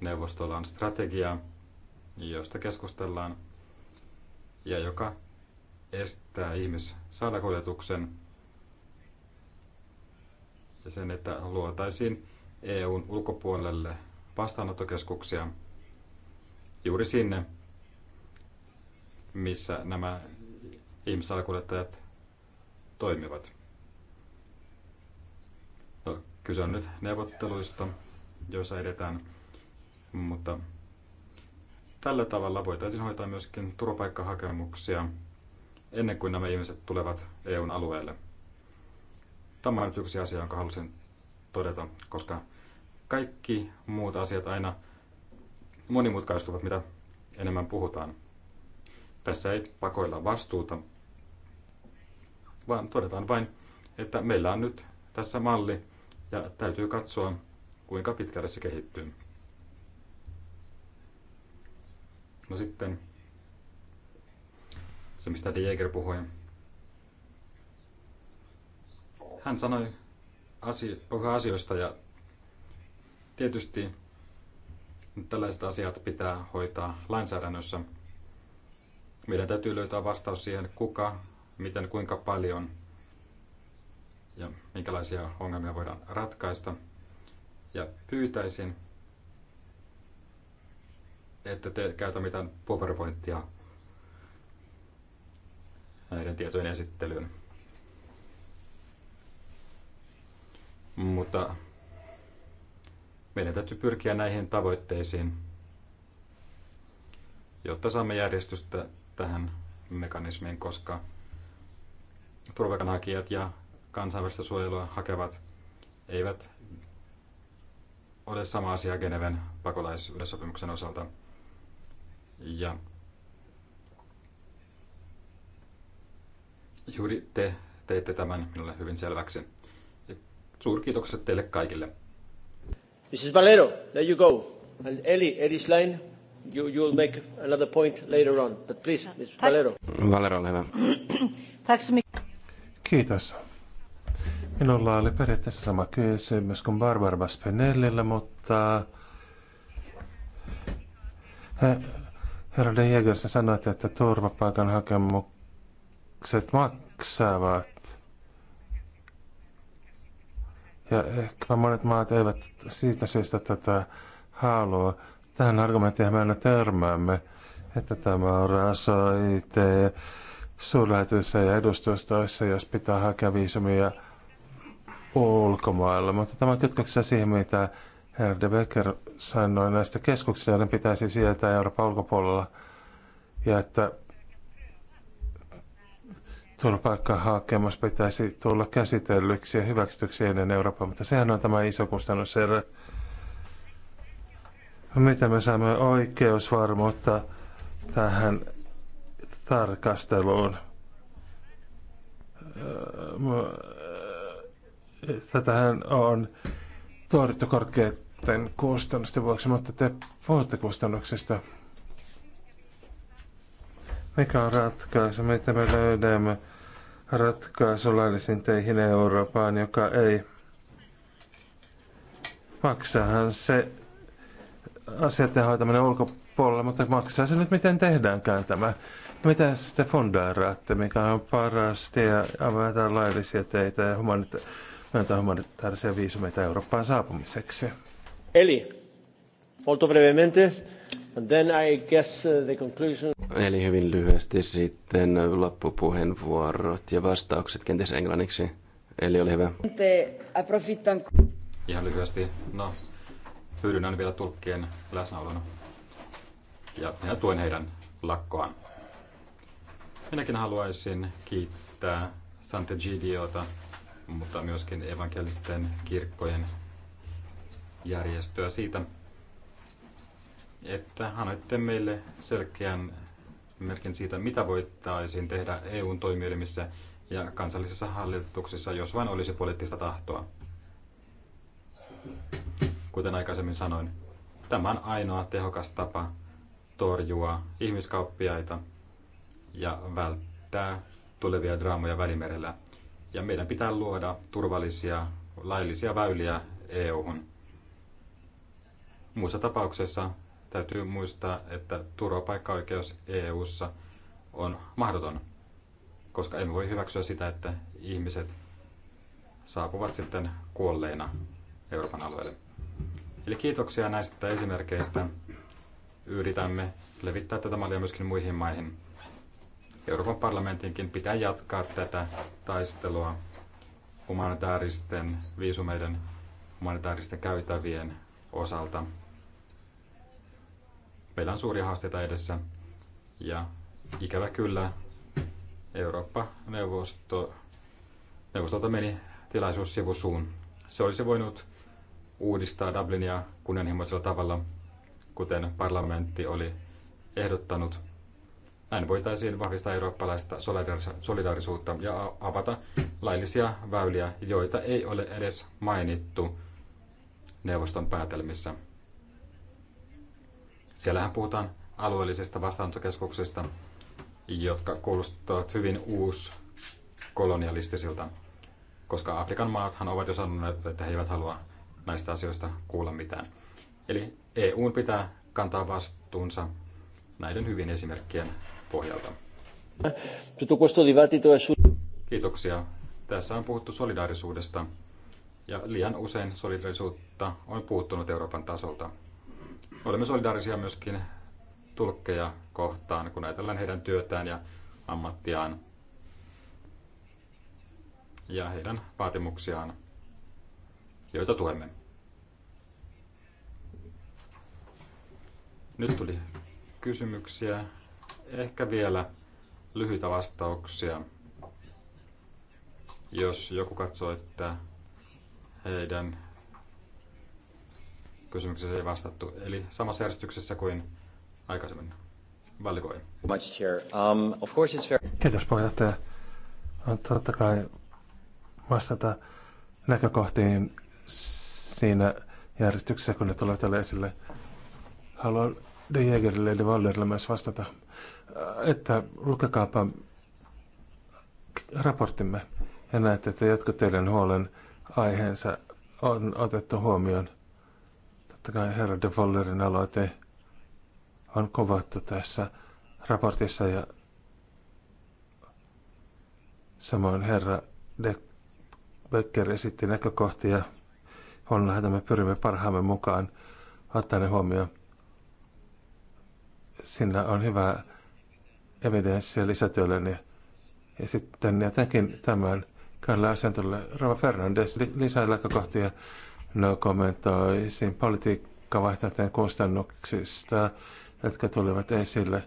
neuvostolla on strategia, josta keskustellaan ja joka estää ihmissalakuljetuksen ja sen, että luotaisiin EUn ulkopuolelle vastaanottokeskuksia juuri sinne, missä nämä ihmissalakuljettajat toimivat. No, kyse on nyt neuvotteluista, joissa edetään, mutta Tällä tavalla voitaisiin hoitaa myöskin turvapaikkahakemuksia ennen kuin nämä ihmiset tulevat EUn alueelle. Tämä on nyt yksi asia, jonka halusin todeta, koska kaikki muut asiat aina monimutkaistuvat, mitä enemmän puhutaan. Tässä ei pakoilla vastuuta, vaan todetaan vain, että meillä on nyt tässä malli ja täytyy katsoa, kuinka pitkälle se kehittyy. No sitten se, mistä De Jäger puhui. Hän sanoi asio- asioista ja tietysti nyt tällaiset asiat pitää hoitaa lainsäädännössä. Meidän täytyy löytää vastaus siihen, kuka, miten, kuinka paljon ja minkälaisia ongelmia voidaan ratkaista. Ja pyytäisin, että te käytä mitään PowerPointia näiden tietojen esittelyyn. Mutta meidän täytyy pyrkiä näihin tavoitteisiin, jotta saamme järjestystä tähän mekanismiin, koska turvakanhakijat ja kansainvälistä suojelua hakevat eivät ole sama asia Geneven pakolaisyhdessopimuksen osalta. Ja juuri te teitte tämän minulle hyvin selväksi. Ja suurkiitokset teille kaikille. Mrs. Valero, there you go. And Eli, Eli Schlein, you, you'll make another point later on. But please, äh, Mrs. Valero. Valero, ole hyvä. (clears throat) Kiitos. Minulla oli periaatteessa sama kysymys kuin Barbara Spinellillä, mutta... Äh, Herra De sä sanoit, että turvapaikan hakemukset maksavat. Ja ehkä monet maat eivät siitä syystä tätä halua. Tähän argumenttiin me aina törmäämme, että tämä on rasoite suurlähetyissä ja edustustoissa, jos pitää hakea viisumia ulkomailla. Mutta tämä on kytköksessä siihen, mitä Herr de Becker sanoi näistä keskuksista, joiden pitäisi sieltää Euroopan ulkopuolella, ja että turvapaikkahakemus pitäisi tulla käsitellyksi ja hyväksytyksi ennen Eurooppaa, mutta sehän on tämä iso kustannus. Mitä me saamme oikeusvarmuutta tähän tarkasteluun? Tätähän on torjuttu korkeat tämän kustannusten vuoksi, mutta te puhutte kustannuksista. Mikä on ratkaisu? Mitä me löydämme ratkaisu laillisiin teihin Eurooppaan, joka ei maksahan se asioiden hoitaminen ulkopuolella, mutta maksaa se nyt miten tehdäänkään tämä. Mitä sitten fundaaraatte, mikä on parasti ja avataan laillisia teitä ja humanita- humanitaarisia viisumeita Eurooppaan saapumiseksi? Eli, molto brevemente, and then I guess uh, the conclusion... Eli hyvin lyhyesti sitten loppupuheenvuorot ja vastaukset kenties englanniksi. Eli oli hyvä. Ihan lyhyesti, no, pyydyn vielä tulkkien läsnäolona. Ja minä tuen heidän lakkoaan. Minäkin haluaisin kiittää Sant'Egidiota, mutta myöskin evankelisten kirkkojen järjestöä siitä, että annoitte meille selkeän merkin siitä, mitä voitaisiin tehdä EUn toimielimissä ja kansallisissa hallituksissa, jos vain olisi poliittista tahtoa. Kuten aikaisemmin sanoin, tämä on ainoa tehokas tapa torjua ihmiskauppiaita ja välttää tulevia draamoja Välimerellä. Ja meidän pitää luoda turvallisia, laillisia väyliä EUhun. Muussa tapauksessa täytyy muistaa, että turvapaikkaoikeus EU:ssa on mahdoton, koska emme voi hyväksyä sitä, että ihmiset saapuvat sitten kuolleina Euroopan alueelle. Eli kiitoksia näistä esimerkkeistä. Yritämme levittää tätä mallia myöskin muihin maihin. Euroopan parlamentinkin pitää jatkaa tätä taistelua humanitaaristen viisumeiden, humanitaaristen käytävien osalta. Meillä on suuria haasteita edessä ja ikävä kyllä Eurooppa-neuvosto neuvostolta meni tilaisuus sivusuun. Se olisi voinut uudistaa Dublinia kunnianhimoisella tavalla, kuten parlamentti oli ehdottanut. Näin voitaisiin vahvistaa eurooppalaista solidaarisuutta ja avata laillisia väyliä, joita ei ole edes mainittu neuvoston päätelmissä. Siellähän puhutaan alueellisista vastaanottokeskuksista, jotka kuulostavat hyvin uus kolonialistisilta, koska Afrikan maathan ovat jo sanoneet, että he eivät halua näistä asioista kuulla mitään. Eli EUn pitää kantaa vastuunsa näiden hyvin esimerkkien pohjalta. Kiitoksia. Tässä on puhuttu solidaarisuudesta ja liian usein solidaarisuutta on puuttunut Euroopan tasolta. Olemme solidaarisia myöskin tulkkeja kohtaan, kun ajatellaan heidän työtään ja ammattiaan ja heidän vaatimuksiaan, joita tuemme. Nyt tuli kysymyksiä, ehkä vielä lyhyitä vastauksia. Jos joku katsoo, että heidän kysymyksessä ei vastattu. Eli samassa järjestyksessä kuin aikaisemmin. Valikoin. Um, of course it's very... Kiitos puheenjohtaja. On totta kai vastata näkökohtiin siinä järjestyksessä, kun ne tulee tälle esille. Haluan De Jägerille ja De myös vastata, että lukekaapa raporttimme ja näette, että jotkut teidän huolen aiheensa on otettu huomioon. Totta kai herra de Vollerin aloite on kuvattu tässä raportissa ja samoin herra de Becker esitti näkökohtia. Huomenna me pyrimme parhaamme mukaan ottaa ne huomioon. Sillä on hyvää evidenssiä lisätyölle. Niin- ja sitten jotenkin tämän kannalla Asentolle Rova Fernandes lisää näkökohtia No politiikka politiikkavaihtoehtojen kustannuksista, jotka tulivat esille.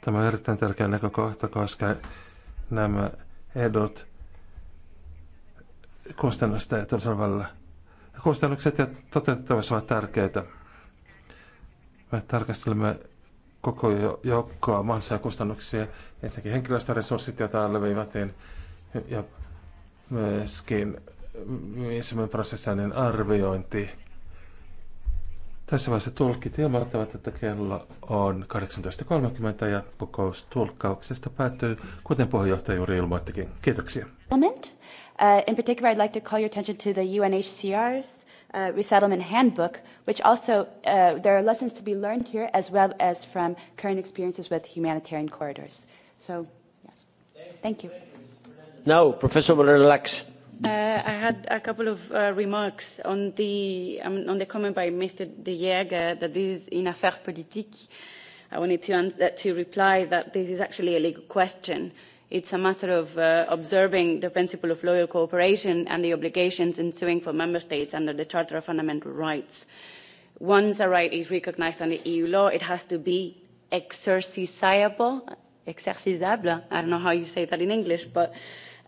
Tämä on erittäin tärkeä näkökohta, koska nämä edut kustannusten ja toisaalta Kustannukset ja toteutettavissa ovat tärkeitä. Me tarkastelemme koko joukkoa mahdollisia kustannuksia, ensinnäkin henkilöstöresurssit, joita alleviivattiin, ja myöskin viisimen prosessoinnin arviointi. Tässä vaiheessa tulkit ilmoittavat, että kello on 18.30 ja kokous tulkkauksesta päättyy, kuten puheenjohtaja juuri ilmoittikin. Kiitoksia. Moment. Uh, in particular, I'd like to call your attention to the UNHCR's uh, resettlement handbook, which also uh, there are lessons to be learned here as well as from current experiences with humanitarian corridors. So, yes. Thank you. Now, Professor Relax. Uh, I had a couple of uh, remarks on the, um, on the comment by Mr. De Jager that this is in affaire politique. I wanted to, answer, uh, to reply that this is actually a legal question. It's a matter of uh, observing the principle of loyal cooperation and the obligations ensuing for member states under the Charter of Fundamental Rights. Once a right is recognized under EU law, it has to be exercisable, exercisable. I don't know how you say that in English, but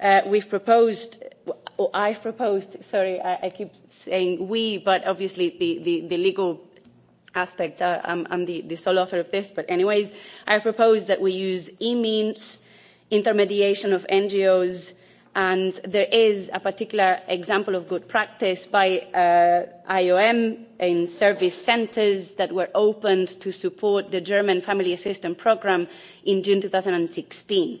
Uh, we've proposed or I've proposed, sorry, I, I keep saying we, but obviously the, the, the legal aspect, uh, I'm, I'm the, the sole author of this, but anyways, I propose that we use e-means, intermediation of NGOs, and there is a particular example of good practice by uh, IOM in service centres that were opened to support the German family assistance programme in June 2016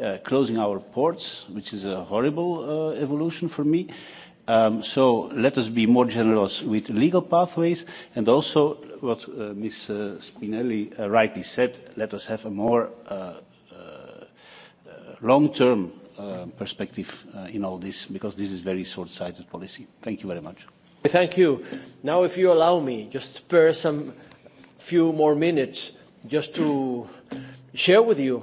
Uh, closing our ports, which is a horrible uh, evolution for me. Um, so let us be more generous with legal pathways and also what uh, Ms. Uh, Spinelli uh, rightly said, let us have a more uh, long-term perspective in all this because this is very short-sighted policy. Thank you very much. Thank you. Now if you allow me, just spare some few more minutes just to share with you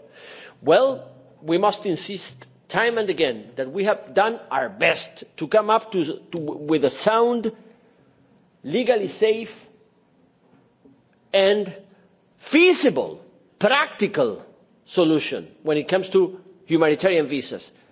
well we must insist time and again that we have done our best to come up to, to, with a sound legally safe and feasible practical solution when it comes to humanitarian visas